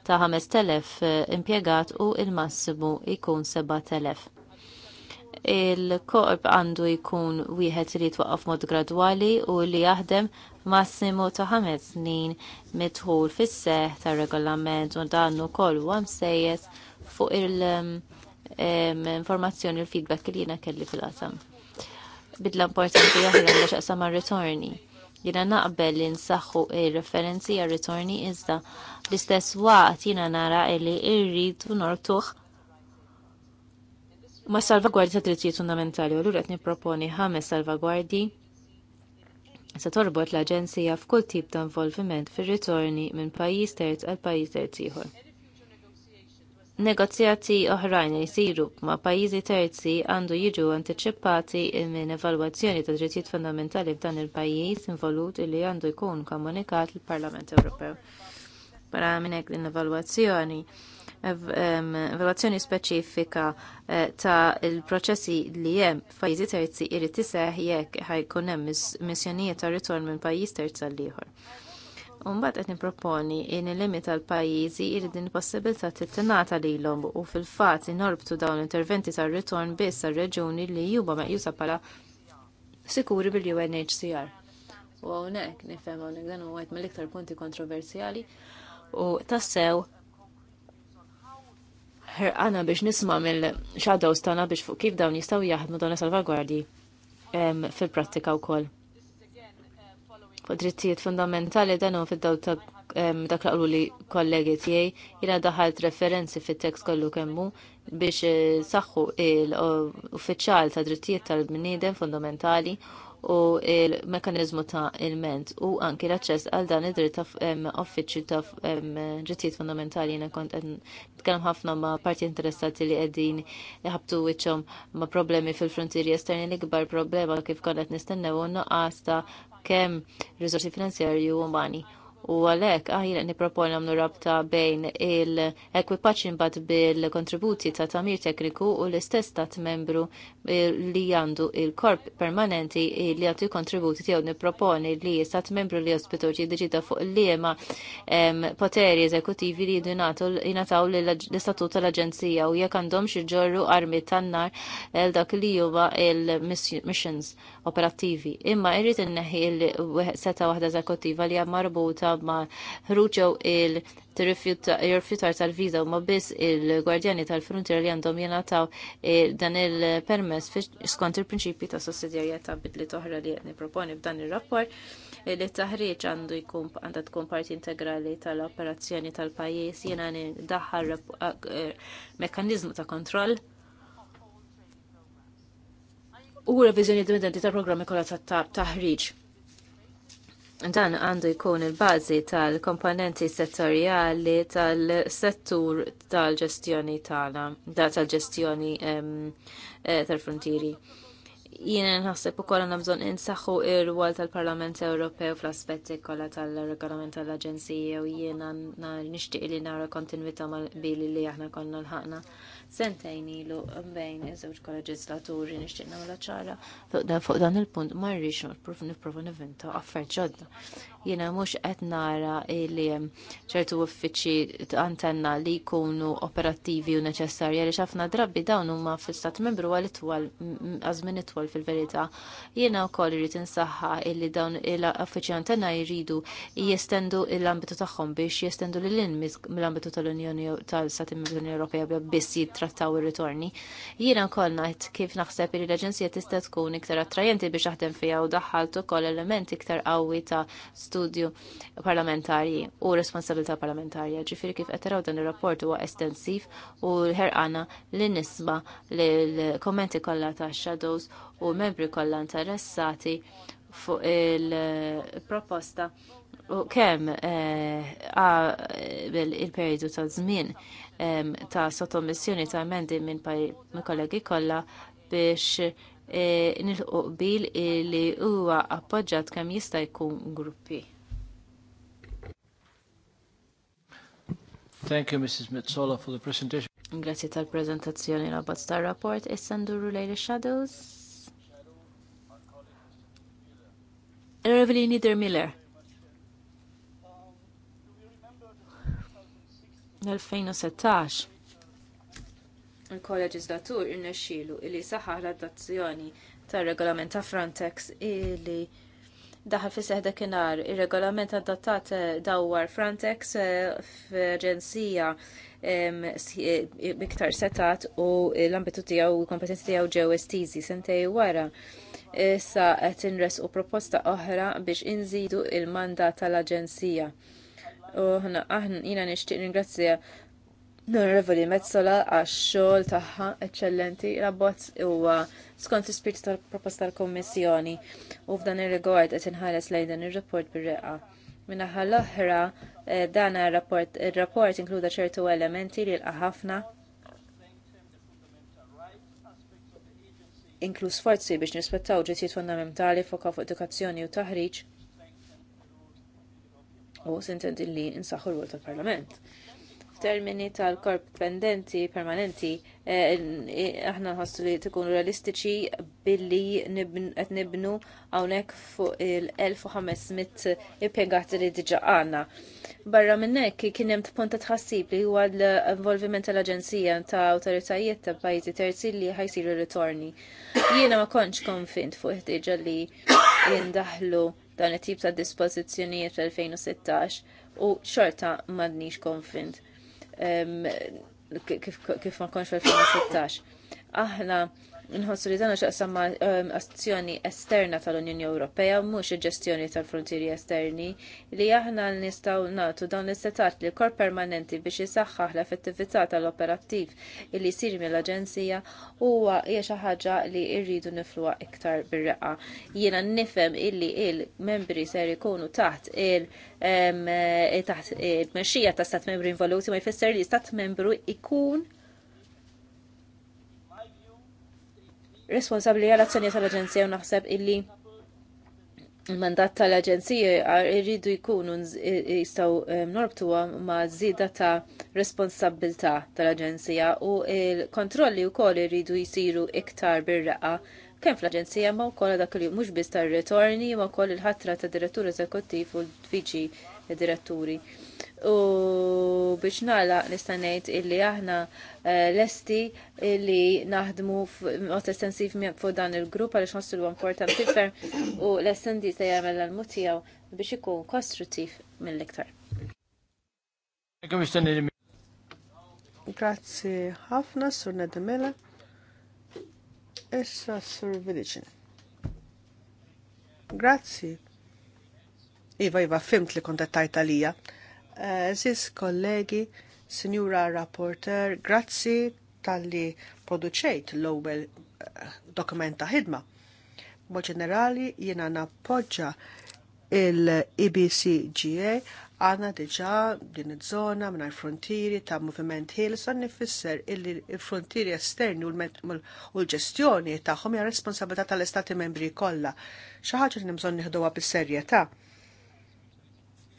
ta' 5000 eh, impjegat u il-massimu jkun 7000 il-korp għandu jkun wieħed li jitwaqqaf mod gradwali u li jaħdem massimu ta' ħames snin mitħul fis seħħ tar regolament u dan ukoll huwa msejjes fuq il-informazzjoni eh, l feedback li jiena kelli fil-qasam bidla importanti oħra li xaqsam ritorni Jina naqbel li nsaħħu il-referenzi għal ritorni iżda l-istess waqt jina nara li irridu nortuħ ma salvagwardi ta' drittijiet fundamentali u l qed niproponi ħames salvagwardi se torbot l-Aġenzija f'kull tip ta' involviment fir-ritorni minn pajjiż terz għal pajjiż terz ieħor Negozjati oħrajn li jisiru ma' pajjiżi terzi għandu jiġu antiċipati minn evalwazzjoni ta' drittijiet fundamentali f'dan il-pajjiż involut li għandu jkun komunikat lill-Parlament Ewropew. Para minn hekk din evalwazzjoni evalwazzjoni speċifika eh, ta' il-proċessi li hemm f'pajjiżi terzi irid tiseħ jekk ħajkun hemm missjonijiet ta' ritorn minn pajjiż terzi għal ieħor. Umbat qed niproponi in il-limita l-pajjiżi jrid din possibilità tittinata lilhom u fil-fatt inorbtu dawn l-interventi tar-ritorn biss tar-reġuni li juba meqjusa bħala sikuri bil-UNHCR. U hawnhekk nifhem hawnhekk dan huwa qed mill-iktar punti kontroversjali u tassew ħerqana biex nisma' mill-shadows tagħna biex fuq kif dawn jistgħu jaħdmu dawn is-salvagwardji fil-prattika wkoll fuq drittijiet fundamentali dan hu fid-daw ta' dak laqlu li kollegi tiegħi jiena daħalt referenzi fit-tekst kollu kemmu biex eh, saħħu l-uffiċjal ta' drittijiet tal-bniedem fundamentali u il-mekanizmu ta' il-ment u anki l-aċċess għal dan id-dritt ta' uffiċċju ta' drittijiet fundamentali jiena kont nitkellem ħafna ma' parti interessati li qegħdin ħabtu wiċċhom ma' problemi fil-frontieri esterni l-ikbar problema kif kont qed nistennew u ta' kemm rizorsi finanzjarji u umani. U għalek, għajna nipropon għamlu rabta bejn il-ekwipaċ imbat bil-kontributi ta' tamir tekniku u l-istess ta' membru eh, li għandu il-korp permanenti eh, li għatu kontributi tiegħu niproponi li stat membru li ospitoċi deċida fuq li jema poteri eżekutivi li jinataw l-istatut tal-Aġenzija u jekk għandhom xi ġorru armi tan-nar eh, dak li juba il-missions operattivi. Imma irrid inneħi l-seta waħda eżekuttiva li hija marbuta ma' ħruġew il- tirrifjutar tal-viza u ma biss il-gwardjani tal-frontier li għandhom jenataw eh, dan il-permess skont il-prinċipi ta' sussidjarjetà bidli toħra li qed proponi b'dan ir-rapport eh, li taħriġ għandu jkun għandha tkun parti integrali tal-operazzjoni tal-pajjiż jiena daħħal eh, mekkaniżmu ta' kontroll u revizjoni indipendenti ta' programmi kollha ta' taħriġ. Dan għandu jkun il-bażi tal-komponenti settorjali tal-settur tal-ġestjoni tagħna, tal-ġestjoni eh, tal-frontieri jiena nħasseb ukoll għandna bżonn insaħħu ir-rwol tal-Parlament Ewropew fl-aspetti kollha tal-regolament tal-Aġenzija u jiena nixtieq li nara kontinwità mal-bili li aħna konna l-ħaqna sentejn ilu bejn iż-żewġ kol-leġislaturi nixtieq nagħmel ċara fuq dan il-punt ma rridx nipprova nivvinta affarijiet ġodda. Jiena mhux qed nara li ċertu uffiċċji antenna li jkunu operattivi u neċessarji li ħafna drabi dawn huma fl-istat membru għal itwal għażmin itwal fil-verità. Jiena wkoll irid insaħħa li dawn il uffiċċji antenna jridu jestendu l-ambitu tagħhom biex jestendu l-lin mill-ambitu tal-Unjoni tal-Stati Unjoni Ewropea biss jittrattaw ir-ritorni. Jiena wkoll najt kif naħseb li l-Aġenzija tista' tkun iktar attrajenti biex aħdem fija u daħħaltu ukoll elementi iktar qawwi ta' studju parlamentari u responsabilità parlamentarja. Ġifiri kif qed dan ir-rapport huwa estensiv u l-ħerqana li nisba l-kommenti kollha tax shadows u membri kollha interessati fuq il-proposta u kemm eh, il-periodu ta' żmien eh, ta' sottomissjoni ta' emendi minn kollegi kollha biex E, nilħu qbil li huwa appoġġat kemm jista' jkun gruppi. Thank you, Mrs. Mitzola, for the presentation. Grazie tal-prezentazzjoni la abbozz star rapport Issa nduru lejn shadows Revelini Der Miller. Nel 2016 il-kolleġislatur irnexxielu illi saħħaħ l-adazzjoni tar-regolament ta' Frontex illi daħal fi seħda kienar ir-regolament adattat eh, dawwar Frontex eh, f'aġenzija biktar eh, setat u l-ambitu tiegħu u kompetenzi tiegħu ġew estiżi sentej wara. Issa qed inresqu proposta oħra biex inżidu il-mandat tal-aġenzija. U ħna aħna jina nixtieq ringrazzja l-Onorevoli Mezzola għax xogħol tagħha eċċellenti rabbozz huwa skont ispirt tal-proposta tal-Kommissjoni u f'dan ir-rigward qed inħares lejn dan ir-rapport bir-reqqa. Minnaħa l-oħra eh, dan ir-rapport ir-rapport inkluda ċertu elementi li ħafna inkluż forzi biex nispettaw ġittijiet fundamentali foka fuq edukazzjoni u taħriġ u sintendi li insaħħu l-wol tal-Parlament termini tal-korp pendenti permanenti eh, eh, aħna nħossu li tkun realistiċi billi qed nibnu hawnhekk fuq il-1500 impjegati li diġà għandna. Barra minn hekk kien hemm punt tħassib li huwa l-involviment tal-Aġenzija ta' Awtoritajiet ta' pajjiżi terzi li ħajsiru ritorni. Jiena ma kontx konfint fuq ħtieġa li jindaħlu dan it-tip ta' dispożizzjonijiet fl-2016 u xorta m'għandniex konfint kif ma konx fil-2016. Aħna nħossu li dan xaqsam ma' ehm, azzjoni esterna tal-Unjoni Ewropea mhux il-ġestjoni tal-frontieri esterni li aħna nistgħu nagħtu dawn l-istetat li kor permanenti biex jisaxħaħ l-effettività tal-operattiv li jsir mill-Aġenzija huwa hija xi ħaġa li rridu nifluha iktar bir reqa Jiena nifhem illi il-membri ser ikunu taħt il- ehm, taħt il-mexxija ta' stat membru involuti ma jfisser li stat membru ikun responsabbli għal azzjonijiet tal-Aġenzija u naħseb illi il-mandat tal-Aġenzija irridu jkunu jistaw eh, norbtu ma' zida ta' responsabilità tal-Aġenzija u il-kontrolli wkoll irridu jisiru iktar bir-raqa kemm fl-Aġenzija ma' wkoll dak li mhux biss tar-ritorni ma' wkoll il-ħatra ta' direttur eżekuttiv u l-Viċi diretturi. U biex nala nista' ngħid illi aħna eh, lesti illi naħdmu mod estensiv fuq dan il-grupp għaliex ħossu huwa importanti ferm u l-estendi se jagħmel l tiegħu biex ikun kostruttiv mill-iktar. Grazzi ħafna, Sur Nedemela. Issa Sur Vilicin. Grazzi. Iva, iva, fimt li kontet tajt għalija. Eh, Ziz kollegi, Signora Rapporter, grazzi tal-li produċejt l-ewwel eh, dokumenta ħidma. Bo ġenerali jiena nappoġġa il ibcga għana diġa din iż-żona minn frontieri ta' moviment san nifisser illi l-frontieri esterni u l-ġestjoni tagħhom hija responsabilità tal-Istati membri kollha. Xi ħaġa li bżonn nieħduha bis-serjetà. Ta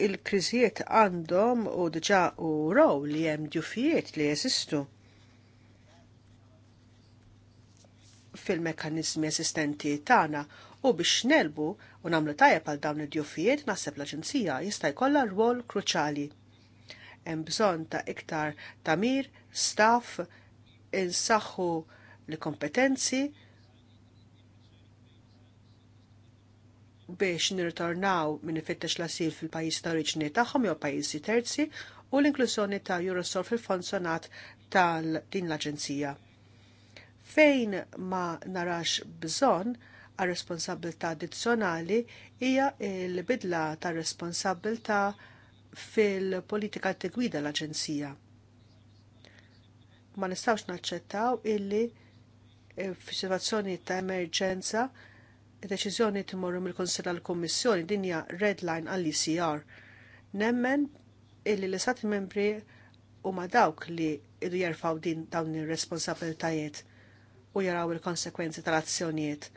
il-kriżijiet għandhom u dġa u raw li hemm djufijiet li jeżistu fil-mekkaniżmi eżistenti tagħna u biex nelbu u nagħmlu tajjeb għal dawn id-djufijiet naħseb l-Aġenzija jista' jkollha rwol kruċali. Hemm bżonn ta' iktar tamir, staff, insaħħu l-kompetenzi, biex nirritornaw minn ifittex l-asil fil-pajjiż ta' oriġni tagħhom jew pajjiżi terzi u l-inklusjoni ta' Eurosor fil-funzjonat tal-din l-Aġenzija. Fejn ma narax bżonn għal responsabilità addizzjonali hija l-bidla ta' responsabilità fil-politika tigwida l-Aġenzija. Ma nistawx naċċettaw illi eh, f'sitwazzjoni ta' emerġenza deċiżjoni timorru mill-Konsil għal kummissjoni din hija red line għall-ICR. Nemmen illi l-istati membri huma dawk li idu jerfaw din dawn ir-responsabilitajiet u jaraw il-konsekwenzi tal-azzjonijiet.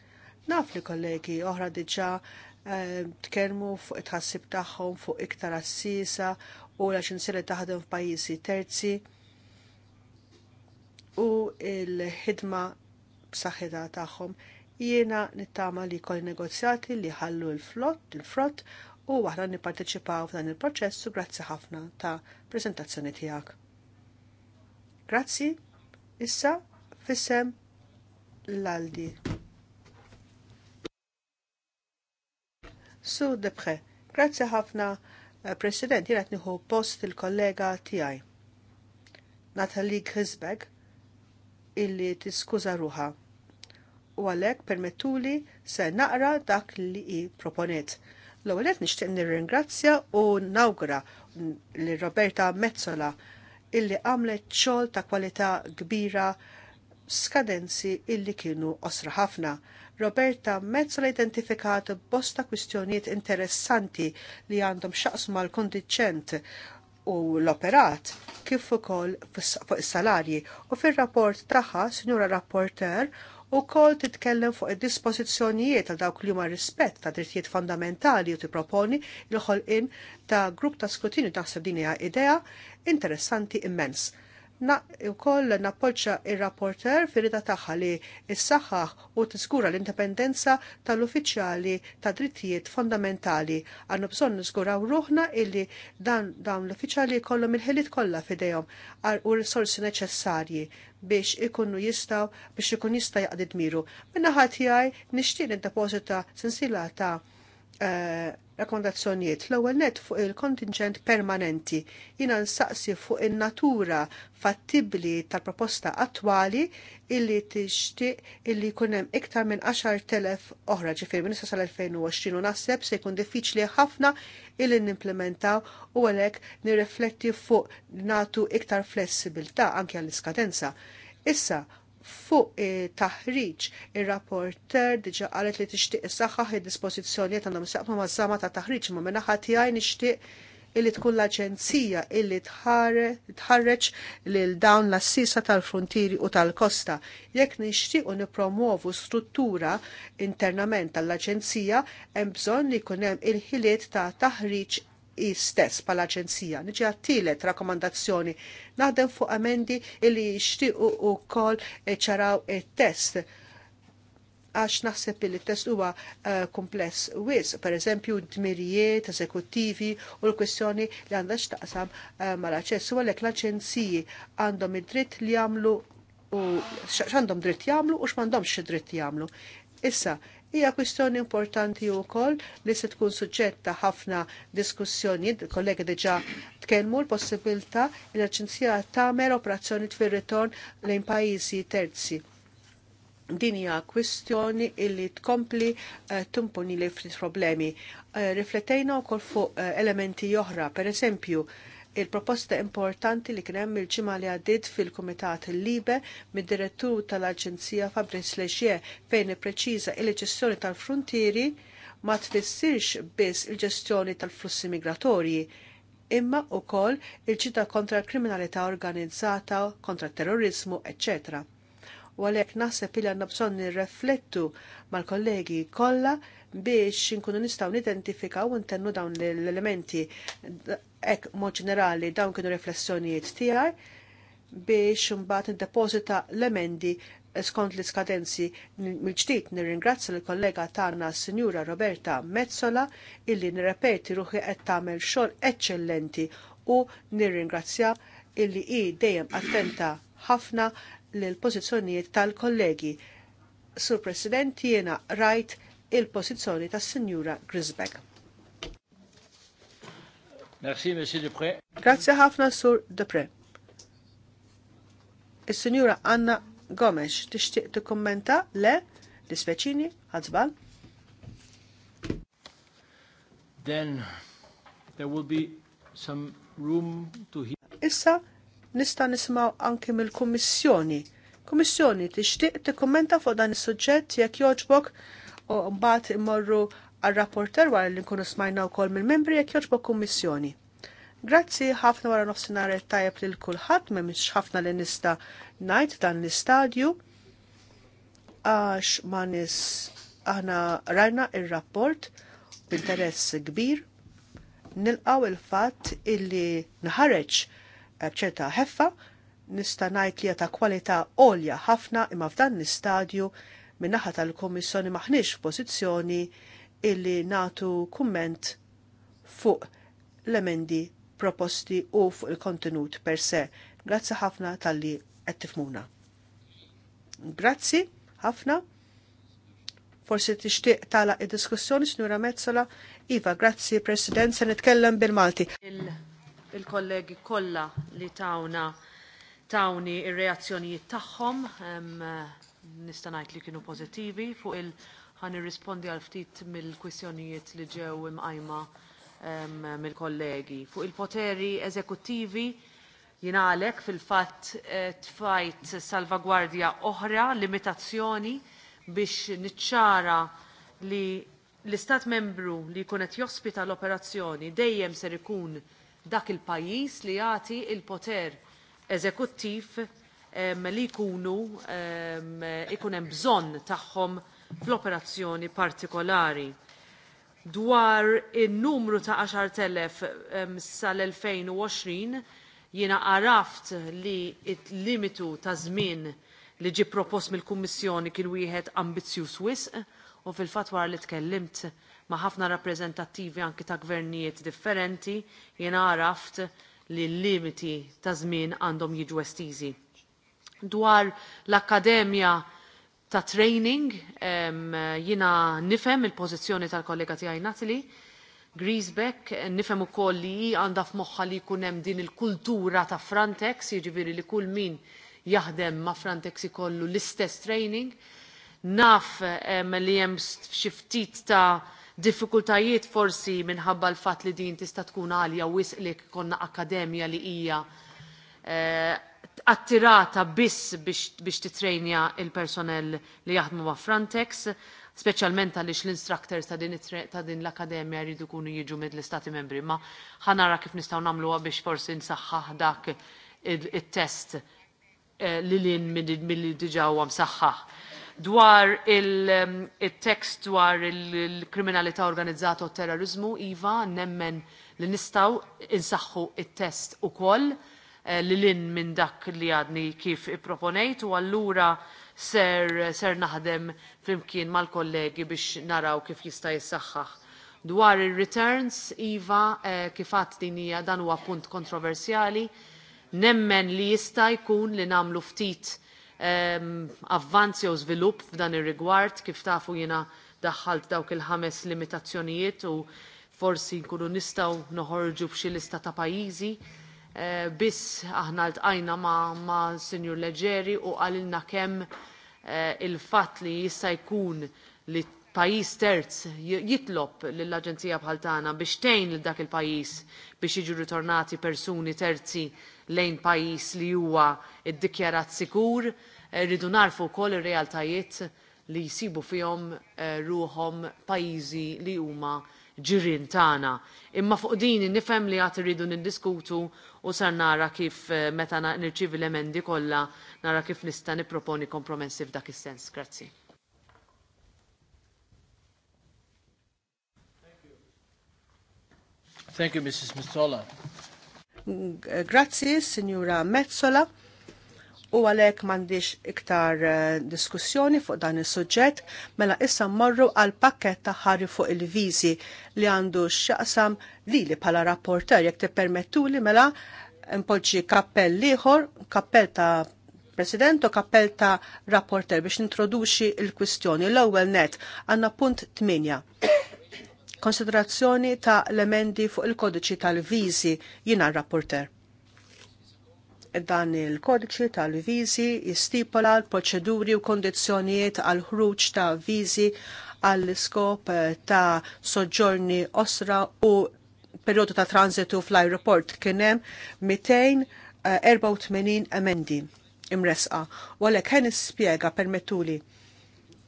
Naf li kollegi oħra diġà eh, tkellmu fuq it-ħassib tagħhom fuq iktar assisa u l xinsiri taħdem f'pajjiżi terzi u l-ħidma b'saħħitha tagħhom Jiena nittama li kol negozjati li ħallu l-flott, il frott u aħna nipparteċipaw f'dan il-proċess u grazzi ħafna ta' prezentazzjoni tiegħek. Grazzi, issa fissem l-Aldi. Su debħe, grazzi ħafna eh, President, jirat niħu post il-kollega tijaj. Natalie Grisbeck, illi tiskuza ruħa u għalek permettuli se naqra dak li i proponiet. L-għalet nishtiq nir-ringrazzja u nawgra li Roberta Mezzola illi għamlet ċol ta' kwalità kbira skadenzi illi kienu osra ħafna. Roberta Mezzola identifikat bosta kwistjoniet interessanti li għandhom xaqs mal-kondiċent u l-operat kif ukoll fuq is-salarji u fir-rapport tagħha, Sinjura Rapporter, u kol titkellem fuq id-dispożizzjonijiet għal dawk li huma rispett ta' drittijiet fondamentali u tipproponi il-ħolqin ta' grupp ta' skrutinju ta' din hija idea interessanti immens. Na, u koll nappoġġa il-rapporter firida taħħa li s-saħħaħ u tiżgura l-indipendenza tal-uffiċjali ta' drittijiet fondamentali. Għannu bżon niżguraw ruħna illi dan dawn l-uffiċjali jkollhom il-ħiliet kollha fidejhom u risorsi neċessarji biex ikunu jistaw biex ikun jista' jaqdi dmiru. Minna ħadd jgħid nixtieq niddeposita sinsila ta' Eh, rakkomandazzjonijiet. L-ewwel net fuq il-kontingent permanenti jina nsaqsi fuq in-natura fattibbli tal-proposta attwali illi tixtieq illi jkun hemm iktar minn 10,000 oħra ġifier minn issa sal-2020 u naħseb se jkun diffiċli ħafna illi nimplementaw u għalhekk nirrifletti fuq natu iktar flessibilità anke għall-iskadenza. Issa fuq eh, taħriġ ir-rapporter diġa qalet li tixtieq saħħaħ id-dispożizzjonijiet għandhom saqma ma żama ta' taħriġ ma' minaħa tiegħi nixtieq illi tkun l-aġenzija illi tħarreġ lil dawn l-assisa tal-frontieri u tal-kosta. Jekk nixtiequ nipromuovu struttura internament tal-aġenzija hemm bżonn li jkun hemm il-ħiliet ta' taħriġ stess pal aġenzija Niġi għattilet rakkomandazzjoni naħdem fuq amendi illi jixtiequ wkoll ċaraw it-test għax naħseb li test huwa eh, kumpless wis, per eżempju dmirijiet, eżekuttivi u l-kwestjoni li għandha x'taqsam eh, mal-aċċess u għalhekk l-aġenziji għandhom id-dritt li jagħmlu u x'għandhom dritt jagħmlu u x'għandhomx dritt jagħmlu. Issa, hija kwistjoni importanti wkoll li se tkun suġġetta ħafna diskussjoni, kollegi diġà tkellmu l-possibilità l-Aġenzija tagħmel operazzjoni fir-ritorn lejn pajjiżi terzi. Din hija kwistjoni illi tkompli eh, tumponi li ftit problemi. Eh, riflettejna wkoll fuq eh, elementi oħra, pereżempju il-proposta importanti li kien hemm il-ġimgħa li għaddiet fil-Kumitat il-Libe mid-direttur tal-Aġenzija Fabrice Lexier fejn ippreċiża il-ġestjoni tal-frontieri ma tfissirx biss il-ġestjoni tal-flussi migratorji, imma wkoll il-ċita kontra kriminalità organizzata, kontra terrorizmu, etc. U għalhekk naħseb li għandna bżonn nirreflettu mal-kollegi kollha biex inkunu nistgħu nidentifikaw u ntennu dawn l-elementi hekk mod ġenerali dawn kienu riflessjonijiet tiegħi biex mbagħad deposita l-emendi skont l-iskadenzi mill-ġdid nirringrazzja lill kollega tagħna Sinjura Roberta Mezzola illi nirreperti ruħi qed tagħmel xogħol eċċellenti u nirringrazzja illi hi dejjem attenta ħafna l-pożizzjonijiet tal-kollegi. Sur President, jiena rajt il-pożizzjoni ta' sinjura Grisbeck. Merci, Monsieur Dupré. Grazie ħafna, Sur Dupré. il sinjura Anna Gomes, tixtieq t-kommenta le l isveċini ħadżbal. Then there will be some room to hear. Issa nista nismaw anke mill-Kummissjoni. Kummissjoni tixtieq t-kommenta fuq dan is-suġġett jekk jogħġbok u mbagħad immorru għal-rapporter wara li nkunu smajna wkoll mill-membri jekk jogħġbok kummissjoni. Grazzi ħafna wara nofsinhar tajjeb lil kulħadd m'hemmx ħafna li nista' ngħid dan l-istadju għax ma nis aħna rajna ir-rapport b'interess kbir nilqaw il-fatt illi nħareġ ċerta ħeffa nista' ngħid li ta' kwalità għolja ħafna imma f'dan l-istadju minnaħa tal-Komissjoni maħniex f'pożizzjoni illi natu kumment fuq l-emendi proposti u fuq il-kontenut per se. Grazzi ħafna tal-li qed tifmuna. Grazzi ħafna. Forsi tixtieq tala id-diskussjoni, Sinjura Mezzola. Iva, grazzi President, se nitkellem bil-Malti. Il-kollegi kollha li tawna tawni ir-reazzjonijiet tagħhom nista' ngħid li kienu pożittivi fuq il ħan irrispondi għal ftit mill-kwistjonijiet li ġew imqajma mill-kollegi. Fuq il-poteri eżekuttivi jingħalek fil-fatt eh, tfajt salvagwardja oħra, limitazzjoni biex niċċara li l-istat membru li jkun qed jospita l-operazzjoni dejjem ser ikun dak il-pajjiż li jagħti il-poter eżekuttiv li jkunu ikun hemm bżonn tagħhom fl-operazzjoni partikolari. Dwar in-numru ta' 10,000 sal-2020 jiena għaraft li t limitu ta' żmien li ġi propost mill-Kummissjoni kien wieħed ambizzjuż wisq u fil-fatt wara li tkellimt ma' ħafna rappreżentattivi anki ta' gvernijiet differenti jiena għaraft li l-limiti ta' żmien għandhom jiġu estiżi dwar l-Akkademja ta' training jina nifem il-pozizjoni tal-kollega tiegħi Natalie Griesbeck, nifem u koll li għanda f'moħħa li kunem din il-kultura ta' Frontex, jiġifieri li kull min jaħdem ma' Frontex ikollu l-istess training. Naf li hemm xi ftit ta' diffikultajiet forsi minħabba l-fat li din tista' tkun għalja wisq li konna akkademja li hija eh, attirata biss biex titrejnja il-personell li jaħdmu ma' Frontex, speċjalment għaliex l-instructors ta' din l-akademja jridu kunu jiġu mid l-istati membri, ma ħanara kif nistgħu nagħmluha biex forsi nsaħħaħ dak it-test eh, li l-in mill-li diġaw għam msaħħaħ. Dwar il um, text dwar il-kriminalità organizzata u terrorizmu, Iva, nemmen li nistaw insaħħu il test u koll Eh, li lin minn dak li għadni kif proponejt u allura ser, ser naħdem flimkien mal-kollegi biex naraw kif jista' jissaħħaħ. Dwar il-returns, Iva, eh, kifat dinija dan huwa punt kontroversjali, nemmen li jista' jkun li namlu ftit eh, avvanzi u żvilupp f'dan ir-rigward kif tafu jiena daħħalt dawk il-ħames limitazzjonijiet u forsi nkunu nistgħu noħorġu b'xi lista ta' pajjiżi Eh, biss aħna tqajna ma', ma Sinjur Leġeri u għalilna kemm uh, il-fatt li jista' jkun li pajis terz jitlob lill-Aġenzija bħal tagħna biex tgħin l dak il-pajjiż biex jiġu ritornati persuni terzi lejn pajjiż li huwa iddikjarat sikur, eh, rridu narfu wkoll ir-realtajiet li jsibu fihom ruhom pajjiżi li huma ġirien tagħna. Imma fuq din nifhem li għad irridu niddiskutu u sar nara kif eh, meta nirċivi l-emendi kollha nara kif nista' nipproponi kompromessi f'dak is-sens. Grazzi. Thank you, Mrs. Metzola. Grazie, eh, signora Metzola u għalek mandiċ iktar eh, diskussjoni fuq dan il-sujġet, mela issa morru għal pakket ta' ħarri fuq il-vizi li għandu xaqsam li li pala rapporter, jek te permettu li mela impoġġi kappell liħor, kappell ta' President u kappell ta' rapporter biex introduċi il-kwistjoni. L-ewwel net għandna punt 8. Konsiderazzjoni ta' l-emendi fuq il-kodiċi tal-viżi jina rapporter dan il-kodiċi tal-viżi jistipola l-proċeduri u kondizzjonijiet għal ħruġ ta' viżi għall iskop ta' soġġorni osra u perjodu ta' transitu fl-aeroport kien hemm 284 eh, emendi imresqa. U għalhekk ħen ispjega permettuli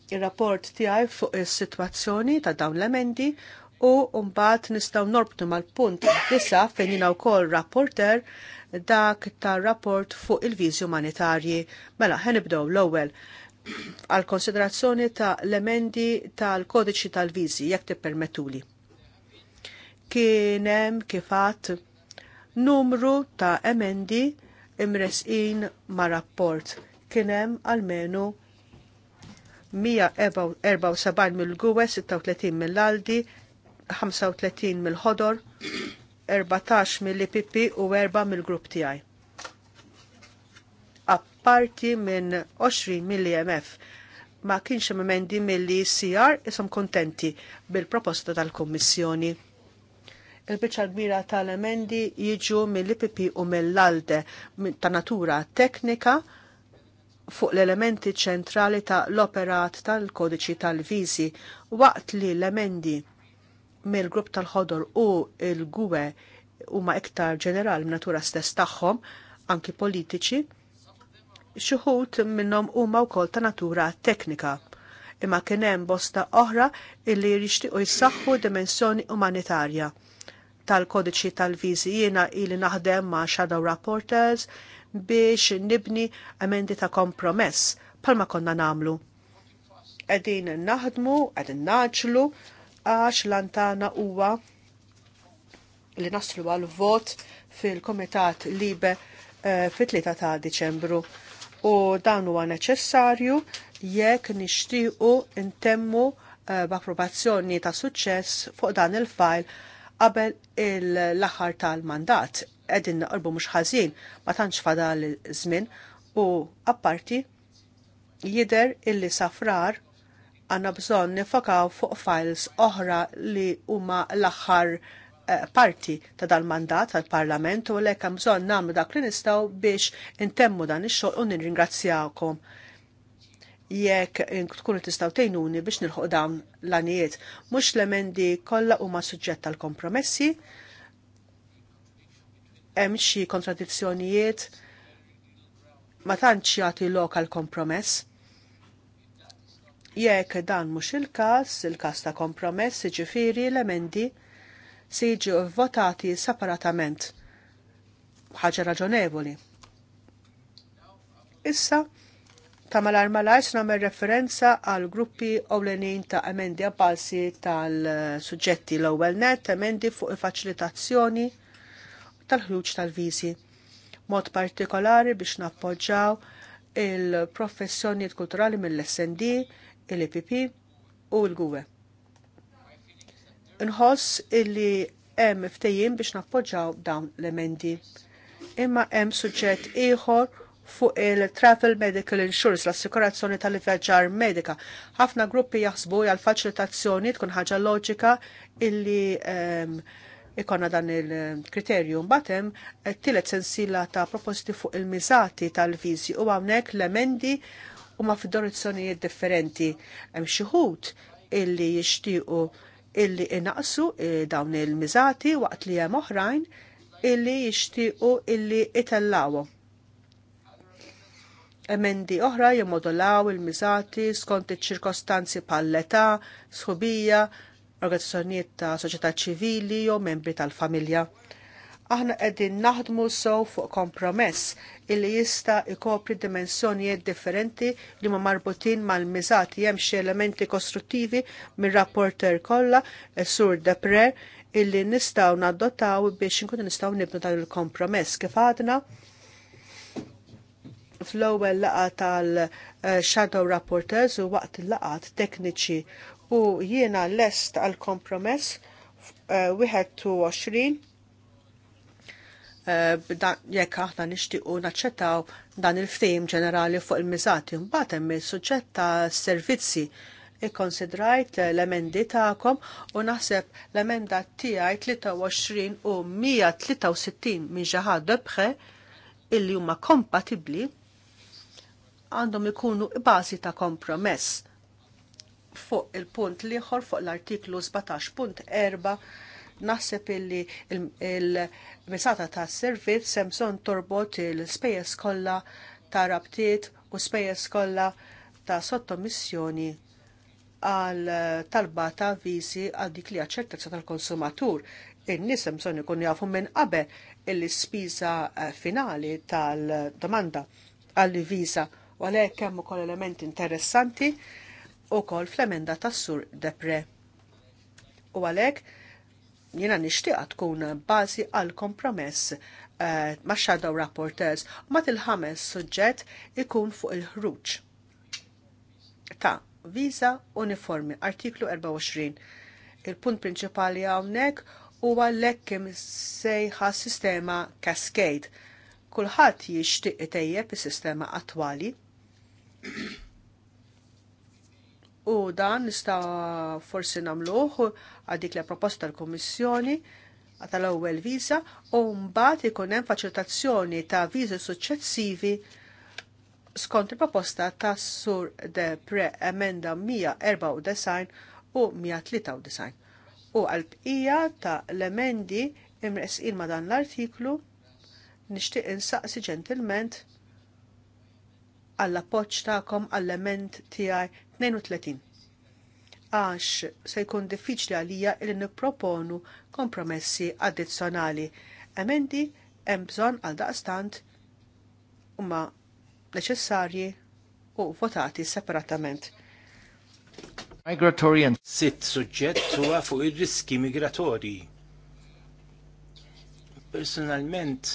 il rapport tiegħi fuq is-sitwazzjoni ta' dawn l-emendi u mbagħad nistgħu norbtu mal-punt disa fejn jiena wkoll rapporter dak tar rapport fuq il-viżi umanitarji. Mela, ħenibdew l-ewwel għal konsiderazzjoni ta' l-emendi tal-kodiċi tal-viżi jekk tippermettuli. Kien hemm kifat numru ta' emendi imresqin ma' rapport. Kien hemm għalmenu 174 mill-Gwe, 36 mill-Aldi, 35 mill-ħodor, 14 mill-IPP u 4 mill-grupp tiegħi. Apparti minn 20 mill-IMF ma kienx emendi mill-ICR isom kontenti bil-proposta tal-Kommissjoni. il bicċa kbira tal-emendi jiġu mill-IPP u mill-ALDE ta' natura teknika fuq l-elementi ċentrali ta' l-operat tal-kodiċi tal-viżi waqt li l-emendi mill-grupp tal-ħodor u il-gwe huma iktar ġeneral natura stess tagħhom, anki politiċi, xuħut minnhom huma wkoll ta' natura teknika. Imma kien hemm bosta oħra illi u jsaħħu dimensjoni umanitarja tal-kodiċi tal-viżi jiena ili naħdem ma' shadow rapporters biex nibni emendi ta' kompromess palma konna namlu. Edin naħdmu, edin naċlu, għax lantana huwa li naslu għal vot fil-Komitat Libe eh, fit-3 ta' Diċembru. U dan huwa neċessarju jekk nixtiequ intemmu eh, b'approvazzjoni ta' suċċess fuq dan il-fajl qabel l-aħħar tal-mandat. Qegħdin naqrbu mhux ħażin ma tantx fadal żmien u apparti jider illi safrar għanna bżon nifokaw fuq files oħra li huma l-aħħar eh, parti ta' dal-mandat tal-Parlament u lek hemm bżonn nagħmlu dak li nistgħu biex intemmu dan ix-xogħol u nirringrazzjawkom jekk tkunu tistgħu tgħinuni biex nilħuq dawn l-anijiet. Mhux l-emendi kollha huma suġġett tal-kompromessi, hemm xi kontradizzjonijiet ma tantx jagħti lokal kompromess Jekk dan mhux il-każ, il-każ ta' kompromess, ġifieri l-emendi se jiġu votati separatament. Ħaġa raġonevoli. Issa, ta' malar malajs namer referenza għal gruppi ewlenin ta' emendi għabbalsi tal-suġġetti l ewwel net, emendi fuq il-facilitazzjoni tal ħluċ tal-viżi. Mod partikolari biex nappoġġaw il-professjonijiet kulturali mill-SND, il-IPP u l-GUE. Nħoss illi hemm ftejjin biex nappoġġaw dawn l-emendi. Imma hemm suġġett ieħor fuq il-Travel Medical Insurance, l-assikurazzjoni tal-ivvjaġġar medika. Ħafna gruppi jaħsbu għal faċilitazzjoni tkun ħaġa loġika illi um, ikonna dan il-kriterju. Mbatem, tilet sensila ta' proposti fuq il-mizati tal-vizi u għamnek l-emendi ma f'dorizzjonijiet differenti. Hemm xi illi jixtiequ illi inaqsu eh, dawn il-miżati waqt li hemm oħrajn illi jixtiequ illi itellawhom. Emendi oħra jimmodulaw il-miżati skont iċ-ċirkostanzi pal-età, sħubija, organizzazzjonijiet ta' soċjetà ċivili jew membri tal-familja aħna qegħdin naħdmu sew fuq kompromess illi jista' ikopri dimensjonijiet differenti li ma marbutin mal-miżati hemm xi elementi kostruttivi mir-rapporter kollha eh, sur pre illi nistgħu nadottaw biex inkunu nistgħu nibnu dan il-kompromess kif għadna fl-ewwel laqgħa tal-shadow rapporters u waqt laqgħat tekniċi u jiena lest għal kompromess 21 eh, Eh, jekk aħna nixtiequ naċċettaw dan il fim ġenerali fuq il-miżati. Mbagħad hemm is-suġġett ta' servizzi ikkonsidrajt l-emendi tagħkom u naħseb l-emenda tiegħi 23 u 163 minn ġaħad debħe illi huma kompatibbli għandhom ikunu bażi ta' kompromess fuq il-punt liħor fuq l-artiklu 17.4 Naħseb illi il-misata ta' servizz semson torbot il-spejjeż kollha ta' rabtiet u spejjeż kollha ta' sottomissjoni għal talba ta' viżi għal dik li ċertezza tal-konsumatur. In-nies semson ikun jafu minn qabel il-spiża eh, finali tal-domanda għal viża u għalhekk hemm ukoll elementi interessanti u kol fl-emenda tas-sur depre. U għalhekk jena nishtiqa tkun bazi għal kompromess uh, ma' shadow rapporteurs ma' mat ħames suġġett ikun fuq il-ħruġ ta' viza uniformi artiklu 24. Il-punt prinċipali hawnhekk huwa għallekkim sejħa sistema cascade. Kulħadd jixtieq itejjeb is-sistema attwali. U dan nista' forsi namluħ għadik la proposta tal-Kummissjoni tal-ewwel viża u mbagħad ikun hemm faċilitazzjoni ta' viżi suċċessivi skont il-proposta ta' Sur de Pre emenda 194 u 193. U għal-bqija ta' l-emendi imresqin ma' dan l-artiklu nixtieq insaqsi ġentilment għall appoġġ tagħkom għall-ement tiegħi 32. Għax se jkun diffiċli għalija il nipproponu kompromessi addizzjonali. Emendi hemm bżonn għal daqstant huma neċessarji u votati separatament. Migratory and sitt suġġett huwa fuq ir-riski migratorji. Personalment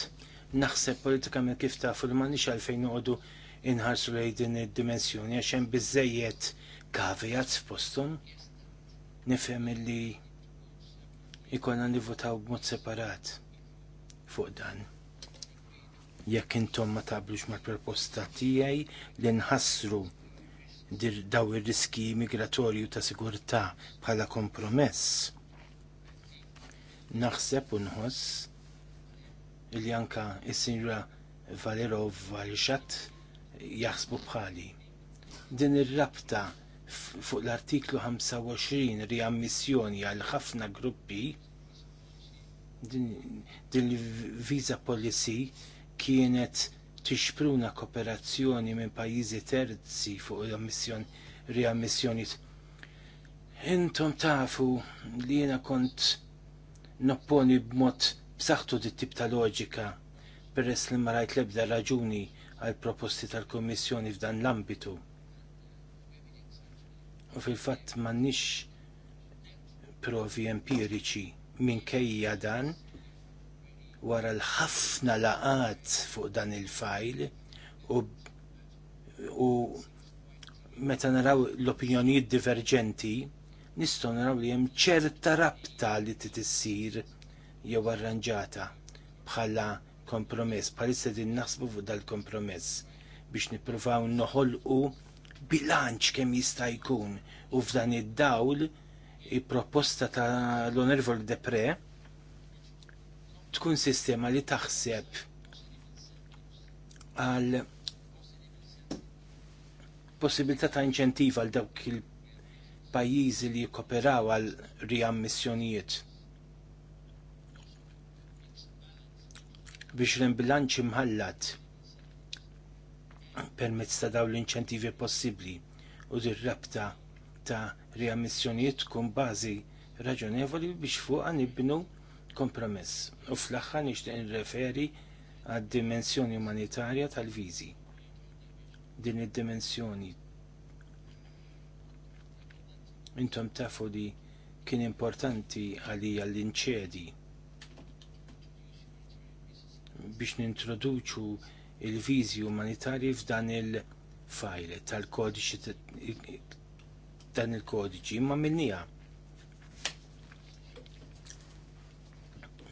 naħseb politikament kif tafu li m'għandix għalfejn noqogħdu inħarsu lej din id-dimensjoni għax hemm biżejjed kavijat f'postum. nifhem illi ikollna nivutaw b'mod separat fuq dan. Jekk intom ma tablux mal-proposta tiegħi li nħassru daw ir-riski migratorju ta' sigurtà bħala kompromess. Naħseb u nħoss li anka is-sinjura Valerov Valixat jaħsbu bħali. Din ir-rabta fuq l-artiklu 25 riammissjoni għal ħafna gruppi din, il visa policy kienet tixpruna kooperazzjoni minn pajjiżi terzi fuq l-ammissjon riammissjoni. Intom tafu li jena kont nopponi b'mod b'saħħtu dit tip ta' loġika peress li ma rajt lebda raġuni għal proposti tal-Kommissjoni f'dan l-ambitu. U fil-fatt m'għandniex provi empiriċi minkejja dan wara l-ħafna laqat fuq dan il-fajl u, u meta naraw l-opinjonijiet diverġenti nistgħu naraw li hemm ċerta rabta li titissir jew arranġata bħala kompromess, palissa din naħsbu fuq dal-kompromess biex nippruvaw noħolqu bilanċ kemm jista' jkun u f'dan id-dawl il-proposta ta' l-Onervol Depre tkun sistema li taħseb għal possibilità ta' inċentiva għal dawk il-pajjiżi li jikoperaw għal riammissjonijiet biex l-imbilanċ imħallat permezz ta' dawn l-inċentivi possibbli u dir rabta ta' riammissjonijiet tkun bażi raġonevoli biex fuqha nibnu kompromess. U fl-aħħar nixtieq nirreferi għad dimensjoni umanitarja tal-viżi. Din id-dimensjoni intom tafu li kien importanti għalija l-inċedi biex nintroduċu il-viżi umanitarji f'dan il file tal-kodiċi dan il-kodiċi imma minnija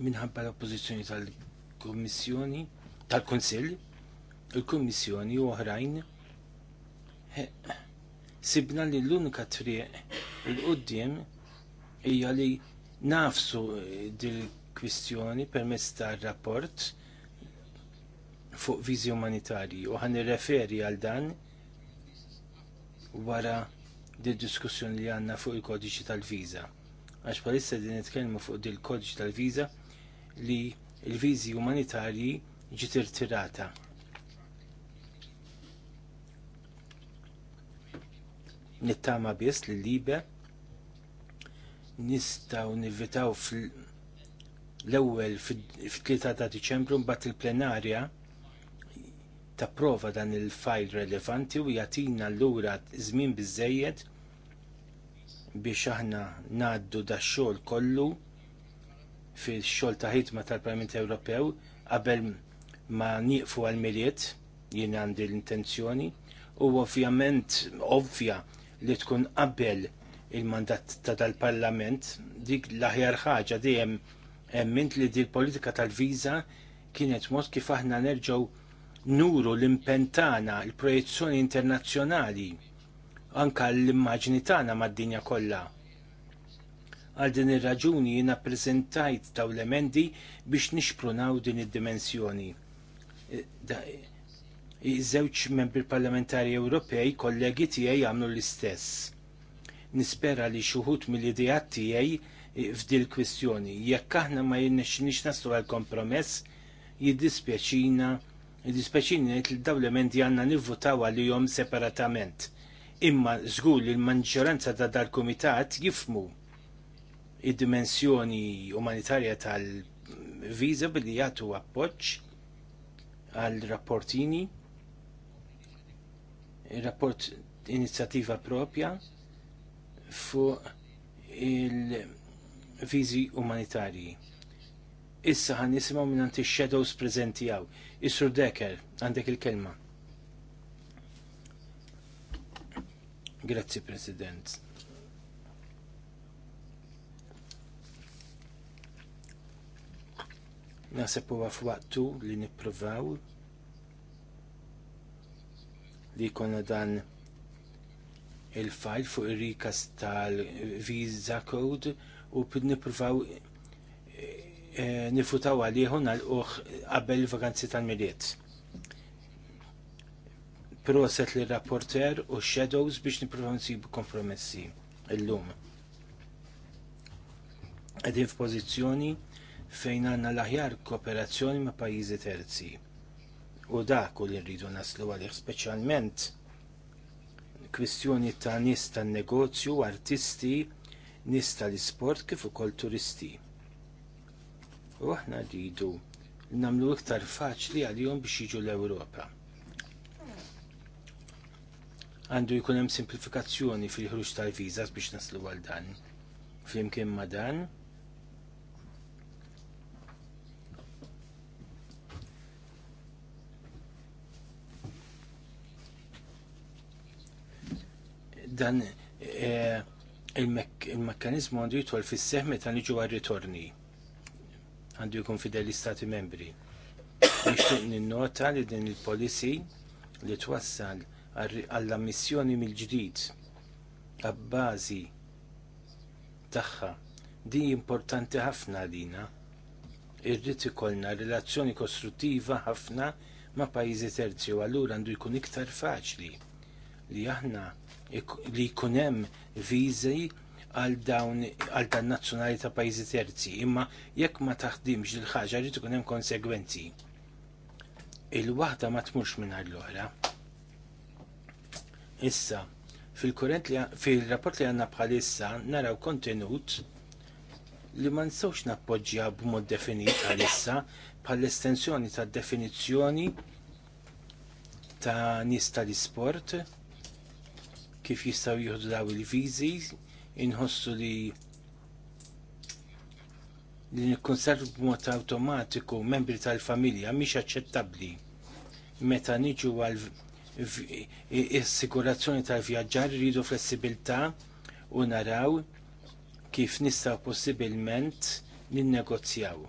minħabba l oppozizjoni tal-Kommissjoni tal-Kunsill il-Kummissjoni u oħrajn sibna li l-unika triq il-qoddim hija li nafsu eh, dil-kwistjoni permezz tar-rapport fuq viżi umanitarji u ħan referi għal dan wara di diskussjoni li għanna fuq il-kodiċi tal-viza. Għax palissa din nitkellmu fuq il kodiċi tal-viza li il-viżi umanitarji ġiet irtirata. Nittama biss li libe nistaw nivvitaw fl-ewwel fil 3 ta' Diċembru mbagħad il-plenarja tapprova dan il-fajl relevanti u jagħtina lura żmien biżżejjed biex aħna ngħaddu dax-xogħol kollu fil-xogħol ta' ħidma tal-Parlament Ewropew qabel ma nieqfu għal-miliet jien għandi l-intenzjoni u ovvjament ovvja li tkun qabel il-mandat ta' dal-parlament dik l-aħjar ħaġa dejjem emmint li di l-politika tal-viża kienet mod kif aħna nerġgħu nuru l-impentana, il-projezzjoni internazzjonali, anka l-immaġni tagħna mad-dinja kollha. Għal din ir-raġuni jiena ppreżentajt ta' l-emendi biex nixprunaw din id-dimensjoni. Iż-żewġ e, e, membri parlamentari Ewropej kollegi tiegħi għamlu l-istess. Nispera li xuħut mill-idejat tiegħi e, f'dil kwistjoni. Jekk aħna ma jinnexxinix naslu għal kompromess, jiddispjaċina Id-dispeċini li l-dawlementi għanna nivvotaw għal-jom separatament. Imma żgur li l-maġġoranza ta' dal-komitat jifmu id-dimensjoni umanitarja tal-viza billi jagħtu appoġġ għal-rapportini, il-rapport inizjattiva propja fuq il-viżi umanitarji Issa ħan nisimaw minn anti shadows prezenti għaw. Isur Deker, għandek il-kelma. Grazzi, President. Nasib huwa f'waqtu li nippruvaw li jkollna dan il-fajl fuq ir-rikas tal-Visa Code u nippruvaw eh, Eh, nifutaw għalieħu nal-uħ għabel vakanzi tal-miliet. Proset li rapporter u shadows biex niprofaw nsibu kompromessi l-lum. Għedin f'pożizzjoni fejn għanna l-aħjar kooperazzjoni ma' pajjiżi terzi. U dak u li rridu naslu għalih speċjalment kwistjoni ta' nista' tan negozju, artisti, nista' l isport kif ukoll turisti U aħna rridu namlu iktar faċli għalihom biex jiġu l-Ewropa. Għandu jkun hemm simplifikazzjoni fil-ħruġ tal-viżas biex naslu għal dan. Flimkien ma' dan, dan eh, il-mekkanizmu għandu jitwal fis seħħ meta niġu għal ritorni għandu jkun fideli stati membri. Nixtieq ninnota li din il-policy li twassal għall-ammissjoni mill-ġdid għabbażi tagħha Di importanti ħafna għalina. Irrid ikollna relazzjoni kostruttiva ħafna ma' pajjiżi terzi u allura għandu jkun iktar faċli li aħna li jkun hemm viżi għal dawn għal dan nazzjonali ta' pajjiżi terzi, imma jekk ma taħdimx il ħaġa li tkun hemm konsegwenzi. Il-waħda ma tmurx mingħajr l-oħra. Issa, fil-kurrent li fil-rapport li għandna bħalissa naraw kontenut li ma nsewx nappoġġja b'mod definit għalissa bħall-estensjoni ta' definizzjoni ta' nies tal-isport kif jistgħu jieħdu daw il-viżi inħossu li li nikkonservu b'mod awtomatiku membri tal-familja mhix aċċettabbli meta niġu għal assigurazzjoni tal-vjaġġar rridu flessibilità u naraw kif nistgħu possibilment ninnegozjaw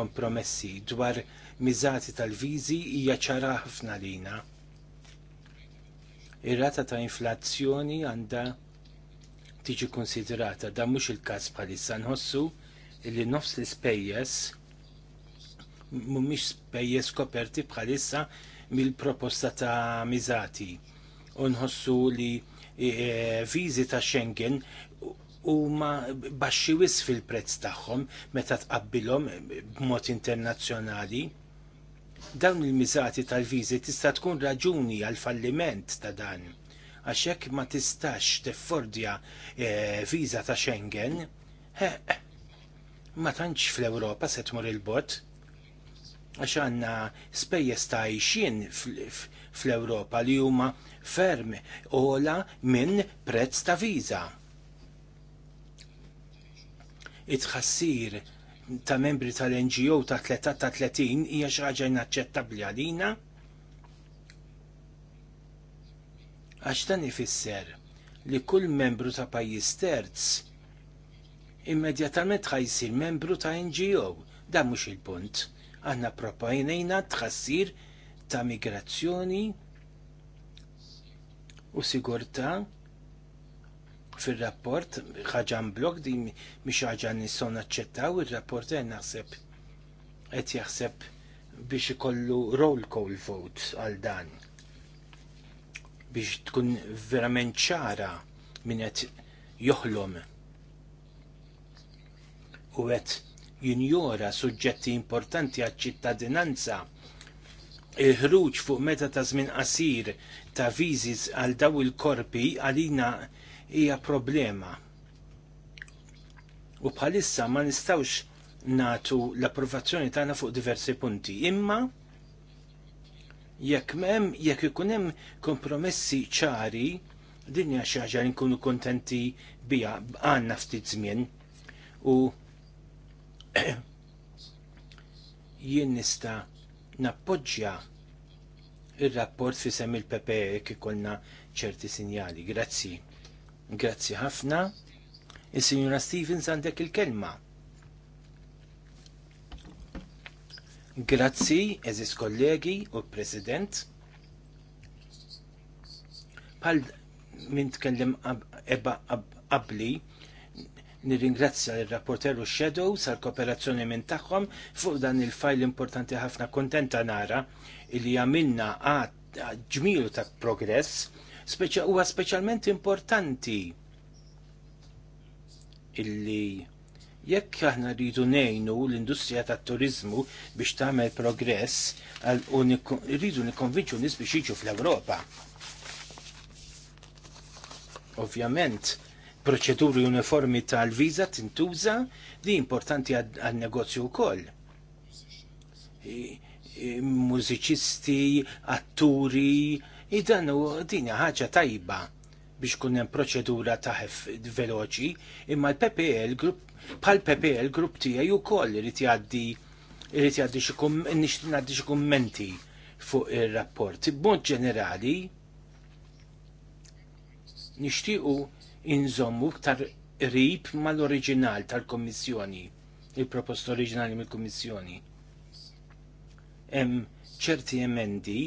kompromessi dwar miżati tal-viżi hija ċara ħafna lina. Ir-rata ta' inflazzjoni għandha tiġi konsiderata. Dan mhux il-każ bħalissa nħossu li nofs l-ispejjeż mhumiex spejjeż koperti bħalissa mill-proposta ta' miżati. U nħossu li e, e, viżi ta' Schengen huma baxxi wis fil-prezz tagħhom meta tqabbilhom b'mod internazzjonali. Dawn il-miżati tal-viżi tista' tkun raġuni għal falliment ta' dan għax jekk ma tistax tiffordja eh, viża ta' Schengen, ma tantx fl-Ewropa se tmur il-bot għax għanna spejjeż ta' jxin fl-Ewropa li huma ferm ola minn prezz ta' viża. it ta' membri tal-NGO ta' 30 ta' 30 hija xi ħaġa inaċċettabbli għalina Għax dan ifisser li kull membru ta' pajjiż terz immedjatament ħajsir membru ta' NGO. Dan mhux il-punt. Aħna proponejna tħassir ta' migrazzjoni u sigurtà fil-rapport, ħaġan blok di miex ħaġan nisson naċċettaw, il-rapport għen naħseb, għet jaħseb biex ikollu roll call vote għal dan biex tkun verament ċara minn qed joħlom u qed jinjora suġġetti importanti għaċ-ċittadinanza il-ħruġ fuq meta ta' żmien qasir ta' viżis għal daw il-korpi għalina hija problema. U bħalissa ma nistawx natu l-approvazzjoni tagħna fuq diversi punti. Imma Jekk mem, jekk ikun hemm kompromessi ċari, dinja xaġa xi ħaġa nkunu kontenti biha għandna ftit żmien. U jien nista' nappoġġja il-rapport fi sem il-PPE kikolna ċerti sinjali. Grazzi. Grazzi ħafna. Il-Sinjura Stevens għandek il-kelma. Grazzi, eżis kollegi u president. Pal minn tkellem ebba qabli, nirringrazzja l-rapporter u shadow sal kooperazzjoni minn tagħhom fuq dan il-fajl importanti ħafna kontenta nara li għamilna għad ta' progress huwa speċjalment importanti illi Jekk aħna rridu nejnu l-industrija tat turizmu biex tagħmel progress, rridu nikkonvinċu nies biex jiġu fl-Ewropa. Ovvjament, proċeduri uniformi tal-viża tintuża li importanti għal-negozju wkoll. Mużiċisti, atturi, id-dan din ħaġa tajba biex kunem hemm proċedura ta' veloċi, imma l-PPL, grupp Bħal Pepe, il-grupp tiegħi wkoll irid jgħaddi irid jgħaddi xi kummenti fuq ir-rapport. B'mod ġenerali nixtiequ inżommu ktar rib mal-oriġinal tal kummissjoni il-proposta oriġinali mill kummissjoni Hemm ċerti emendi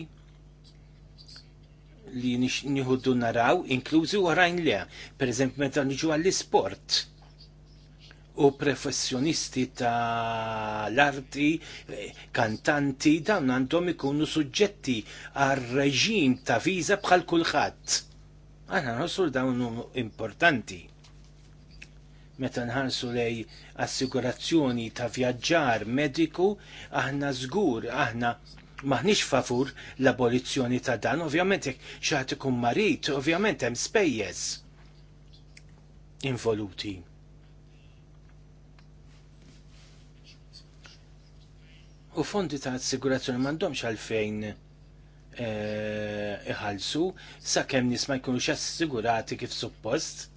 li nieħuddu naraw, inklużi oħrajn le. Per eżempju, meta niġu għall-isport u professjonisti ta' l-arti, eh, kantanti, dawn għandhom ikunu suġġetti għal reġim ta' viza bħal kulħadd. Aħna nħossu dawn importanti meta nħarsu lej assigurazzjoni ta' vjaġġar mediku, aħna żgur, aħna maħniex favur l-abolizzjoni ta' dan, ovvjament jekk xaħat ikun marit, ovvjament hemm spejjeż involuti. U fondi ta' assigurazzjoni m'għandhomx għalfejn eh, iħallsu sa nies ma jkunux assigurati kif suppost.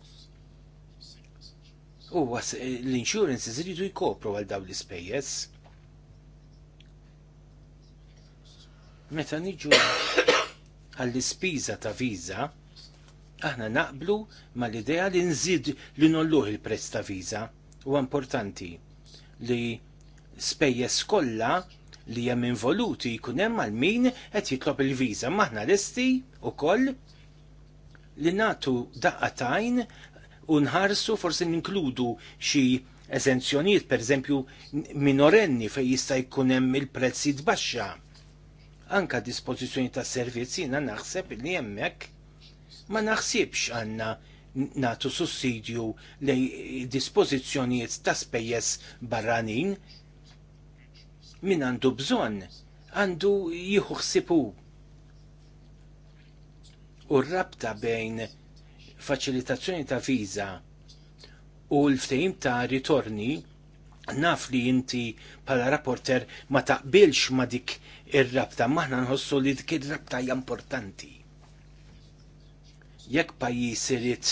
U eh, l insurance iżridu jkopru għal dawn l-ispejjeż. Meta niġu għall-ispiża ta' viża, aħna naqblu ma l-idea li nżid li nolluħ il-prezz ta' viża. U importanti li spejjeż kollha li hemm involuti jkun hemm għal min qed jitlob il-viża. Maħna lesti wkoll li nagħtu daqqatajn u nħarsu forsi ninkludu xi eżenzjonijiet, pereżempju minorenni fejn jista' jkun hemm il-prezzi tbaxxa. Anka dispożizzjoni ta' servizzi jiena naħseb li hemmhekk ma naħsibx għandna natu sussidju li dispożizzjonijiet ta' spejjeż barranin min għandu bżonn għandu jieħu ħsibu. U r-rabta bejn faċilitazzjoni ta' viża u l-ftehim ta' ritorni naf li inti pala rapporter ma taqbilx ma dik ir-rabta maħna nħossu li dik ir-rabta hija importanti. Jekk pajjiż irid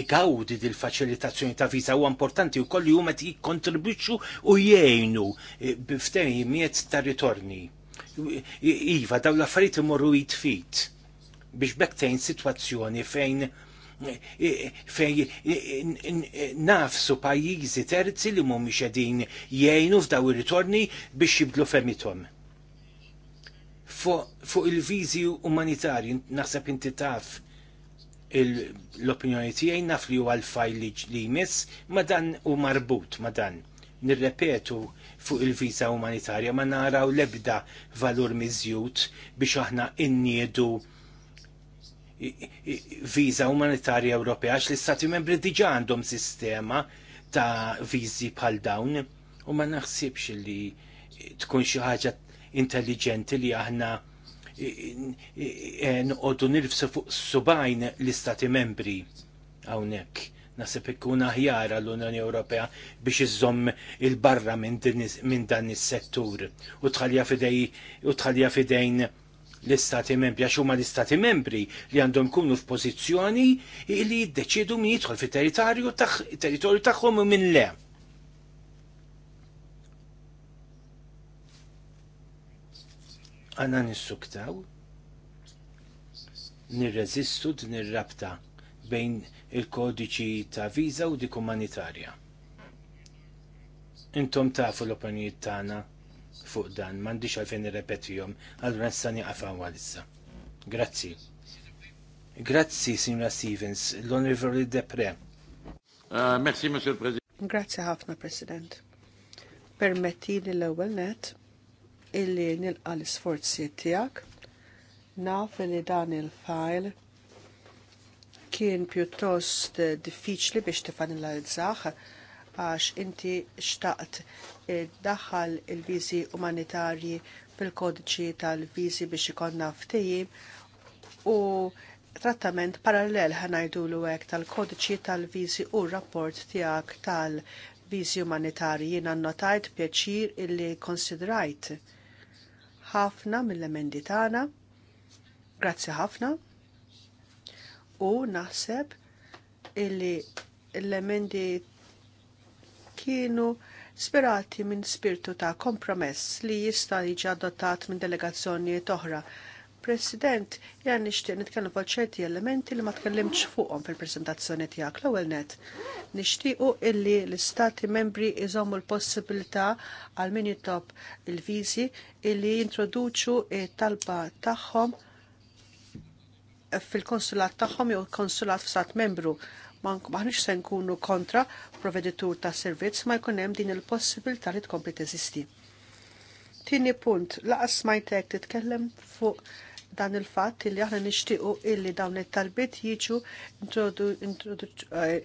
igawdi dil faċilitazzjoni ta' viza u importanti u kolli huma jikkontribwixxu u jgħinu eh, jimiet ta' ritorni. Iva, daw l-affarijiet imorru jitfit biex bektejn situazzjoni fejn eh, fej eh, nafsu pajjiżi terzi li mhumiex qegħdin jgħinu f'daw ir-ritorni biex jibdlu femithom. Fuq il-viżi umanitarji naħseb inti taf l-opinjoni tiegħi naf li huwa l-fajl li jmiss, ma dan u marbut ma dan. Nirrepetu fuq il-viża umanitarja ma naraw lebda valur miżjud biex aħna inniedu viża umanitarja Ewropea għax l-Istati Membri diġa' għandhom sistema ta' viżi bħal dawn u ma naħsibx li tkun xi ħaġa intelligenti li aħna nqodu nirfsu fuq subajn l-istati membri hawnhekk. Nasib ikkuna ħjara l unjoni Ewropea biex iżomm il-barra minn dan is-settur u tħalja fidejn l-istati membri għax huma l-istati membri li għandhom kunu f'pożizzjoni li jiddeċidu min jidħol fit-territorju tagħhom u le għana nissuktaw, nirreżistu din rabta bejn il-kodiċi ta' viża u dik umanitarja. Intom tafu l-opinjiet tagħna fuq dan, m'għandix għalfejn nirrepetihom, allura nista' nieqaf għalissa. Grazzi. Grazzi, Signora Stevens, l-Onorevoli Depre. Uh, merci, Monsieur President. Grazzi ħafna, President. Permetti li l-ewwel net illi nilqa l-sforzi tijak. Naf li dan il-fajl kien pjuttost diffiċli biex tifanilizzaħ għax inti xtaqt daħħal il-viżi umanitarji fil-kodiċi tal-viżi biex ikonna ftejim u trattament parallel ħanajdulu hekk tal-kodiċi tal-viżi u rapport tiegħek tal-viżi umanitarji jiena notajt pjaċir illi konsidrajt ħafna mill-emendi tagħna. Grazzi ħafna. U naħseb illi l-emendi kienu sperati minn spirtu ta' kompromess li jista' jiġi adottat minn delegazzjonijiet oħra President, jgħan nishtiq nitkellem fuq ċerti elementi li ma tkellimx fuqhom fil-presentazzjoni tiegħek l-ewwel net. Nixtiequ illi l-istati membri iżommu l-possibilità għal min jitob il-viżi illi jintroduċu it-talba tagħhom fil-konsulat tagħhom jew konsulat f'sat membru maħniex se nkunu kontra proveditur ta' servizz ma jkun hemm din il-possibilità li tkompli teżisti. Tieni punt, laqas smajtek titkellem fuq dan il-fatt li aħna nixtiequ illi dawn it-talbiet jiġu eh,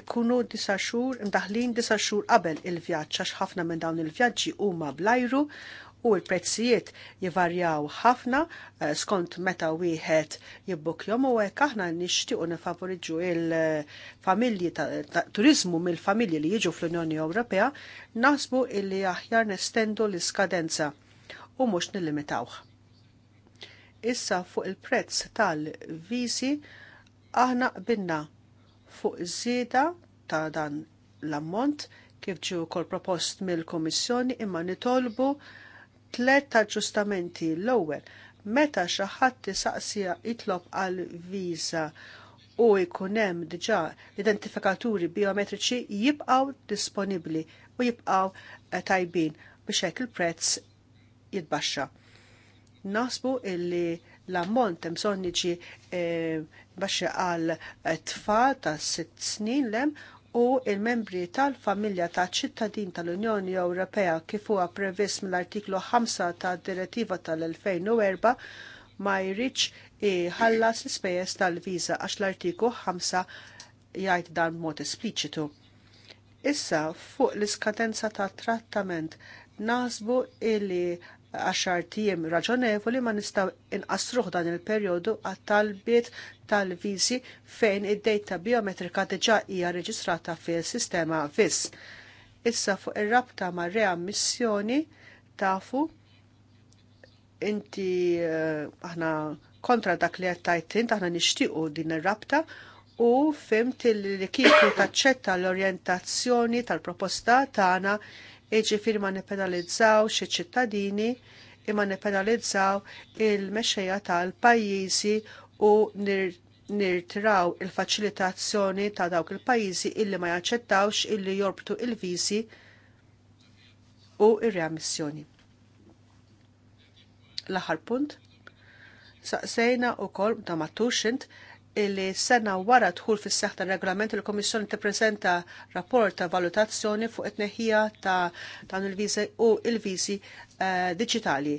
ikunu disa xhur imdaħlin disa xhur qabel il-vjaġġ għax ħafna minn dawn il-vjaġġi huma blajru u l-prezzijiet jivarjaw ħafna eh, skont meta wieħed jibbukjom u hekk aħna nixtiequ nifavoriġu il-familji turizmu mill-familji li jiġu fl-Unjoni Ewropea naħsbu illi aħjar nestendu l-iskadenza u mhux nillimitawh. Issa fuq il-prezz tal-viżi aħna qbilna fuq iż-żieda ta' dan l-ammont kif ġie kol propost mill-Komissjoni imma nitolbu tlet aġġustamenti l-ewwel meta xi ħadd saqsija jitlob għal viża u jkun hemm diġà identifikaturi biometriċi jibqgħu disponibbli u jibqgħu eh, tajbin biex hekk il-prezz jitbaxxa. Nasbu illi l-ammont hemm bżonn jiġi għal tfal ta' sitt snin lem u il-membri tal-familja ta' ċittadin tal-Unjoni Ewropea kif huwa previst mill-artiklu 5 ta' direttiva tal-2004 ma jridx iħallas l-ispejjeż tal-viża għax l-artiklu 5 jgħid dan mod espliċitu. Issa fuq l-iskadenza ta' trattament nasbu illi għaxar tiem raġonevoli ma nistaw inqasruħ dan il-perjodu għat-talbiet tal-viżi fejn id-data biometrika diġa hija reġistrata fil-sistema VIS. Issa fuq ir-rabta ma' reammissjoni tafu inti eh, aħna kontra dak li għattajtin, aħna nishtiqu din ir-rabta u fimt li kieku taċċetta l-orientazzjoni tal-proposta tagħna ta iġifiri ma nepenalizzaw xie ċittadini imma nepenalizzaw il-mexxejja tal-pajjiżi u nirtiraw il-faċilitazzjoni ta' dawk il-pajjiżi illi ma jaċċettawx illi jorbtu il-viżi u ir-reammissjoni. L-aħħar punt, saqsejna u kol ta' matuxint illi sena wara dħul fis seħħ tar regolament il-Komissjoni tippreżenta rapport ta' valutazzjoni fuq it-neħija ta' dan il-viżi u il-viżi eh, diġitali.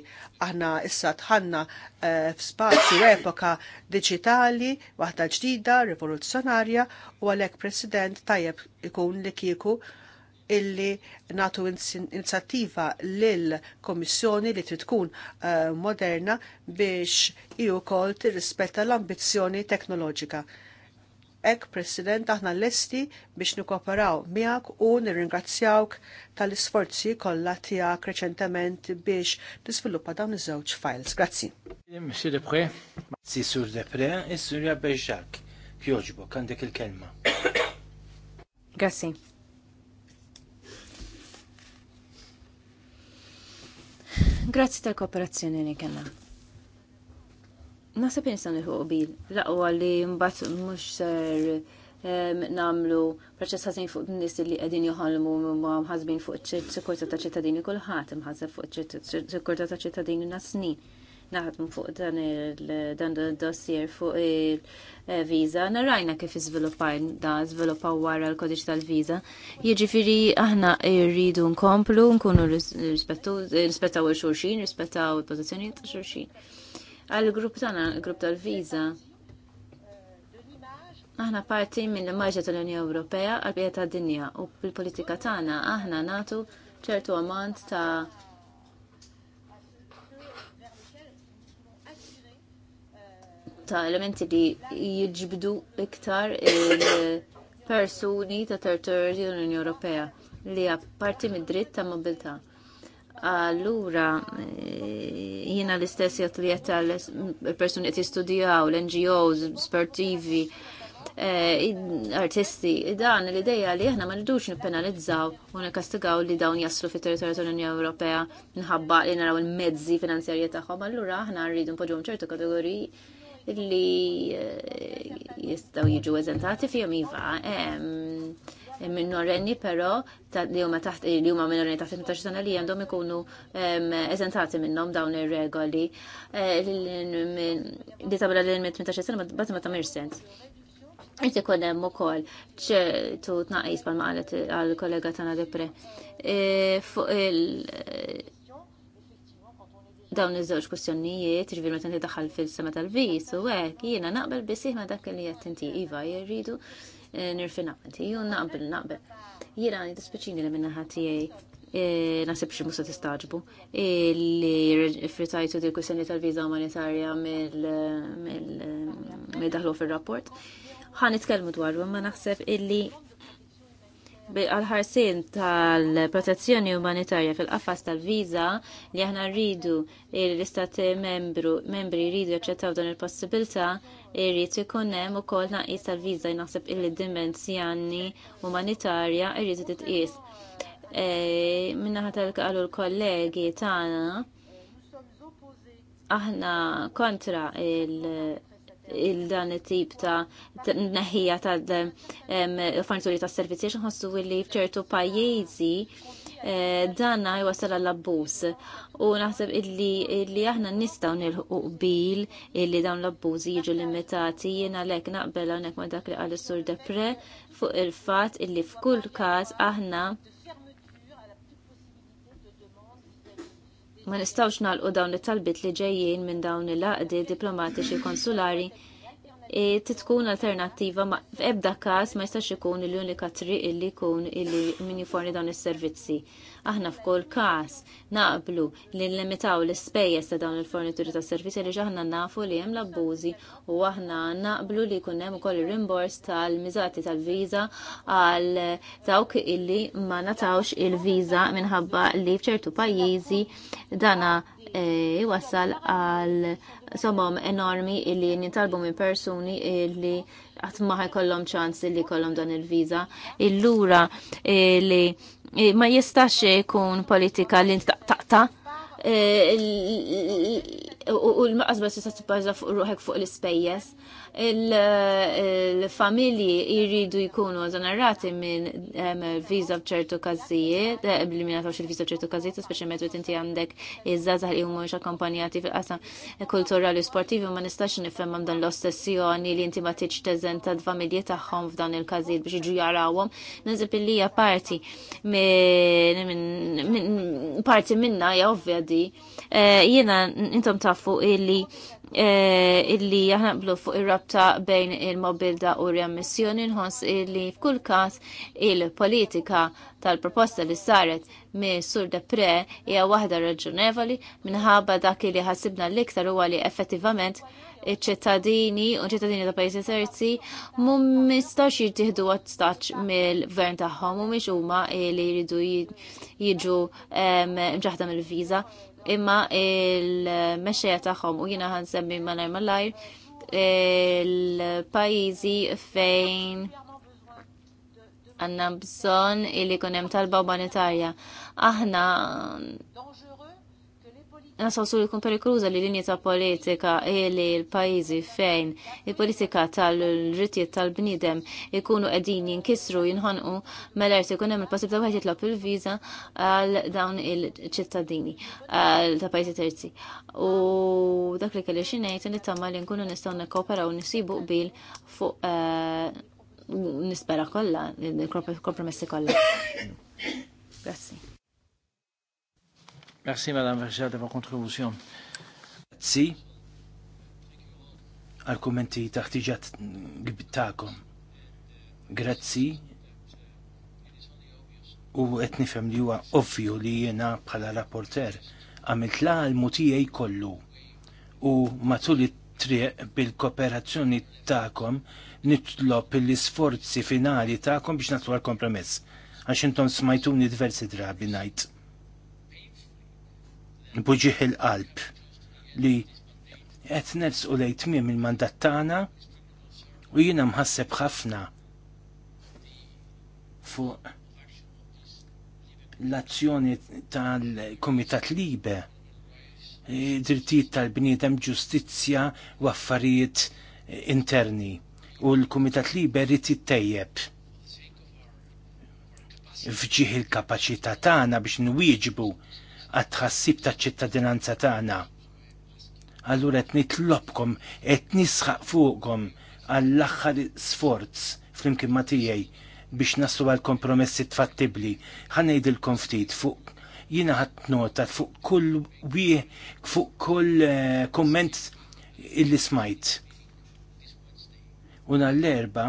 Aħna issa tħanna eh, f'spazju epoka diġitali waħda ġdida, rivoluzzjonarja u għalhekk President tajjeb ikun li kieku illi natu inizjattiva lil komissjoni li trid tkun eh, moderna biex ju kol tirrispetta l-ambizzjoni teknoloġika. Ek, President, aħna l-esti biex nikoperaw miegħek u nirringrazzjawk tal-isforzi kollha tiegħek reċentement biex tiżviluppa dawn iż-żewġ files. Grazzi. Monsieur Depre, si sur Depre, is kjoġbok, għandek il-kelma. Grazzi. Grazzi tal-kooperazzjoni li kena. Nasab nistan nħu bil, laqwa li mbatt mux ser namlu proċess ħazin fuq nis li għedin joħolmu mħazbin fuq ċirt sekurta ta' ċittadini kullħat, mħazza fuq ċirt sekurta ta' ċittadini na snin naħdmu fuq dan il-dossier fuq il-viza. Narajna kif iżvilupaj da iżviluppaw wara l-kodiċ tal-viza. Jiġifieri aħna rridu nkomplu, nkunu rispettaw il-xurxin, rispettaw il-pożizzjonijiet ta' xurxin. Għal-grupp tagħna, grupp tal-viza, aħna parti minn l-immaġġa tal-Unjoni Ewropea għal bija tad-dinja u bil-politika tagħna aħna natu ċertu ammont ta' ta' elementi li jiġbdu iktar il-persuni ta' territorju l-Unjoni Ewropea li apparti mid-dritt ta' mobilità. Allura eh, jiena l-istess jgħat li jgħat l-persuni qed jistudjaw, l-NGOs, sportivi, eh, artisti, dan l-ideja li aħna ma rridux nippenalizzaw u nikastigaw li dawn jaslu fit territorju tal-Unjoni Ewropea minħabba li naraw il-mezzi finanzjarji tagħhom, allura aħna rridu npoġġhom ċertu kategoriji li eh, jistaw jiġu eżentati fihom iva minorenni pero li huma taħt li huma minorenni taħt 15 sena li għandhom ikunu eżentati minnhom dawn ir-regoli eh, li tabla l 18 sena bat ma tamir sens. Irti kollem u koll ċertu tnaqis pal maqalet għal kollega tana depre eh, fuq il- dawn iż-żewġ kwistjonijiet, ġifier meta daħal fil-sema tal-vis, u hekk jiena naqbel bisih ma dak li qed iva jirridu eh, nirfina inti ju naqbel naqbel. Jiena għandi dispiċini li minna ħatijaj eh, nasib xi musa tistaġbu li fritajtu di kwistjoni tal-viża umanitarja eh, mill-daħlu fil-rapport. Ħan itkellmu dwar ma naħseb illi għal-ħarsin tal-protezzjoni umanitarja fil-qafas tal-viza li aħna rridu l-istati membri rridu jaċċettaw dan il-possibilità irrid ikun hemm ukoll naqis tal viza jnaħseb il-dimensjoni umanitarja irrid titqies. Minna tal għalu l-kollegi tagħna aħna kontra il- il-dan tip ta' naħija tal-fornituri ta' servizzi xinħossu li fċertu pajjiżi eh, danna jwasal għall-abbuż. U naħseb illi aħna nistaw nilħu qbil illi dawn l-abbużi jiġu limitati jiena lek naqbel hawnhekk ma' dak li qal sur depre fuq il-fatt illi f'kull każ aħna Ma nistawx nalqu dawn it-talbit li ġejjin minn dawn il-laqdi diplomatiċi konsulari E, titkun alternattiva ma f'ebda każ ma jistax ikun l-unika triq illi kun illi min jiforni dawn is-servizzi. Aħna f'kull każ naqblu li nlimitaw l-ispejjeż ta' dawn il-fornituri ta' servizzi li ġaħna nafu li hemm l-abbużi u aħna naqblu li jkun hemm ukoll ir-rimbors tal-miżati tal-viża għal dawk illi ma natawx il-viża minħabba li f'ċertu pajjiżi dana E, wasal għal somom enormi illi nintalbu minn persuni illi għatmaħa kollom ċans illi kollom dan il-viza. Illura illi e, ma jistax kun politika li taqta e, u l maqqas bas jista' tibbaża fuq ruħek fuq l-ispejjeż. Eh, il-familji jiridu jkunu eżonerati minn viza bċertu każijiet, eh, li minn għatawx il-viza bċertu każijiet, speċjalment meta inti għandek iż-żazah li huma akkompanjati fil-qasam kulturali u sportivi ma nistax nifhem dan l-ossessjoni li inti ma tiġ teżenta d-familji tagħhom f'dan il-każijiet biex jiġu jarawhom. Nażib li hija parti parti minna hija ovvja di. Eh, jiena intom tafu illi Eh, illi jaħnaqblu fuq ir-rabta bejn il-mobilda u riammissjoni nħoss illi f'kull każ il-politika tal-proposta li saret minn Sur Depre hija waħda raġunevoli minħabba dak li ħasibna l-iktar huwa li effettivament iċ-ċittadini u ċittadini ta' pajjiżi terzi mhum mistax jittieħdu għattaċ mill-gvern tagħhom u mhix huma li jridu jiġu mġaħda mill-viża imma il-mexxejja tagħhom u jiena ħansemmi malajr malajr il-pajjiżi fejn għanna bżon illi kunem talba umanitarja. Aħna li jkun perikruza li linja ta' politika li l-pajizi fejn il-politika tal ritjiet tal-bnidem ikunu qegħdin jinkisru jinħonqu mel-ert ikun hemm il-possibilità wieħed jitlob il-viża għal dawn il-ċittadini ta' pajjiżi terzi. U dak li kelli xi ngħid tamma li nkunu nistgħu nikkoperaw nisibu qbil fuq eh, nispera kollha, kompromessi kollha. Grazzi. Merci, Madame Vergia, de kontribuzzjon. Grazzi għal-kommenti taħtiġat għibtakom. Grazzi u qed nifhem li huwa ovvju li jiena bħala rapporter għamilt la l-mutijaj kollu u matul it-triq bil-kooperazzjoni ta'kom nitlob l-isforzi finali ta'kom biex natlu għal-kompromess għax intom smajtuni diversi drabi najt buġiħ il-qalb li qed u lejt mim il-mandat tagħna u jiena mħasseb ħafna fuq l-azzjoni tal-Kumitat Libe e, drittijiet tal-bniedem ġustizzja u affarijiet e, interni u l-Kumitat Libe rrid jittejjeb fġiħ il-kapaċità tagħna biex nwieġbu għat-tħassib ta' ċittadinanza tagħna. Allura qed nitlobkom, qed nisħaq fuqkom għall-aħħar sforz flimkien ma tiegħi biex naslu għal kompromessi tfattibli. ngħidilkom ftit fuq jina ħadd nota fuq kull wieħ fuq kull eh, komment illi smajt. Una l-erba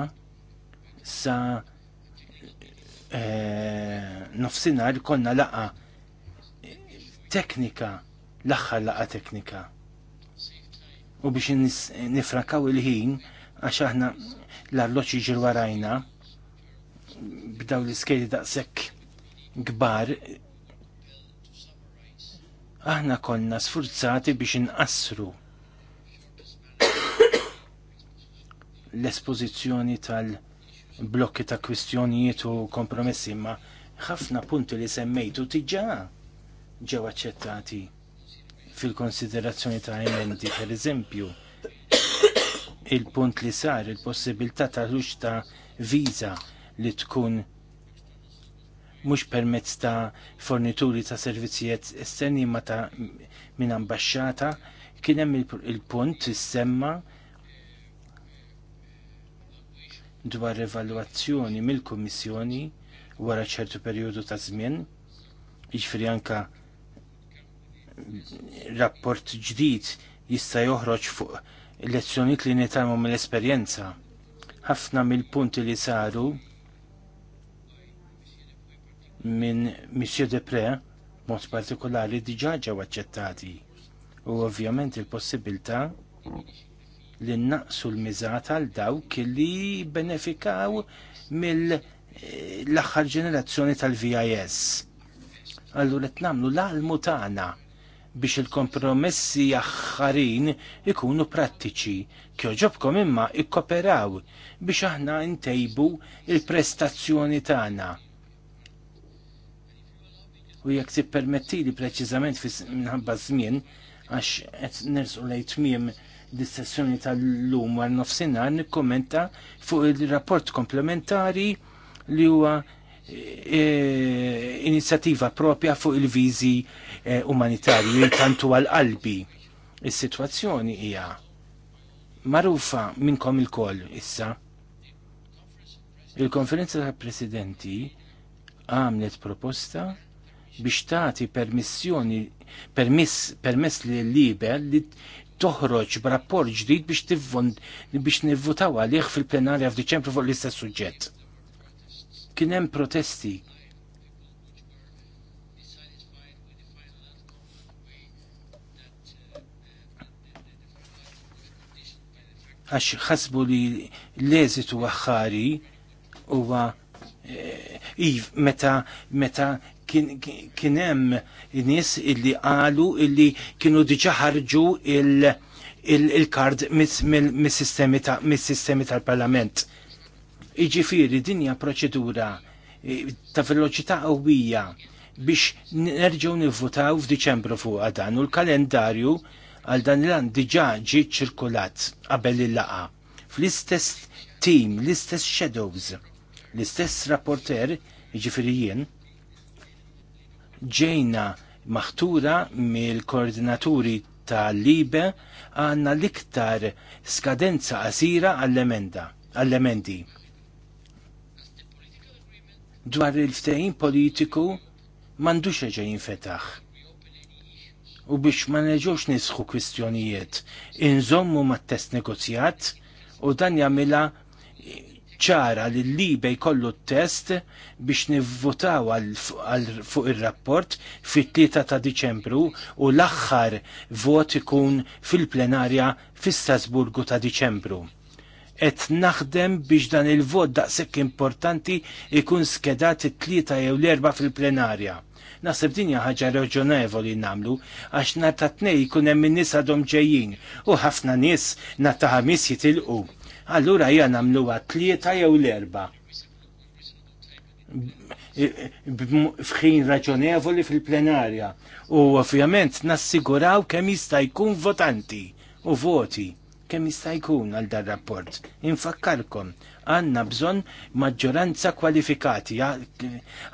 sa eh, nofsinar konna laqa teknika, l-axħar laqa teknika. U biex nifrakaw il-ħin, għax aħna l arloċi iġir warajna, b'daw l-iskeli daqshekk kbar, aħna konna sfurzati biex nqassru l-espożizzjoni tal-blokki ta' kwistjonijiet u kompromessi ma' ħafna punti li semmejtu tiġa ġew aċċettati fil-konsiderazzjoni ta' emendi, per eżempju, il-punt li sar, il-possibilità ta' lux ta' viza li tkun mhux permezz ta' fornituri ta' servizijiet esterni ma ta' minn ambasċata, kien hemm il-punt semma dwar evalwazzjoni mill-Kummissjoni wara ċertu perjodu ta' żmien, jiġifieri anka rapport ġdid jista' joħroġ fuq lezzjonijiet li nitalmu mill-esperjenza. Ħafna mill-punti li saru minn Monsieur Depre mod partikolari diġà ġew aċċettati. U ovvjament il-possibilità li naqsu l-miżat għal dawk li benefikaw mill l-aħħar ġenerazzjoni tal-VIS. Allura qed nagħmlu l-almu tagħna biex il-kompromessi aħħarin ikunu prattiċi. Kjoġobkom imma ikkoperaw biex aħna ntejbu il-prestazzjoni tagħna. U jekk tippermetti li preċiżament minħabba żmien għax qed nersu lejt tmiem dis-sessjoni tal-lum għal nofsinhar nikkommenta fuq il-rapport komplementari li huwa E, inizjattiva propja fuq il-viżi e, umanitarju li tantu għal-qalbi. Is-sitwazzjoni hija marufa minnkom il-koll issa. Il-konferenza ta' presidenti għamlet proposta biex tagħti permissjoni permess permess li liber li toħroġ b'rapport ġdid biex tivvon biex nivvutaw għalih fil-plenarja f'Diċembru fuq l-istess suġġett kien hemm protesti għax ħasbu li l-eżitu għaxħari huwa eh, meta meta kien hemm nies illi qalu illi kienu diġà ħarġu il-kard mis-sistemi tal-Parlament. Iġifiri dinja proċedura eh, ta' veloċità qawwija biex nerġgħu nivvutaw f'Diċembru fuq dan u l-kalendarju għal dan il-għan diġà ġi ċirkulat qabel il-laqa. Fl-istess team, l-istess shadows, l-istess rapporter, jiġifieri jien, ġejna maħtura mill-koordinaturi tal-libe għanna l-iktar skadenza qasira għall-emenda għall-emendi dwar il-ftehim politiku mandux ġej jinfetaħ. U biex ma neġux nisħu kwistjonijiet, inżommu ma test negozjat u dan jamila ċara li l libej kollu t-test biex nivvotaw fuq il-rapport fit tlieta ta' Diċembru u l-axħar vot ikun fil-plenarja fi Strasburgu ta' Diċembru et naħdem biex dan il-vot daqsek importanti ikun skedat it-tlieta jew l-erba fil-plenarja. Nasib dinja ħaġa raġonevoli namlu, għax nar tnej jkun hemm min-nies għadhom ġejjin u ħafna nies nar ħamis jitilqu. Allura hija nagħmluha tlieta jew l-erba. F'ħin raġonevoli fil-plenarja u ovvjament nassiguraw kemm jista' jkun votanti u voti kemm jista' jkun għal dar rapport. Infakkarkom, għandna bżonn maġġoranza kwalifikati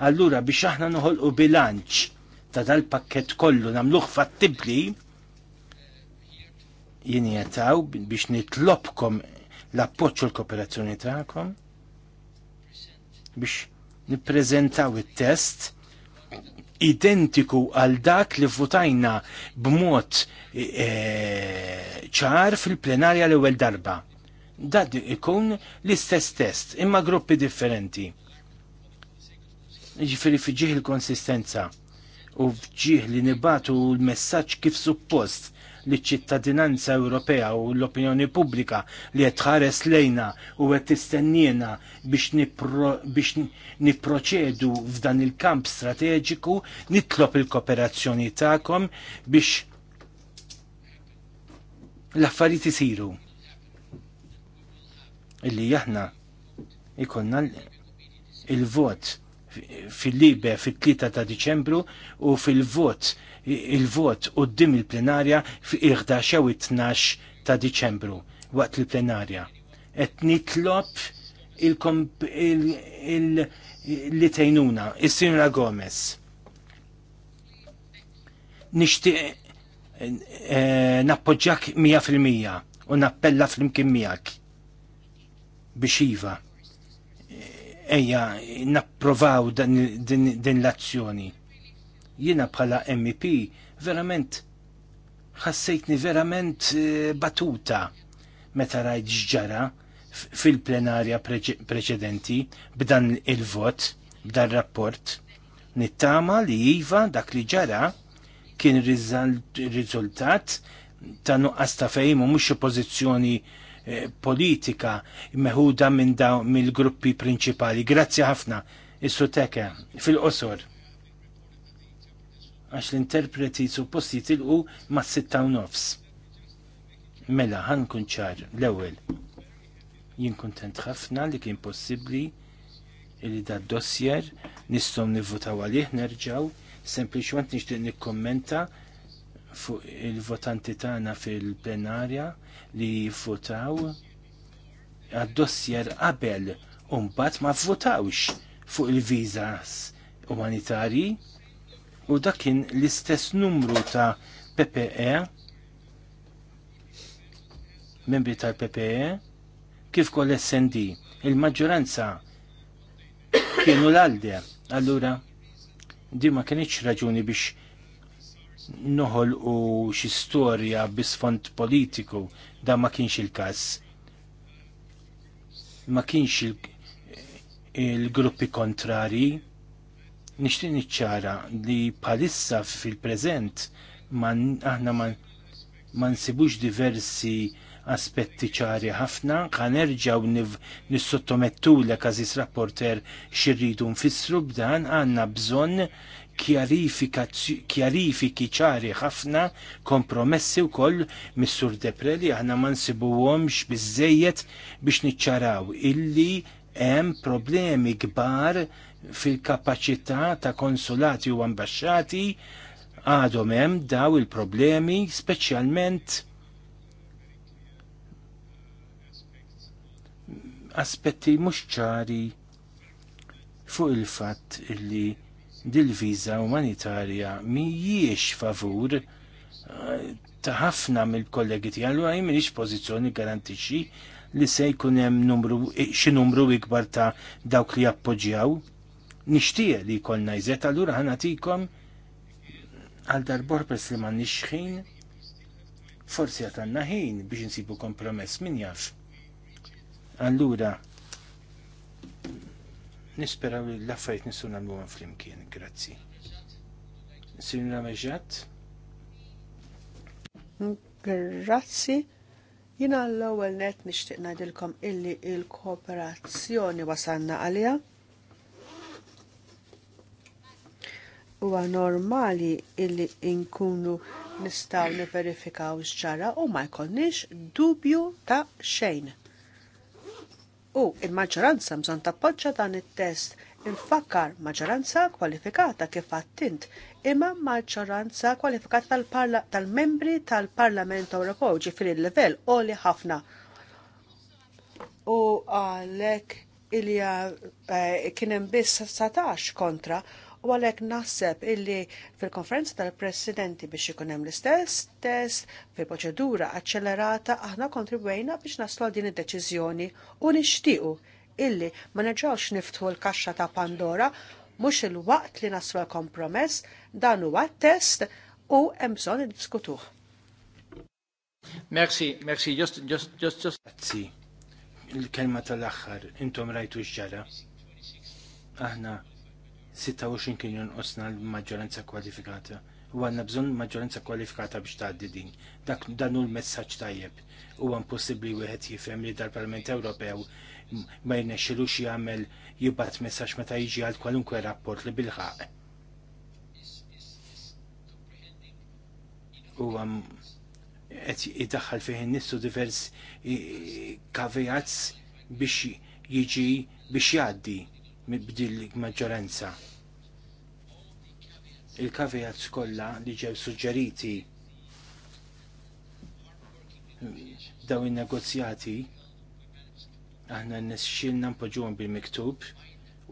allura biex aħna noħolqu bilanċ ta' dal-pakket kollu nagħmluh fattibli jien jetaw biex nitlobkom l-appoċċ u l-kooperazzjoni tagħkom biex nippreżentaw it-test identiku għal dak li votajna b'mod eh, ċar fil-plenarja l-ewwel darba. Dad ikun l-istess test imma gruppi differenti. Jiġifieri fi fiġih il-konsistenza u fġih li nibatu l-messaġġ kif suppost liċ ċittadinanza Ewropea u l-opinjoni pubblika li qed tħares lejna u qed tistennina biex nipproċedu f'dan il-kamp strateġiku nitlob il-kooperazzjoni tagħkom biex l-affarijiet isiru. Illi aħna ikonna il-vot fil-libe fit-3 ta' Diċembru u fil-vot il-vot u d-dim il-plenarja fil-11 u 12 ta' Diċembru waqt il-plenarja. Et nitlop il-li tejnuna, il-Sinra Gomez. Nishtiq eh, nappoġġak 100% u nappella fl-imkien miegħek biex iva ejja napprovaw din l-azzjoni. Jina bħala MEP verament ħassejtni verament eh, batuta meta rajt ġġara fil-plenarja preċedenti b'dan il-vot, b'dan rapport, nittama li jiva dak li ġara kien riżultat ta' nuqqas ta' fejmu mhux pożizzjoni Eh, politika meħuda minn daw mill-gruppi prinċipali. Grazzi ħafna, issu teke, fil-qosor. Għax l-interpreti supposti tilqu ma' sitta u nofs. Mela, ħankun ċar, l-ewel. Jien kontent ħafna li kien possibli li da dossier nistom nivvutaw għalih nerġaw sempliċement nixtieq nikkommenta fuq il-votanti tagħna fil-plenarja li jivvotaw għad-dossier qabel u mbagħad ma vvotawx fuq il-viżas umanitarji u dak kien l-istess numru ta' PPE membri tal-PPE kif kol SND il-maġġoranza kienu l-alde allura di ma kienx raġuni biex noħol u xi storja bisfond politiku da ma kienx il-każ. Ma kienx il-gruppi kontrari nixtieq niċċara li palissa fil-preżent man aħna man ma nsibux diversi aspetti ċari ħafna, ħanerġaw nissottomettu l kazis rapporter xirridu nfissru b'dan għanna bżonn kjarifiki ċari ħafna kompromessi u koll missur depre li aħna ma nsibuhomx bizzejiet biex niċċaraw illi hemm problemi kbar fil-kapaċità ta' konsulati u ambasċati għadhom hemm daw il-problemi speċjalment aspetti mhux ċari fuq il-fatt illi dil-viża umanitarja mhijiex favur eh, ta' ħafna mill-kollegi tiegħi allura jien m'iniex pożizzjoni garantixxi li se jkun hemm numru eh, xi numru ikbar ta' dawk li jappoġġjaw. Nixtieq li jkollna jżed, allura ħanatikom għal darbor pers li m'għandniex ħin forsi għatanna ħin biex nsibu kompromess min jaf. Allura, Nispera li l-affarijiet nisu nagħmluhom flimkien. Grazzi. Sirina Meġat. Grazzi. Jina l-ewwel net nixtieq ngħidilkom illi il-kooperazzjoni wasanna għalija. Huwa normali illi inkunu nistgħu niverifikaw x'ġara u ma jkollniex dubju ta' xejn U il-maġġoranza bżon tappoġġa dan it-test infakkar maġġoranza kwalifikata kif għattint imma maġġoranza kwalifikata tal-membri tal membri tal parlament Ewropew ġifieri l-livell għoli ħafna. U għalhekk ilja eh, kien hemm biss satax kontra U għalek naħseb illi fil-konferenza tal-presidenti biex ikun hemm l-istess test fil proċedura accelerata aħna kontribwejna biex naslu din id-deċiżjoni u nixtiequ illi ma nerġgħux niftħu l-kaxxa ta' Pandora mhux il-waqt li naslu l-kompromess dan huwa test u hemm bżonn niddiskutuh. Merci, merci, just, just, just, just. Grazzi, il-kelma tal-axħar, intom rajtu xġara. Aħna, 26 kien jonqosna l-maġġoranza kwalifikata. U għanna bżon maġġoranza kwalifikata biex tgħaddi din. Dak dan hu l-messaġġ tajjeb. Huwa impossibbli wieħed jifhem li dal-Parlament Ewropew ma jnexxilux jagħmel jibgħat messaġġ meta jiġi għal kwalunkwe rapport li bilħaq. Huwa għet idaħħal fih nissu divers kavijats biex jiġi biex jgħaddi mibdil maġġoranza. Il-kavijat kollha li ġew suġġeriti daw in-negozjati aħna nesċilna npoġuhom bil-miktub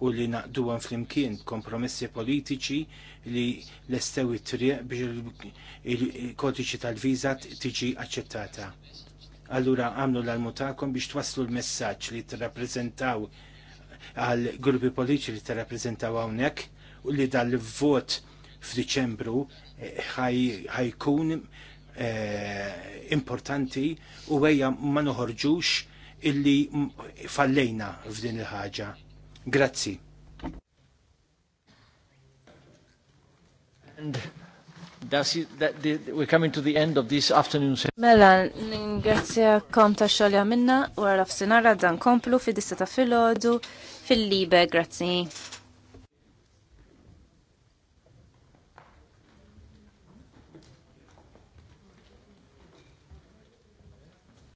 u li naqduhom flimkien kompromessi politiċi li l estewi it-triq biex il-kodiċi tal-viża tiġi aċċettata. Allura għamlu l-almutakom biex twaslu l-messaġġ li t għal gruppi politiċi li t reprezentaw għawnek u li dal-vot f'Diċembru eh, ħajkun eh, importanti u għeja ma noħorġux illi fallejna f'din il-ħaġa. Grazzi. That's it, that, the, we're coming to the end of this afternoon session. Mela, ningrazzja kom ta' xolja minna u għaraf sinara dan komplu fid-dista ta' fil-ħodu, fil-libe, grazzi.